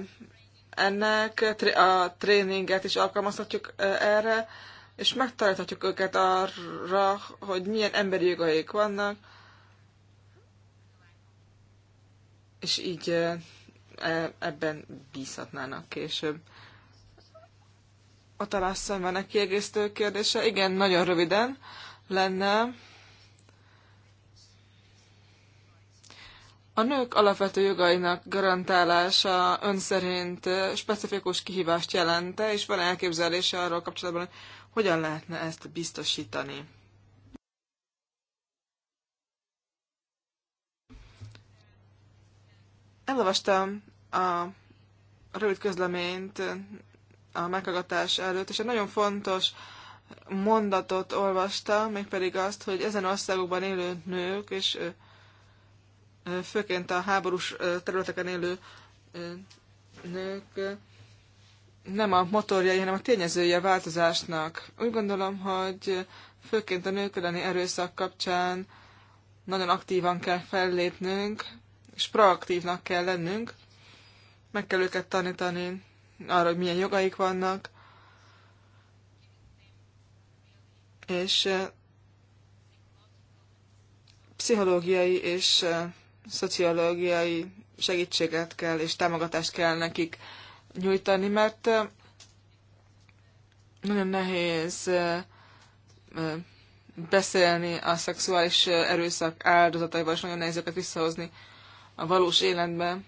ennek a tréninget is alkalmazhatjuk eh, erre, és megtaláltatjuk őket arra, hogy milyen emberi jogaik vannak, és így e, ebben bízhatnának később. A talasszony van egy kiegészítő kérdése? Igen, nagyon röviden lenne. A nők alapvető jogainak garantálása ön szerint specifikus kihívást jelente, és van elképzelése arról kapcsolatban, hogyan lehetne ezt biztosítani? Elolvastam a rövid közleményt a meghallgatás előtt, és egy nagyon fontos mondatot olvastam, mégpedig azt, hogy ezen országokban élő nők, és főként a háborús területeken élő nők nem a motorjai, hanem a tényezői a változásnak. Úgy gondolom, hogy főként a nők elleni erőszak kapcsán nagyon aktívan kell fellépnünk, és proaktívnak kell lennünk. Meg kell őket tanítani arra, hogy milyen jogaik vannak, és eh, pszichológiai és eh, szociológiai segítséget kell, és támogatást kell nekik nyújtani, mert nagyon nehéz beszélni a szexuális erőszak áldozataival, és nagyon nehéz őket visszahozni a valós életbe,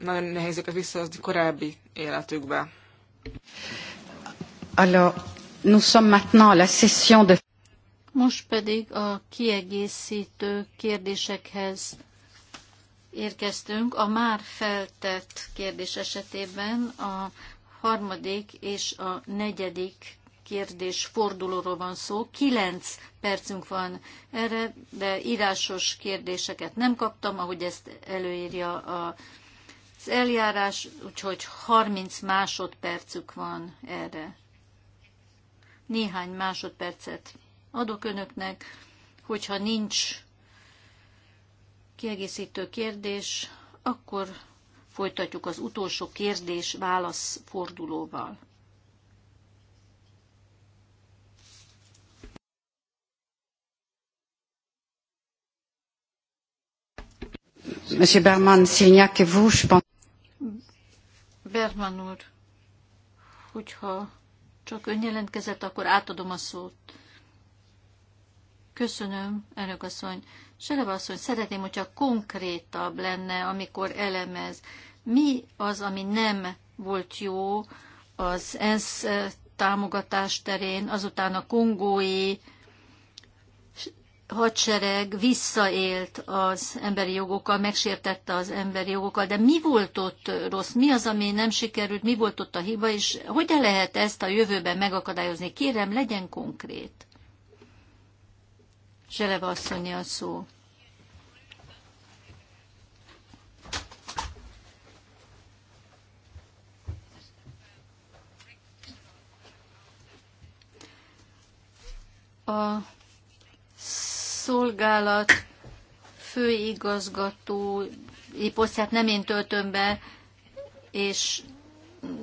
nagyon nehéz őket visszahozni korábbi életükbe. Alors, nous sommes maintenant à la session de... Most pedig a kiegészítő kérdésekhez érkeztünk a már feltett kérdés esetében a harmadik és a negyedik kérdés fordulóról van szó. Kilenc percünk van erre, de írásos kérdéseket nem kaptam, ahogy ezt előírja a az eljárás, úgyhogy 30 másodpercük van erre. Néhány másodpercet adok önöknek, hogyha nincs kiegészítő kérdés, akkor folytatjuk az utolsó kérdés-válasz fordulóval. Monsieur Berman, s'il n'y a que vous, je pense... Berman úr, hogyha csak ön jelentkezett, akkor átadom a szót. Köszönöm, elnök asszony. Seleva asszony, szeretném, hogyha konkrétabb lenne, amikor elemez, mi az, ami nem volt jó az ENSZ eh, támogatás terén, azután a kongói hadsereg visszaélt az emberi jogokkal, megsértette az emberi jogokkal, de mi volt ott rossz, mi az, ami nem sikerült, mi volt ott a hiba, és hogyan lehet ezt a jövőben megakadályozni? Kérem, legyen konkrét. Zseleva asszonyi a szó. a szolgálat főigazgatói posztját nem én töltöm be, és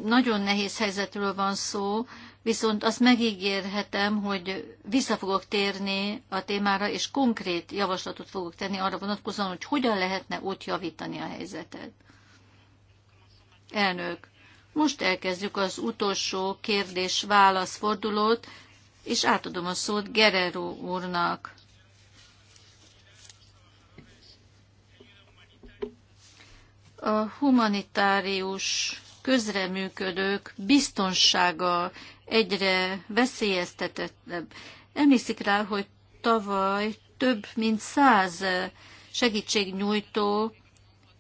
nagyon nehéz helyzetről van szó, viszont azt megígérhetem, hogy vissza fogok térni a témára, és konkrét javaslatot fogok tenni arra vonatkozóan, hogy hogyan lehetne ott javítani a helyzetet. Elnök, most elkezdjük az utolsó kérdés-válasz fordulót és átadom a szót Guerrero úrnak. A humanitárius közreműködők biztonsága egyre veszélyeztetettebb. Emlékszik rá, hogy tavaly több mint száz segítségnyújtó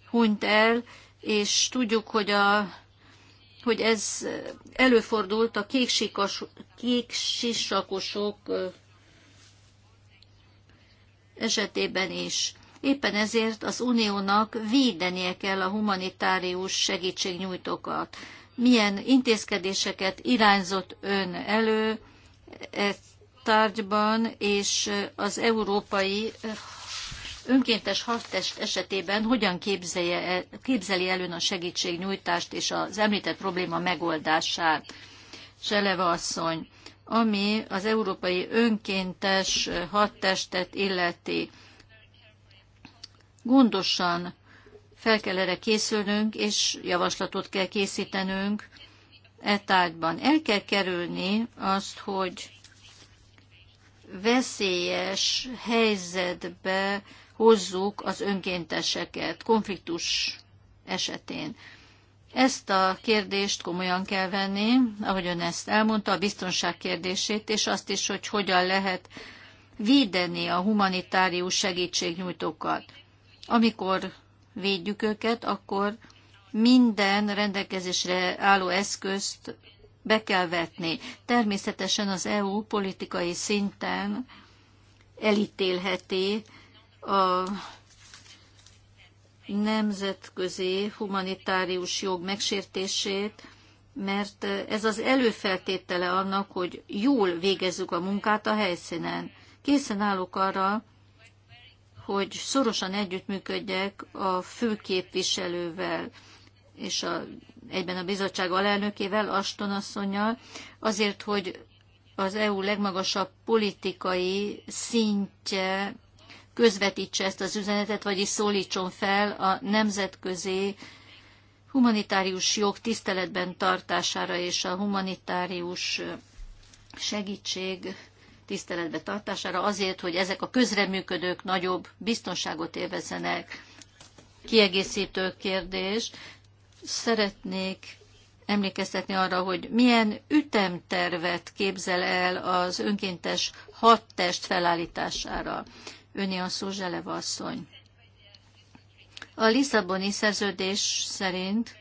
hunyt el, és tudjuk, hogy a hogy ez eh, előfordult a kéksisakosok eh, esetében is. Éppen ezért az uniónak védenie kell a humanitárius segítségnyújtókat. Milyen intézkedéseket irányzott ön elő e tárgyban, és az európai önkéntes harctest esetében hogyan képzelje, képzeli előn a segítségnyújtást és az említett probléma megoldását. Seleva asszony, ami az európai önkéntes hadtestet illeti. Gondosan fel kell erre készülnünk, és javaslatot kell készítenünk e tárgyban. El kell kerülni azt, hogy veszélyes helyzetbe hozzuk az önkénteseket konfliktus esetén. Ezt a kérdést komolyan kell venni, ahogy ön ezt elmondta, a biztonság kérdését, és azt is, hogy hogyan lehet védeni a humanitárius segítségnyújtókat. Amikor védjük őket, akkor minden rendelkezésre álló eszközt be kell vetni. Természetesen az EU politikai szinten elítélheti a nemzetközi humanitárius jog megsértését, mert ez az előfeltétele annak, hogy jól végezzük a munkát a helyszínen. Készen állok arra, hogy szorosan együttműködjek a főképviselővel és a, egyben a bizottság alelnökével, Aston asszonyjal, azért, hogy az EU legmagasabb politikai szintje közvetítse ezt az üzenetet, vagyis szólítson fel a nemzetközi humanitárius jog tiszteletben tartására és a humanitárius segítség tiszteletbe tartására azért, hogy ezek a közreműködők nagyobb biztonságot élvezzenek. Kiegészítő kérdés. Szeretnék emlékeztetni arra, hogy milyen ütemtervet képzel el az önkéntes test felállítására. Öné a szó asszony. A Lisszaboni szerződés szerint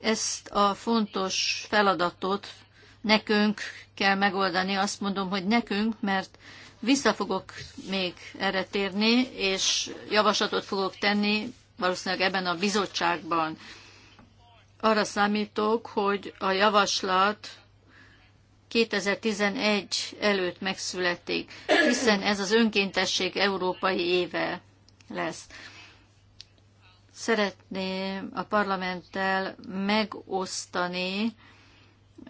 ezt a fontos feladatot nekünk kell megoldani. Azt mondom, hogy nekünk, mert vissza fogok még erre térni, és javaslatot fogok tenni valószínűleg ebben a bizottságban. Arra számítok, hogy a javaslat 2011 előtt megszületik, hiszen ez az önkéntesség európai éve lesz. Szeretném a parlamenttel megosztani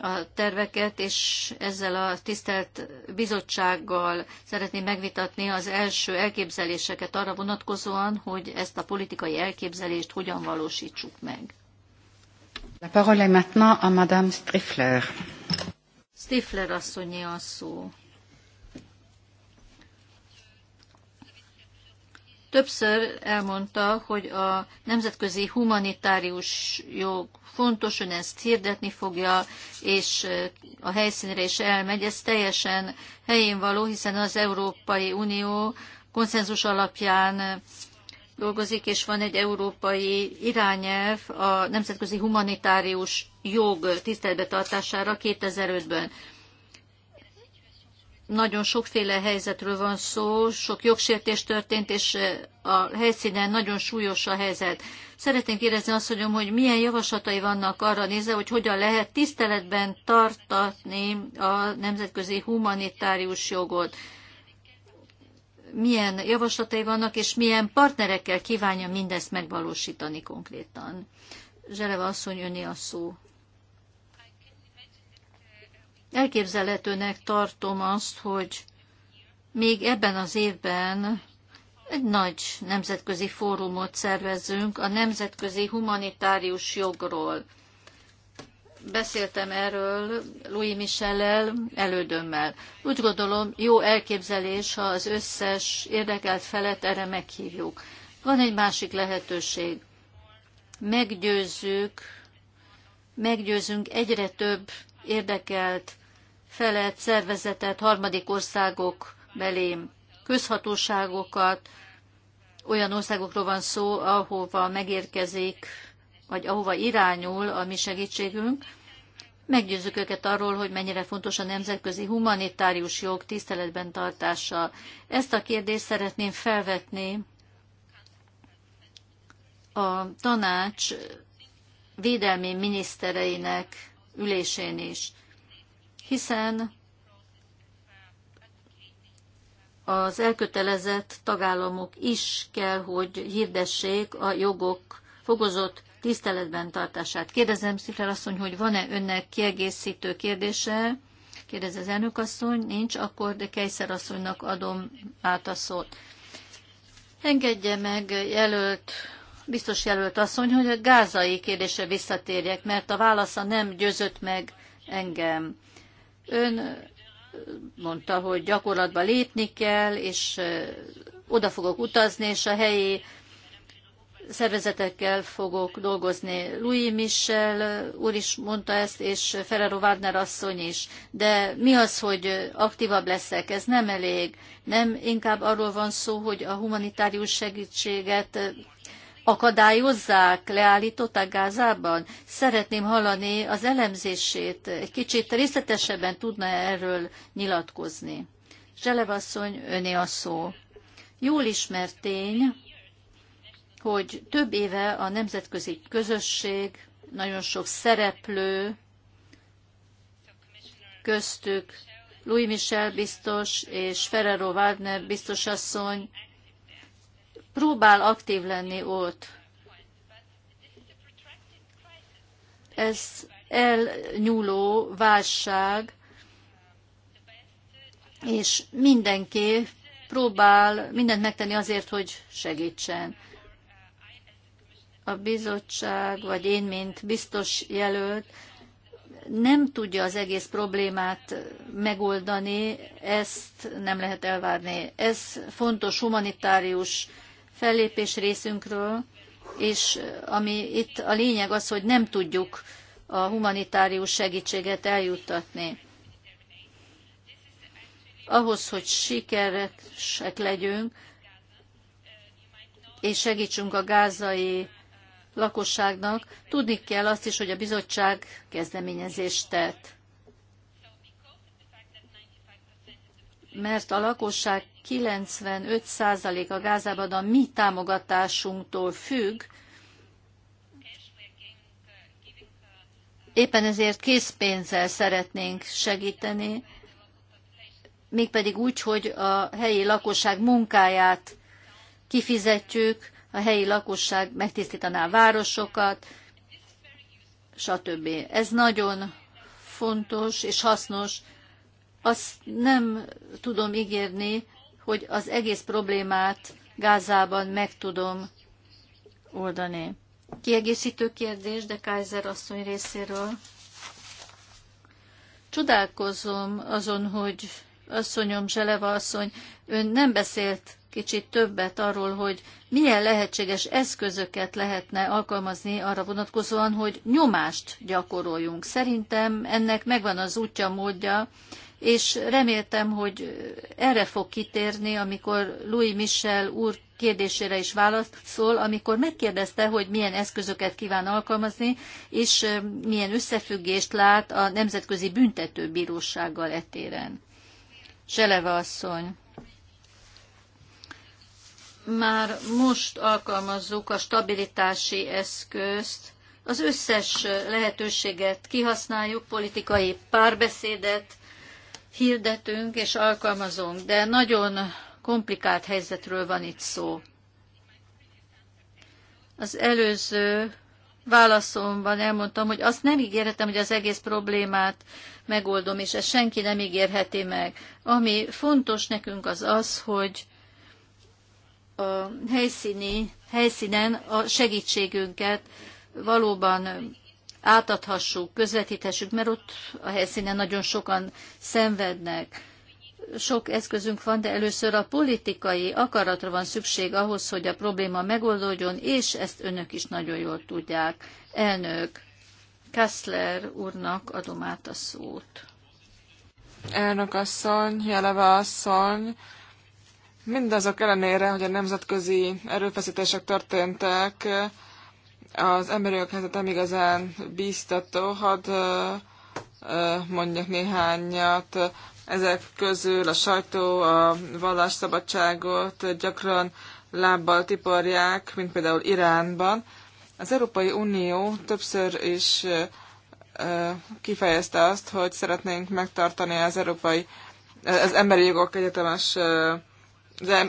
a terveket, és ezzel a tisztelt bizottsággal szeretném megvitatni az első elképzeléseket arra vonatkozóan, hogy ezt a politikai elképzelést hogyan valósítsuk meg. La parole est maintenant à Madame Strifler. Stifler asszonyé a szó. Többször elmondta, hogy a nemzetközi humanitárius jog fontos, hogy ezt hirdetni fogja, és a helyszínre is elmegy. Ez teljesen helyén való, hiszen az Európai Unió konszenzus alapján dolgozik, és van egy európai irányelv a nemzetközi humanitárius jog tiszteletbetartására 2005-ben. Nagyon sokféle helyzetről van szó, sok jogsértés történt, és eh, a helyszínen nagyon súlyos a helyzet. Szeretném kérdezni azt, mondjam, hogy milyen javaslatai vannak arra nézve, hogy hogyan lehet tiszteletben tartatni a nemzetközi humanitárius jogot milyen javaslatai vannak, és milyen partnerekkel kívánja mindezt megvalósítani konkrétan. Zseleva asszony, öné a szó. Elképzelhetőnek tartom azt, hogy még ebben az évben egy nagy nemzetközi fórumot szervezünk a nemzetközi humanitárius jogról beszéltem erről Louis Michellel, elődömmel. Úgy gondolom, jó elképzelés, ha az összes érdekelt felet erre meghívjuk. Van egy másik lehetőség. Meggyőzzük, meggyőzünk egyre több érdekelt felet, szervezetet, harmadik országok belém, közhatóságokat, olyan országokról van szó, ahova megérkezik vagy ahova irányul a mi segítségünk, meggyőzzük őket arról, hogy mennyire fontos a nemzetközi humanitárius jog tiszteletben tartása. Ezt a kérdést szeretném felvetni a tanács védelmi minisztereinek ülésén is, hiszen az elkötelezett tagállamok is kell, hogy hirdessék a jogok fokozott tiszteletben tartását. Kérdezem Szifler asszony, hogy van-e önnek kiegészítő kérdése? Kérdez az elnök asszony, nincs, akkor de Kejszer asszonynak adom át a szót. Engedje meg jelölt, biztos jelölt asszony, hogy a gázai kérdése visszatérjek, mert a válasza nem győzött meg engem. Ön mondta, hogy gyakorlatba lépni kell, és oda fogok utazni, és a helyi szervezetekkel fogok dolgozni. Louis Michel úr is mondta ezt, és Ferrero Wagner asszony is. De mi az, hogy aktívabb leszek? Ez nem elég. Nem inkább arról van szó, hogy a humanitárius segítséget akadályozzák, leállították Gázában? Szeretném hallani az elemzését. Egy kicsit részletesebben tudna erről nyilatkozni. Zselev asszony, öné a szó. Jól ismert tény, hogy több éve a nemzetközi közösség, nagyon sok szereplő, köztük Louis Michel biztos és Ferrero Wagner asszony próbál aktív lenni ott. Ez elnyúló válság, és mindenki próbál mindent megtenni azért, hogy segítsen a bizottság, vagy én, mint biztos jelölt, nem tudja az egész problémát megoldani, ezt nem lehet elvárni. Ez fontos humanitárius fellépés részünkről, és ami itt a lényeg az, hogy nem tudjuk a humanitárius segítséget eljuttatni. Ahhoz, hogy sikeresek legyünk, és segítsünk a gázai lakosságnak, tudni kell azt is, hogy a bizottság kezdeményezést tett. Mert a lakosság 95%-a Gázában a mi támogatásunktól függ, Éppen ezért készpénzzel szeretnénk segíteni, mégpedig úgy, hogy a helyi lakosság munkáját kifizetjük, a helyi lakosság megtisztítaná a városokat, stb. Ez nagyon fontos és hasznos. Azt nem tudom ígérni, hogy az egész problémát Gázában meg tudom oldani. Kiegészítő kérdés, de Kaiser asszony részéről. Csodálkozom azon, hogy asszonyom Zseleva asszony, ön nem beszélt kicsit többet arról, hogy milyen lehetséges eszközöket lehetne alkalmazni arra vonatkozóan, hogy nyomást gyakoroljunk. Szerintem ennek megvan az útja, módja, és reméltem, hogy erre fog kitérni, amikor Louis Michel úr kérdésére is válaszol, amikor megkérdezte, hogy milyen eszközöket kíván alkalmazni, és milyen összefüggést lát a Nemzetközi Büntetőbírósággal etéren. Seleve asszony már most alkalmazzuk a stabilitási eszközt, az összes lehetőséget kihasználjuk, politikai párbeszédet hirdetünk és alkalmazunk, de nagyon komplikált helyzetről van itt szó. Az előző válaszomban elmondtam, hogy azt nem ígérhetem, hogy az egész problémát megoldom, és ezt senki nem ígérheti meg. Ami fontos nekünk az az, hogy a helyszíni, helyszínen a segítségünket valóban átadhassuk, közvetítessük, mert ott a helyszínen nagyon sokan szenvednek. Sok eszközünk van, de először a politikai akaratra van szükség ahhoz, hogy a probléma megoldódjon, és ezt önök is nagyon jól tudják. Elnök, Kessler úrnak adom át a szót. Elnök asszony, Jeleve asszony, Mindazok ellenére, hogy a nemzetközi erőfeszítések történtek, az emberi jogok helyzet nem igazán bíztató, hadd mondjak néhányat. Ezek közül a sajtó, a vallásszabadságot gyakran lábbal tiporják, mint például Iránban. Az Európai Unió többször is kifejezte azt, hogy szeretnénk megtartani az európai az emberi jogok egyetemes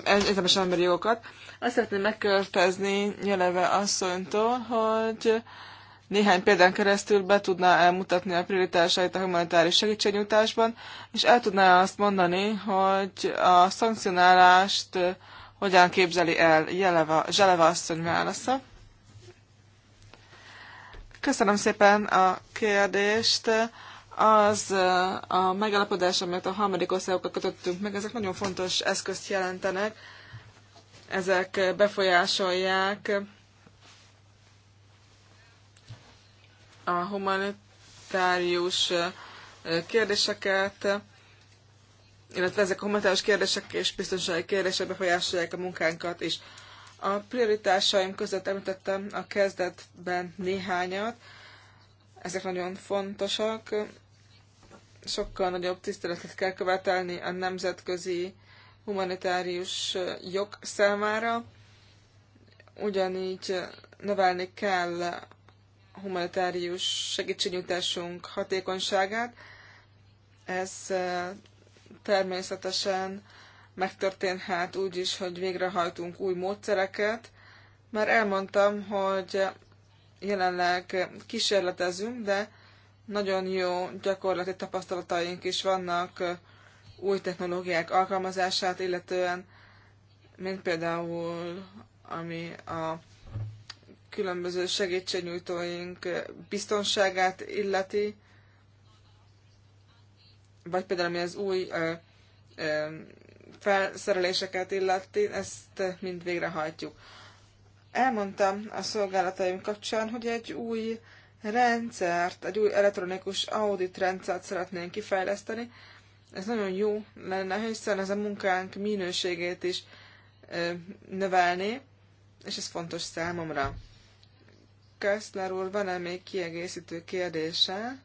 egyetemes emberi jogokat. Azt szeretném megkörtezni Nyeleve asszonytól, hogy néhány példán keresztül be tudná elmutatni a prioritásait a humanitáris segítségnyújtásban, és el tudná azt mondani, hogy a szankcionálást eh, hogyan képzeli el Jeleva, Zseleva asszony válasza. Köszönöm szépen a kérdést az a megállapodás, amelyet a harmadik országokkal kötöttünk meg, ezek nagyon fontos eszközt jelentenek, ezek befolyásolják a humanitárius kérdéseket, illetve ezek a humanitárius kérdések és biztonsági kérdések befolyásolják a munkánkat is. A prioritásaim között említettem a kezdetben néhányat, ezek nagyon fontosak. Sokkal nagyobb tiszteletet kell követelni a nemzetközi humanitárius jog számára. Ugyanígy növelni kell humanitárius segítségnyújtásunk hatékonyságát. Ez eh, természetesen megtörténhet úgy is, hogy végrehajtunk új módszereket. Már elmondtam, hogy jelenleg kísérletezünk, de nagyon jó gyakorlati tapasztalataink is vannak új technológiák alkalmazását, illetően, mint például, ami a különböző segítségnyújtóink biztonságát illeti, vagy például ami az új ö, ö, felszereléseket illeti, ezt mind végrehajtjuk. Elmondtam a szolgálataim kapcsán, hogy egy új rendszert, egy új elektronikus audit rendszert szeretnénk kifejleszteni. Ez nagyon jó lenne, hiszen ez a munkánk minőségét is növelni, és ez fontos számomra. Kessler úr, van-e még kiegészítő kérdése?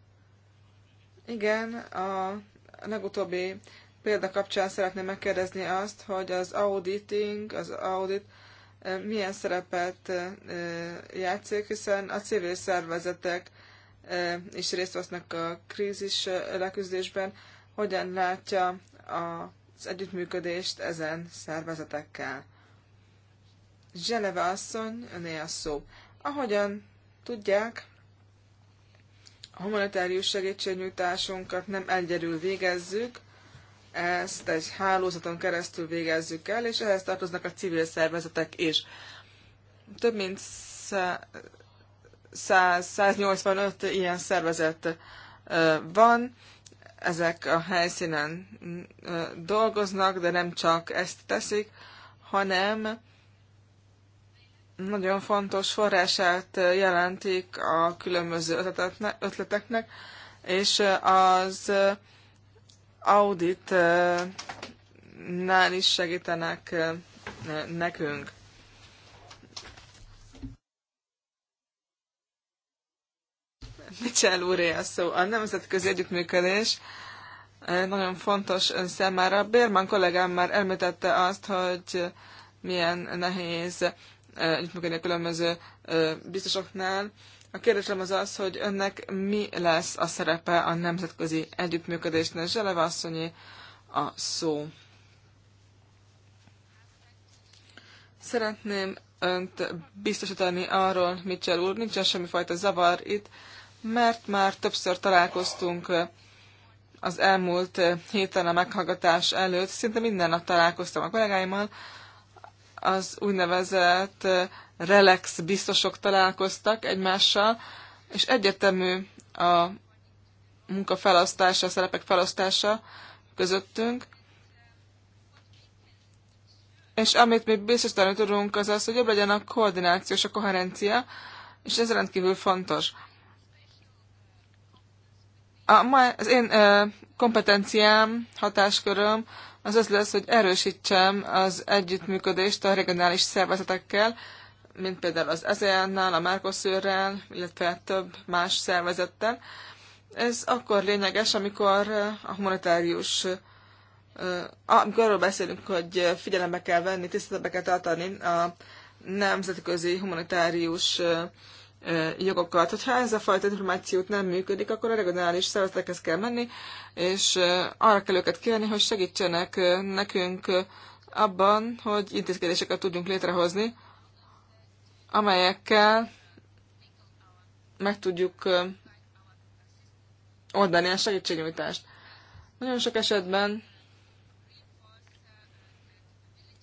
Igen, a legutóbbi példa kapcsán szeretném megkérdezni azt, hogy az auditing, az audit milyen szerepet játszik, hiszen a civil szervezetek is részt vesznek a krízis leküzdésben. Hogyan látja az együttműködést ezen szervezetekkel? Zseleve asszony, öné a szó. Ahogyan tudják, a humanitárius segítségnyújtásunkat nem egyedül végezzük, ezt egy hálózaton keresztül végezzük el, és ehhez tartoznak a civil szervezetek is. Több mint 100, 185 ilyen szervezet van, ezek a helyszínen mm, dolgoznak, de nem csak ezt teszik, hanem nagyon fontos forrását jelentik a különböző ötleteknek, és az auditnál is segítenek nekünk. Mitchell úr, a szó. A nemzetközi együttműködés nagyon fontos ön számára. Bérman kollégám már elmítette azt, hogy milyen nehéz együttműködni a különböző biztosoknál. A kérdésem az az, hogy önnek mi lesz a szerepe a nemzetközi együttműködésnél. Zseleva asszonyi a szó. Szeretném önt biztosítani arról, Mitchell úr, nincsen semmifajta zavar itt, mert már többször találkoztunk az elmúlt héten a meghallgatás előtt, szinte minden nap találkoztam a kollégáimmal, az úgynevezett relax biztosok találkoztak egymással, és egyetemű a munka felosztása, a szerepek felosztása közöttünk. És amit mi biztosan tudunk, az az, hogy jobb legyen a koordináció és a koherencia, és ez rendkívül fontos. A, ma, az én ö, kompetenciám, hatásköröm az az lesz, hogy erősítsem az együttműködést a regionális szervezetekkel, mint például az ASEAN-nál, a Mercosurrel, illetve több más szervezettel. Ez akkor lényeges, amikor a humanitárius amikor arról beszélünk, hogy figyelembe kell venni, tiszteletbe kell tartani a nemzetközi humanitárius jogokat. Hogyha ez a fajta információt nem működik, akkor a regionális szervezetekhez kell menni, és arra kell őket kérni, hogy segítsenek nekünk abban, hogy intézkedéseket tudjunk létrehozni, amelyekkel meg tudjuk oldani a segítségnyújtást. Nagyon sok esetben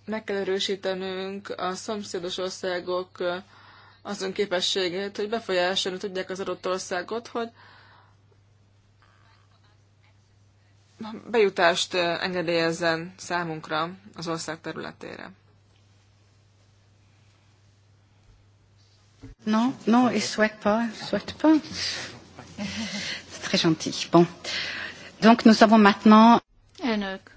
meg kell erősítenünk a szomszédos országok azon képességét, hogy befolyásolni tudják az adott országot, hogy bejutást engedélyezzen számunkra az ország területére. Non, non, il ne souhaite pas. Il souhaite pas. C'est très gentil. Bon. Donc nous avons maintenant... Elnök,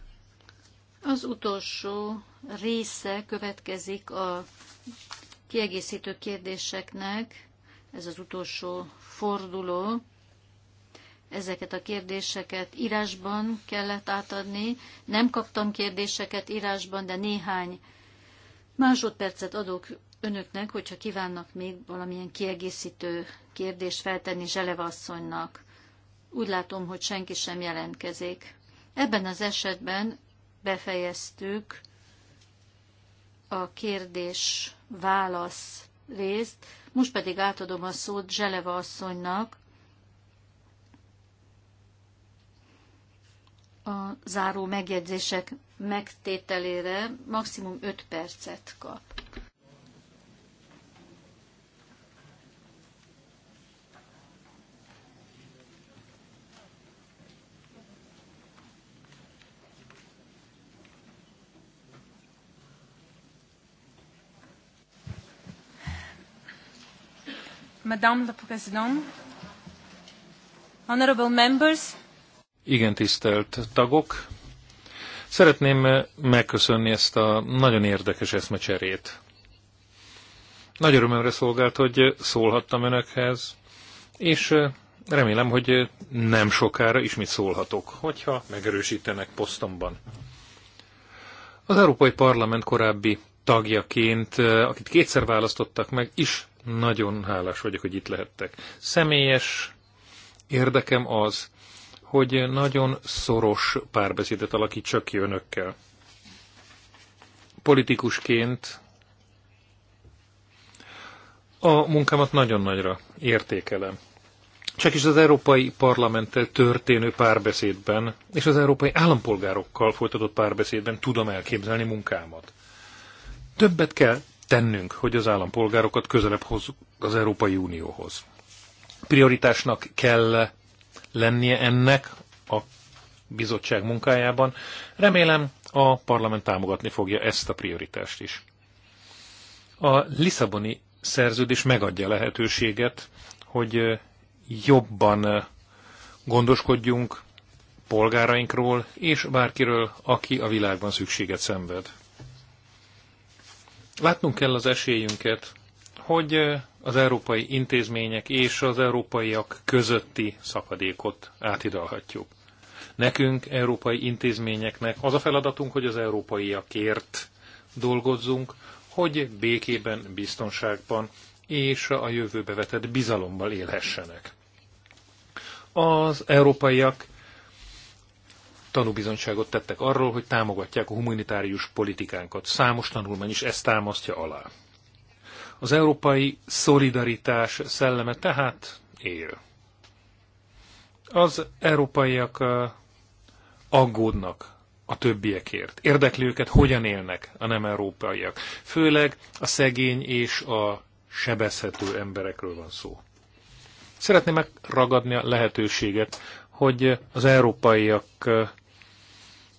az utolsó része következik a kiegészítő kérdéseknek. Ez az utolsó forduló. Ezeket a kérdéseket írásban kellett átadni. Nem kaptam kérdéseket írásban, de néhány másodpercet adok önöknek, hogyha kívánnak még valamilyen kiegészítő kérdést feltenni Zseleva asszonynak. Úgy látom, hogy senki sem jelentkezik. Ebben az esetben befejeztük a kérdés-válasz részt, most pedig átadom a szót Zseleva asszonynak a záró megjegyzések megtételére maximum 5 percet kap. Madame la Présidente, honorable members. Igen, tisztelt tagok. Szeretném megköszönni ezt a nagyon érdekes eszmecserét. Nagy örömömre szolgált, hogy szólhattam önökhez, és remélem, hogy nem sokára ismét szólhatok, hogyha megerősítenek posztomban. Az Európai Parlament korábbi tagjaként, akit kétszer választottak meg, is nagyon hálás vagyok, hogy itt lehettek. Személyes érdekem az, hogy nagyon szoros párbeszédet alakítsak ki önökkel. Politikusként a munkámat nagyon nagyra értékelem. Csak is az Európai Parlamenttel történő párbeszédben és az európai állampolgárokkal folytatott párbeszédben tudom elképzelni munkámat. Többet kell tennünk, hogy az állampolgárokat közelebb hozzuk az Európai Unióhoz. Prioritásnak kell lennie ennek a bizottság munkájában. Remélem a parlament támogatni fogja ezt a prioritást is. A Lisszaboni szerződés megadja lehetőséget, hogy jobban gondoskodjunk polgárainkról és bárkiről, aki a világban szükséget szenved. Látnunk kell az esélyünket, hogy az európai intézmények és az európaiak közötti szakadékot átidalhatjuk. Nekünk, európai intézményeknek az a feladatunk, hogy az európaiakért dolgozzunk, hogy békében, biztonságban és a jövőbe vetett bizalommal élhessenek. Az európaiak tanúbizonyságot tettek arról, hogy támogatják a humanitárius politikánkat. Számos tanulmány is ezt támasztja alá. Az európai szolidaritás szelleme tehát él. Az európaiak aggódnak a többiekért. Érdekli őket, hogyan élnek a nem európaiak. Főleg a szegény és a sebezhető emberekről van szó. Szeretném megragadni a lehetőséget, hogy az európaiak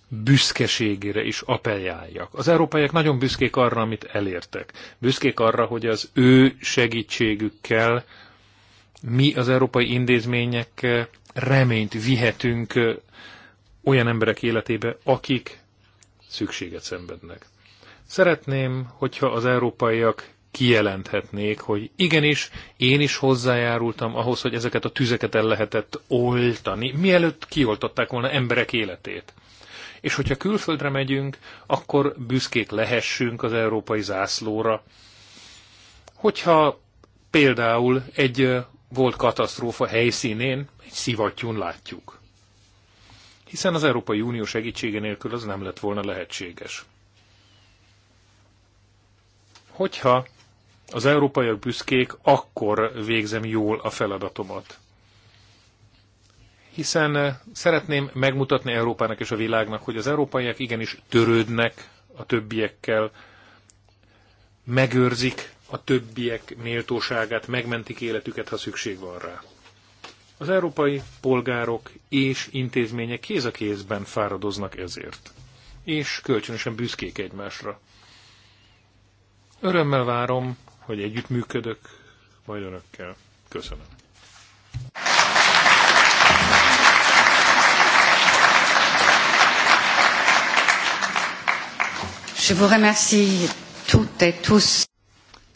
büszkeségére is apeljáljak. Az európaiak nagyon büszkék arra, amit elértek. Büszkék arra, hogy az ő segítségükkel mi az európai intézmények reményt vihetünk olyan emberek életébe, akik szükséget szenvednek. Szeretném, hogyha az európaiak kijelenthetnék, hogy igenis, én is hozzájárultam ahhoz, hogy ezeket a tüzeket el lehetett oltani, mielőtt kioltották volna emberek életét. És hogyha külföldre megyünk, akkor büszkék lehessünk az európai zászlóra. Hogyha például egy volt katasztrófa helyszínén egy szivattyún látjuk. Hiszen az Európai Unió segítsége nélkül az nem lett volna lehetséges. Hogyha az európaiak büszkék, akkor végzem jól a feladatomat hiszen eh, szeretném megmutatni Európának és a világnak, hogy az európaiak igenis törődnek a többiekkel, megőrzik a többiek méltóságát, megmentik életüket, ha szükség van rá. Az európai polgárok és intézmények kéz a kézben fáradoznak ezért, és kölcsönösen büszkék egymásra. Örömmel várom, hogy együttműködök majd önökkel. Köszönöm. Je vous remercie toutes et tous.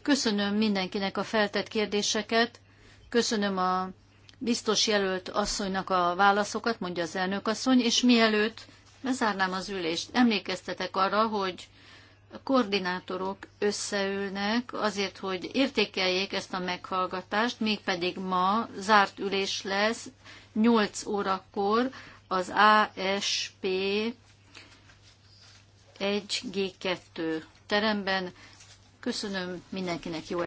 Köszönöm mindenkinek a feltett kérdéseket, köszönöm a biztos jelölt asszonynak a válaszokat, mondja az elnök asszony, és mielőtt lezárnám az ülést, emlékeztetek arra, hogy a koordinátorok összeülnek azért, hogy értékeljék ezt a meghallgatást, mégpedig ma zárt ülés lesz 8 órakor az ASP 1G2 teremben. Köszönöm mindenkinek jó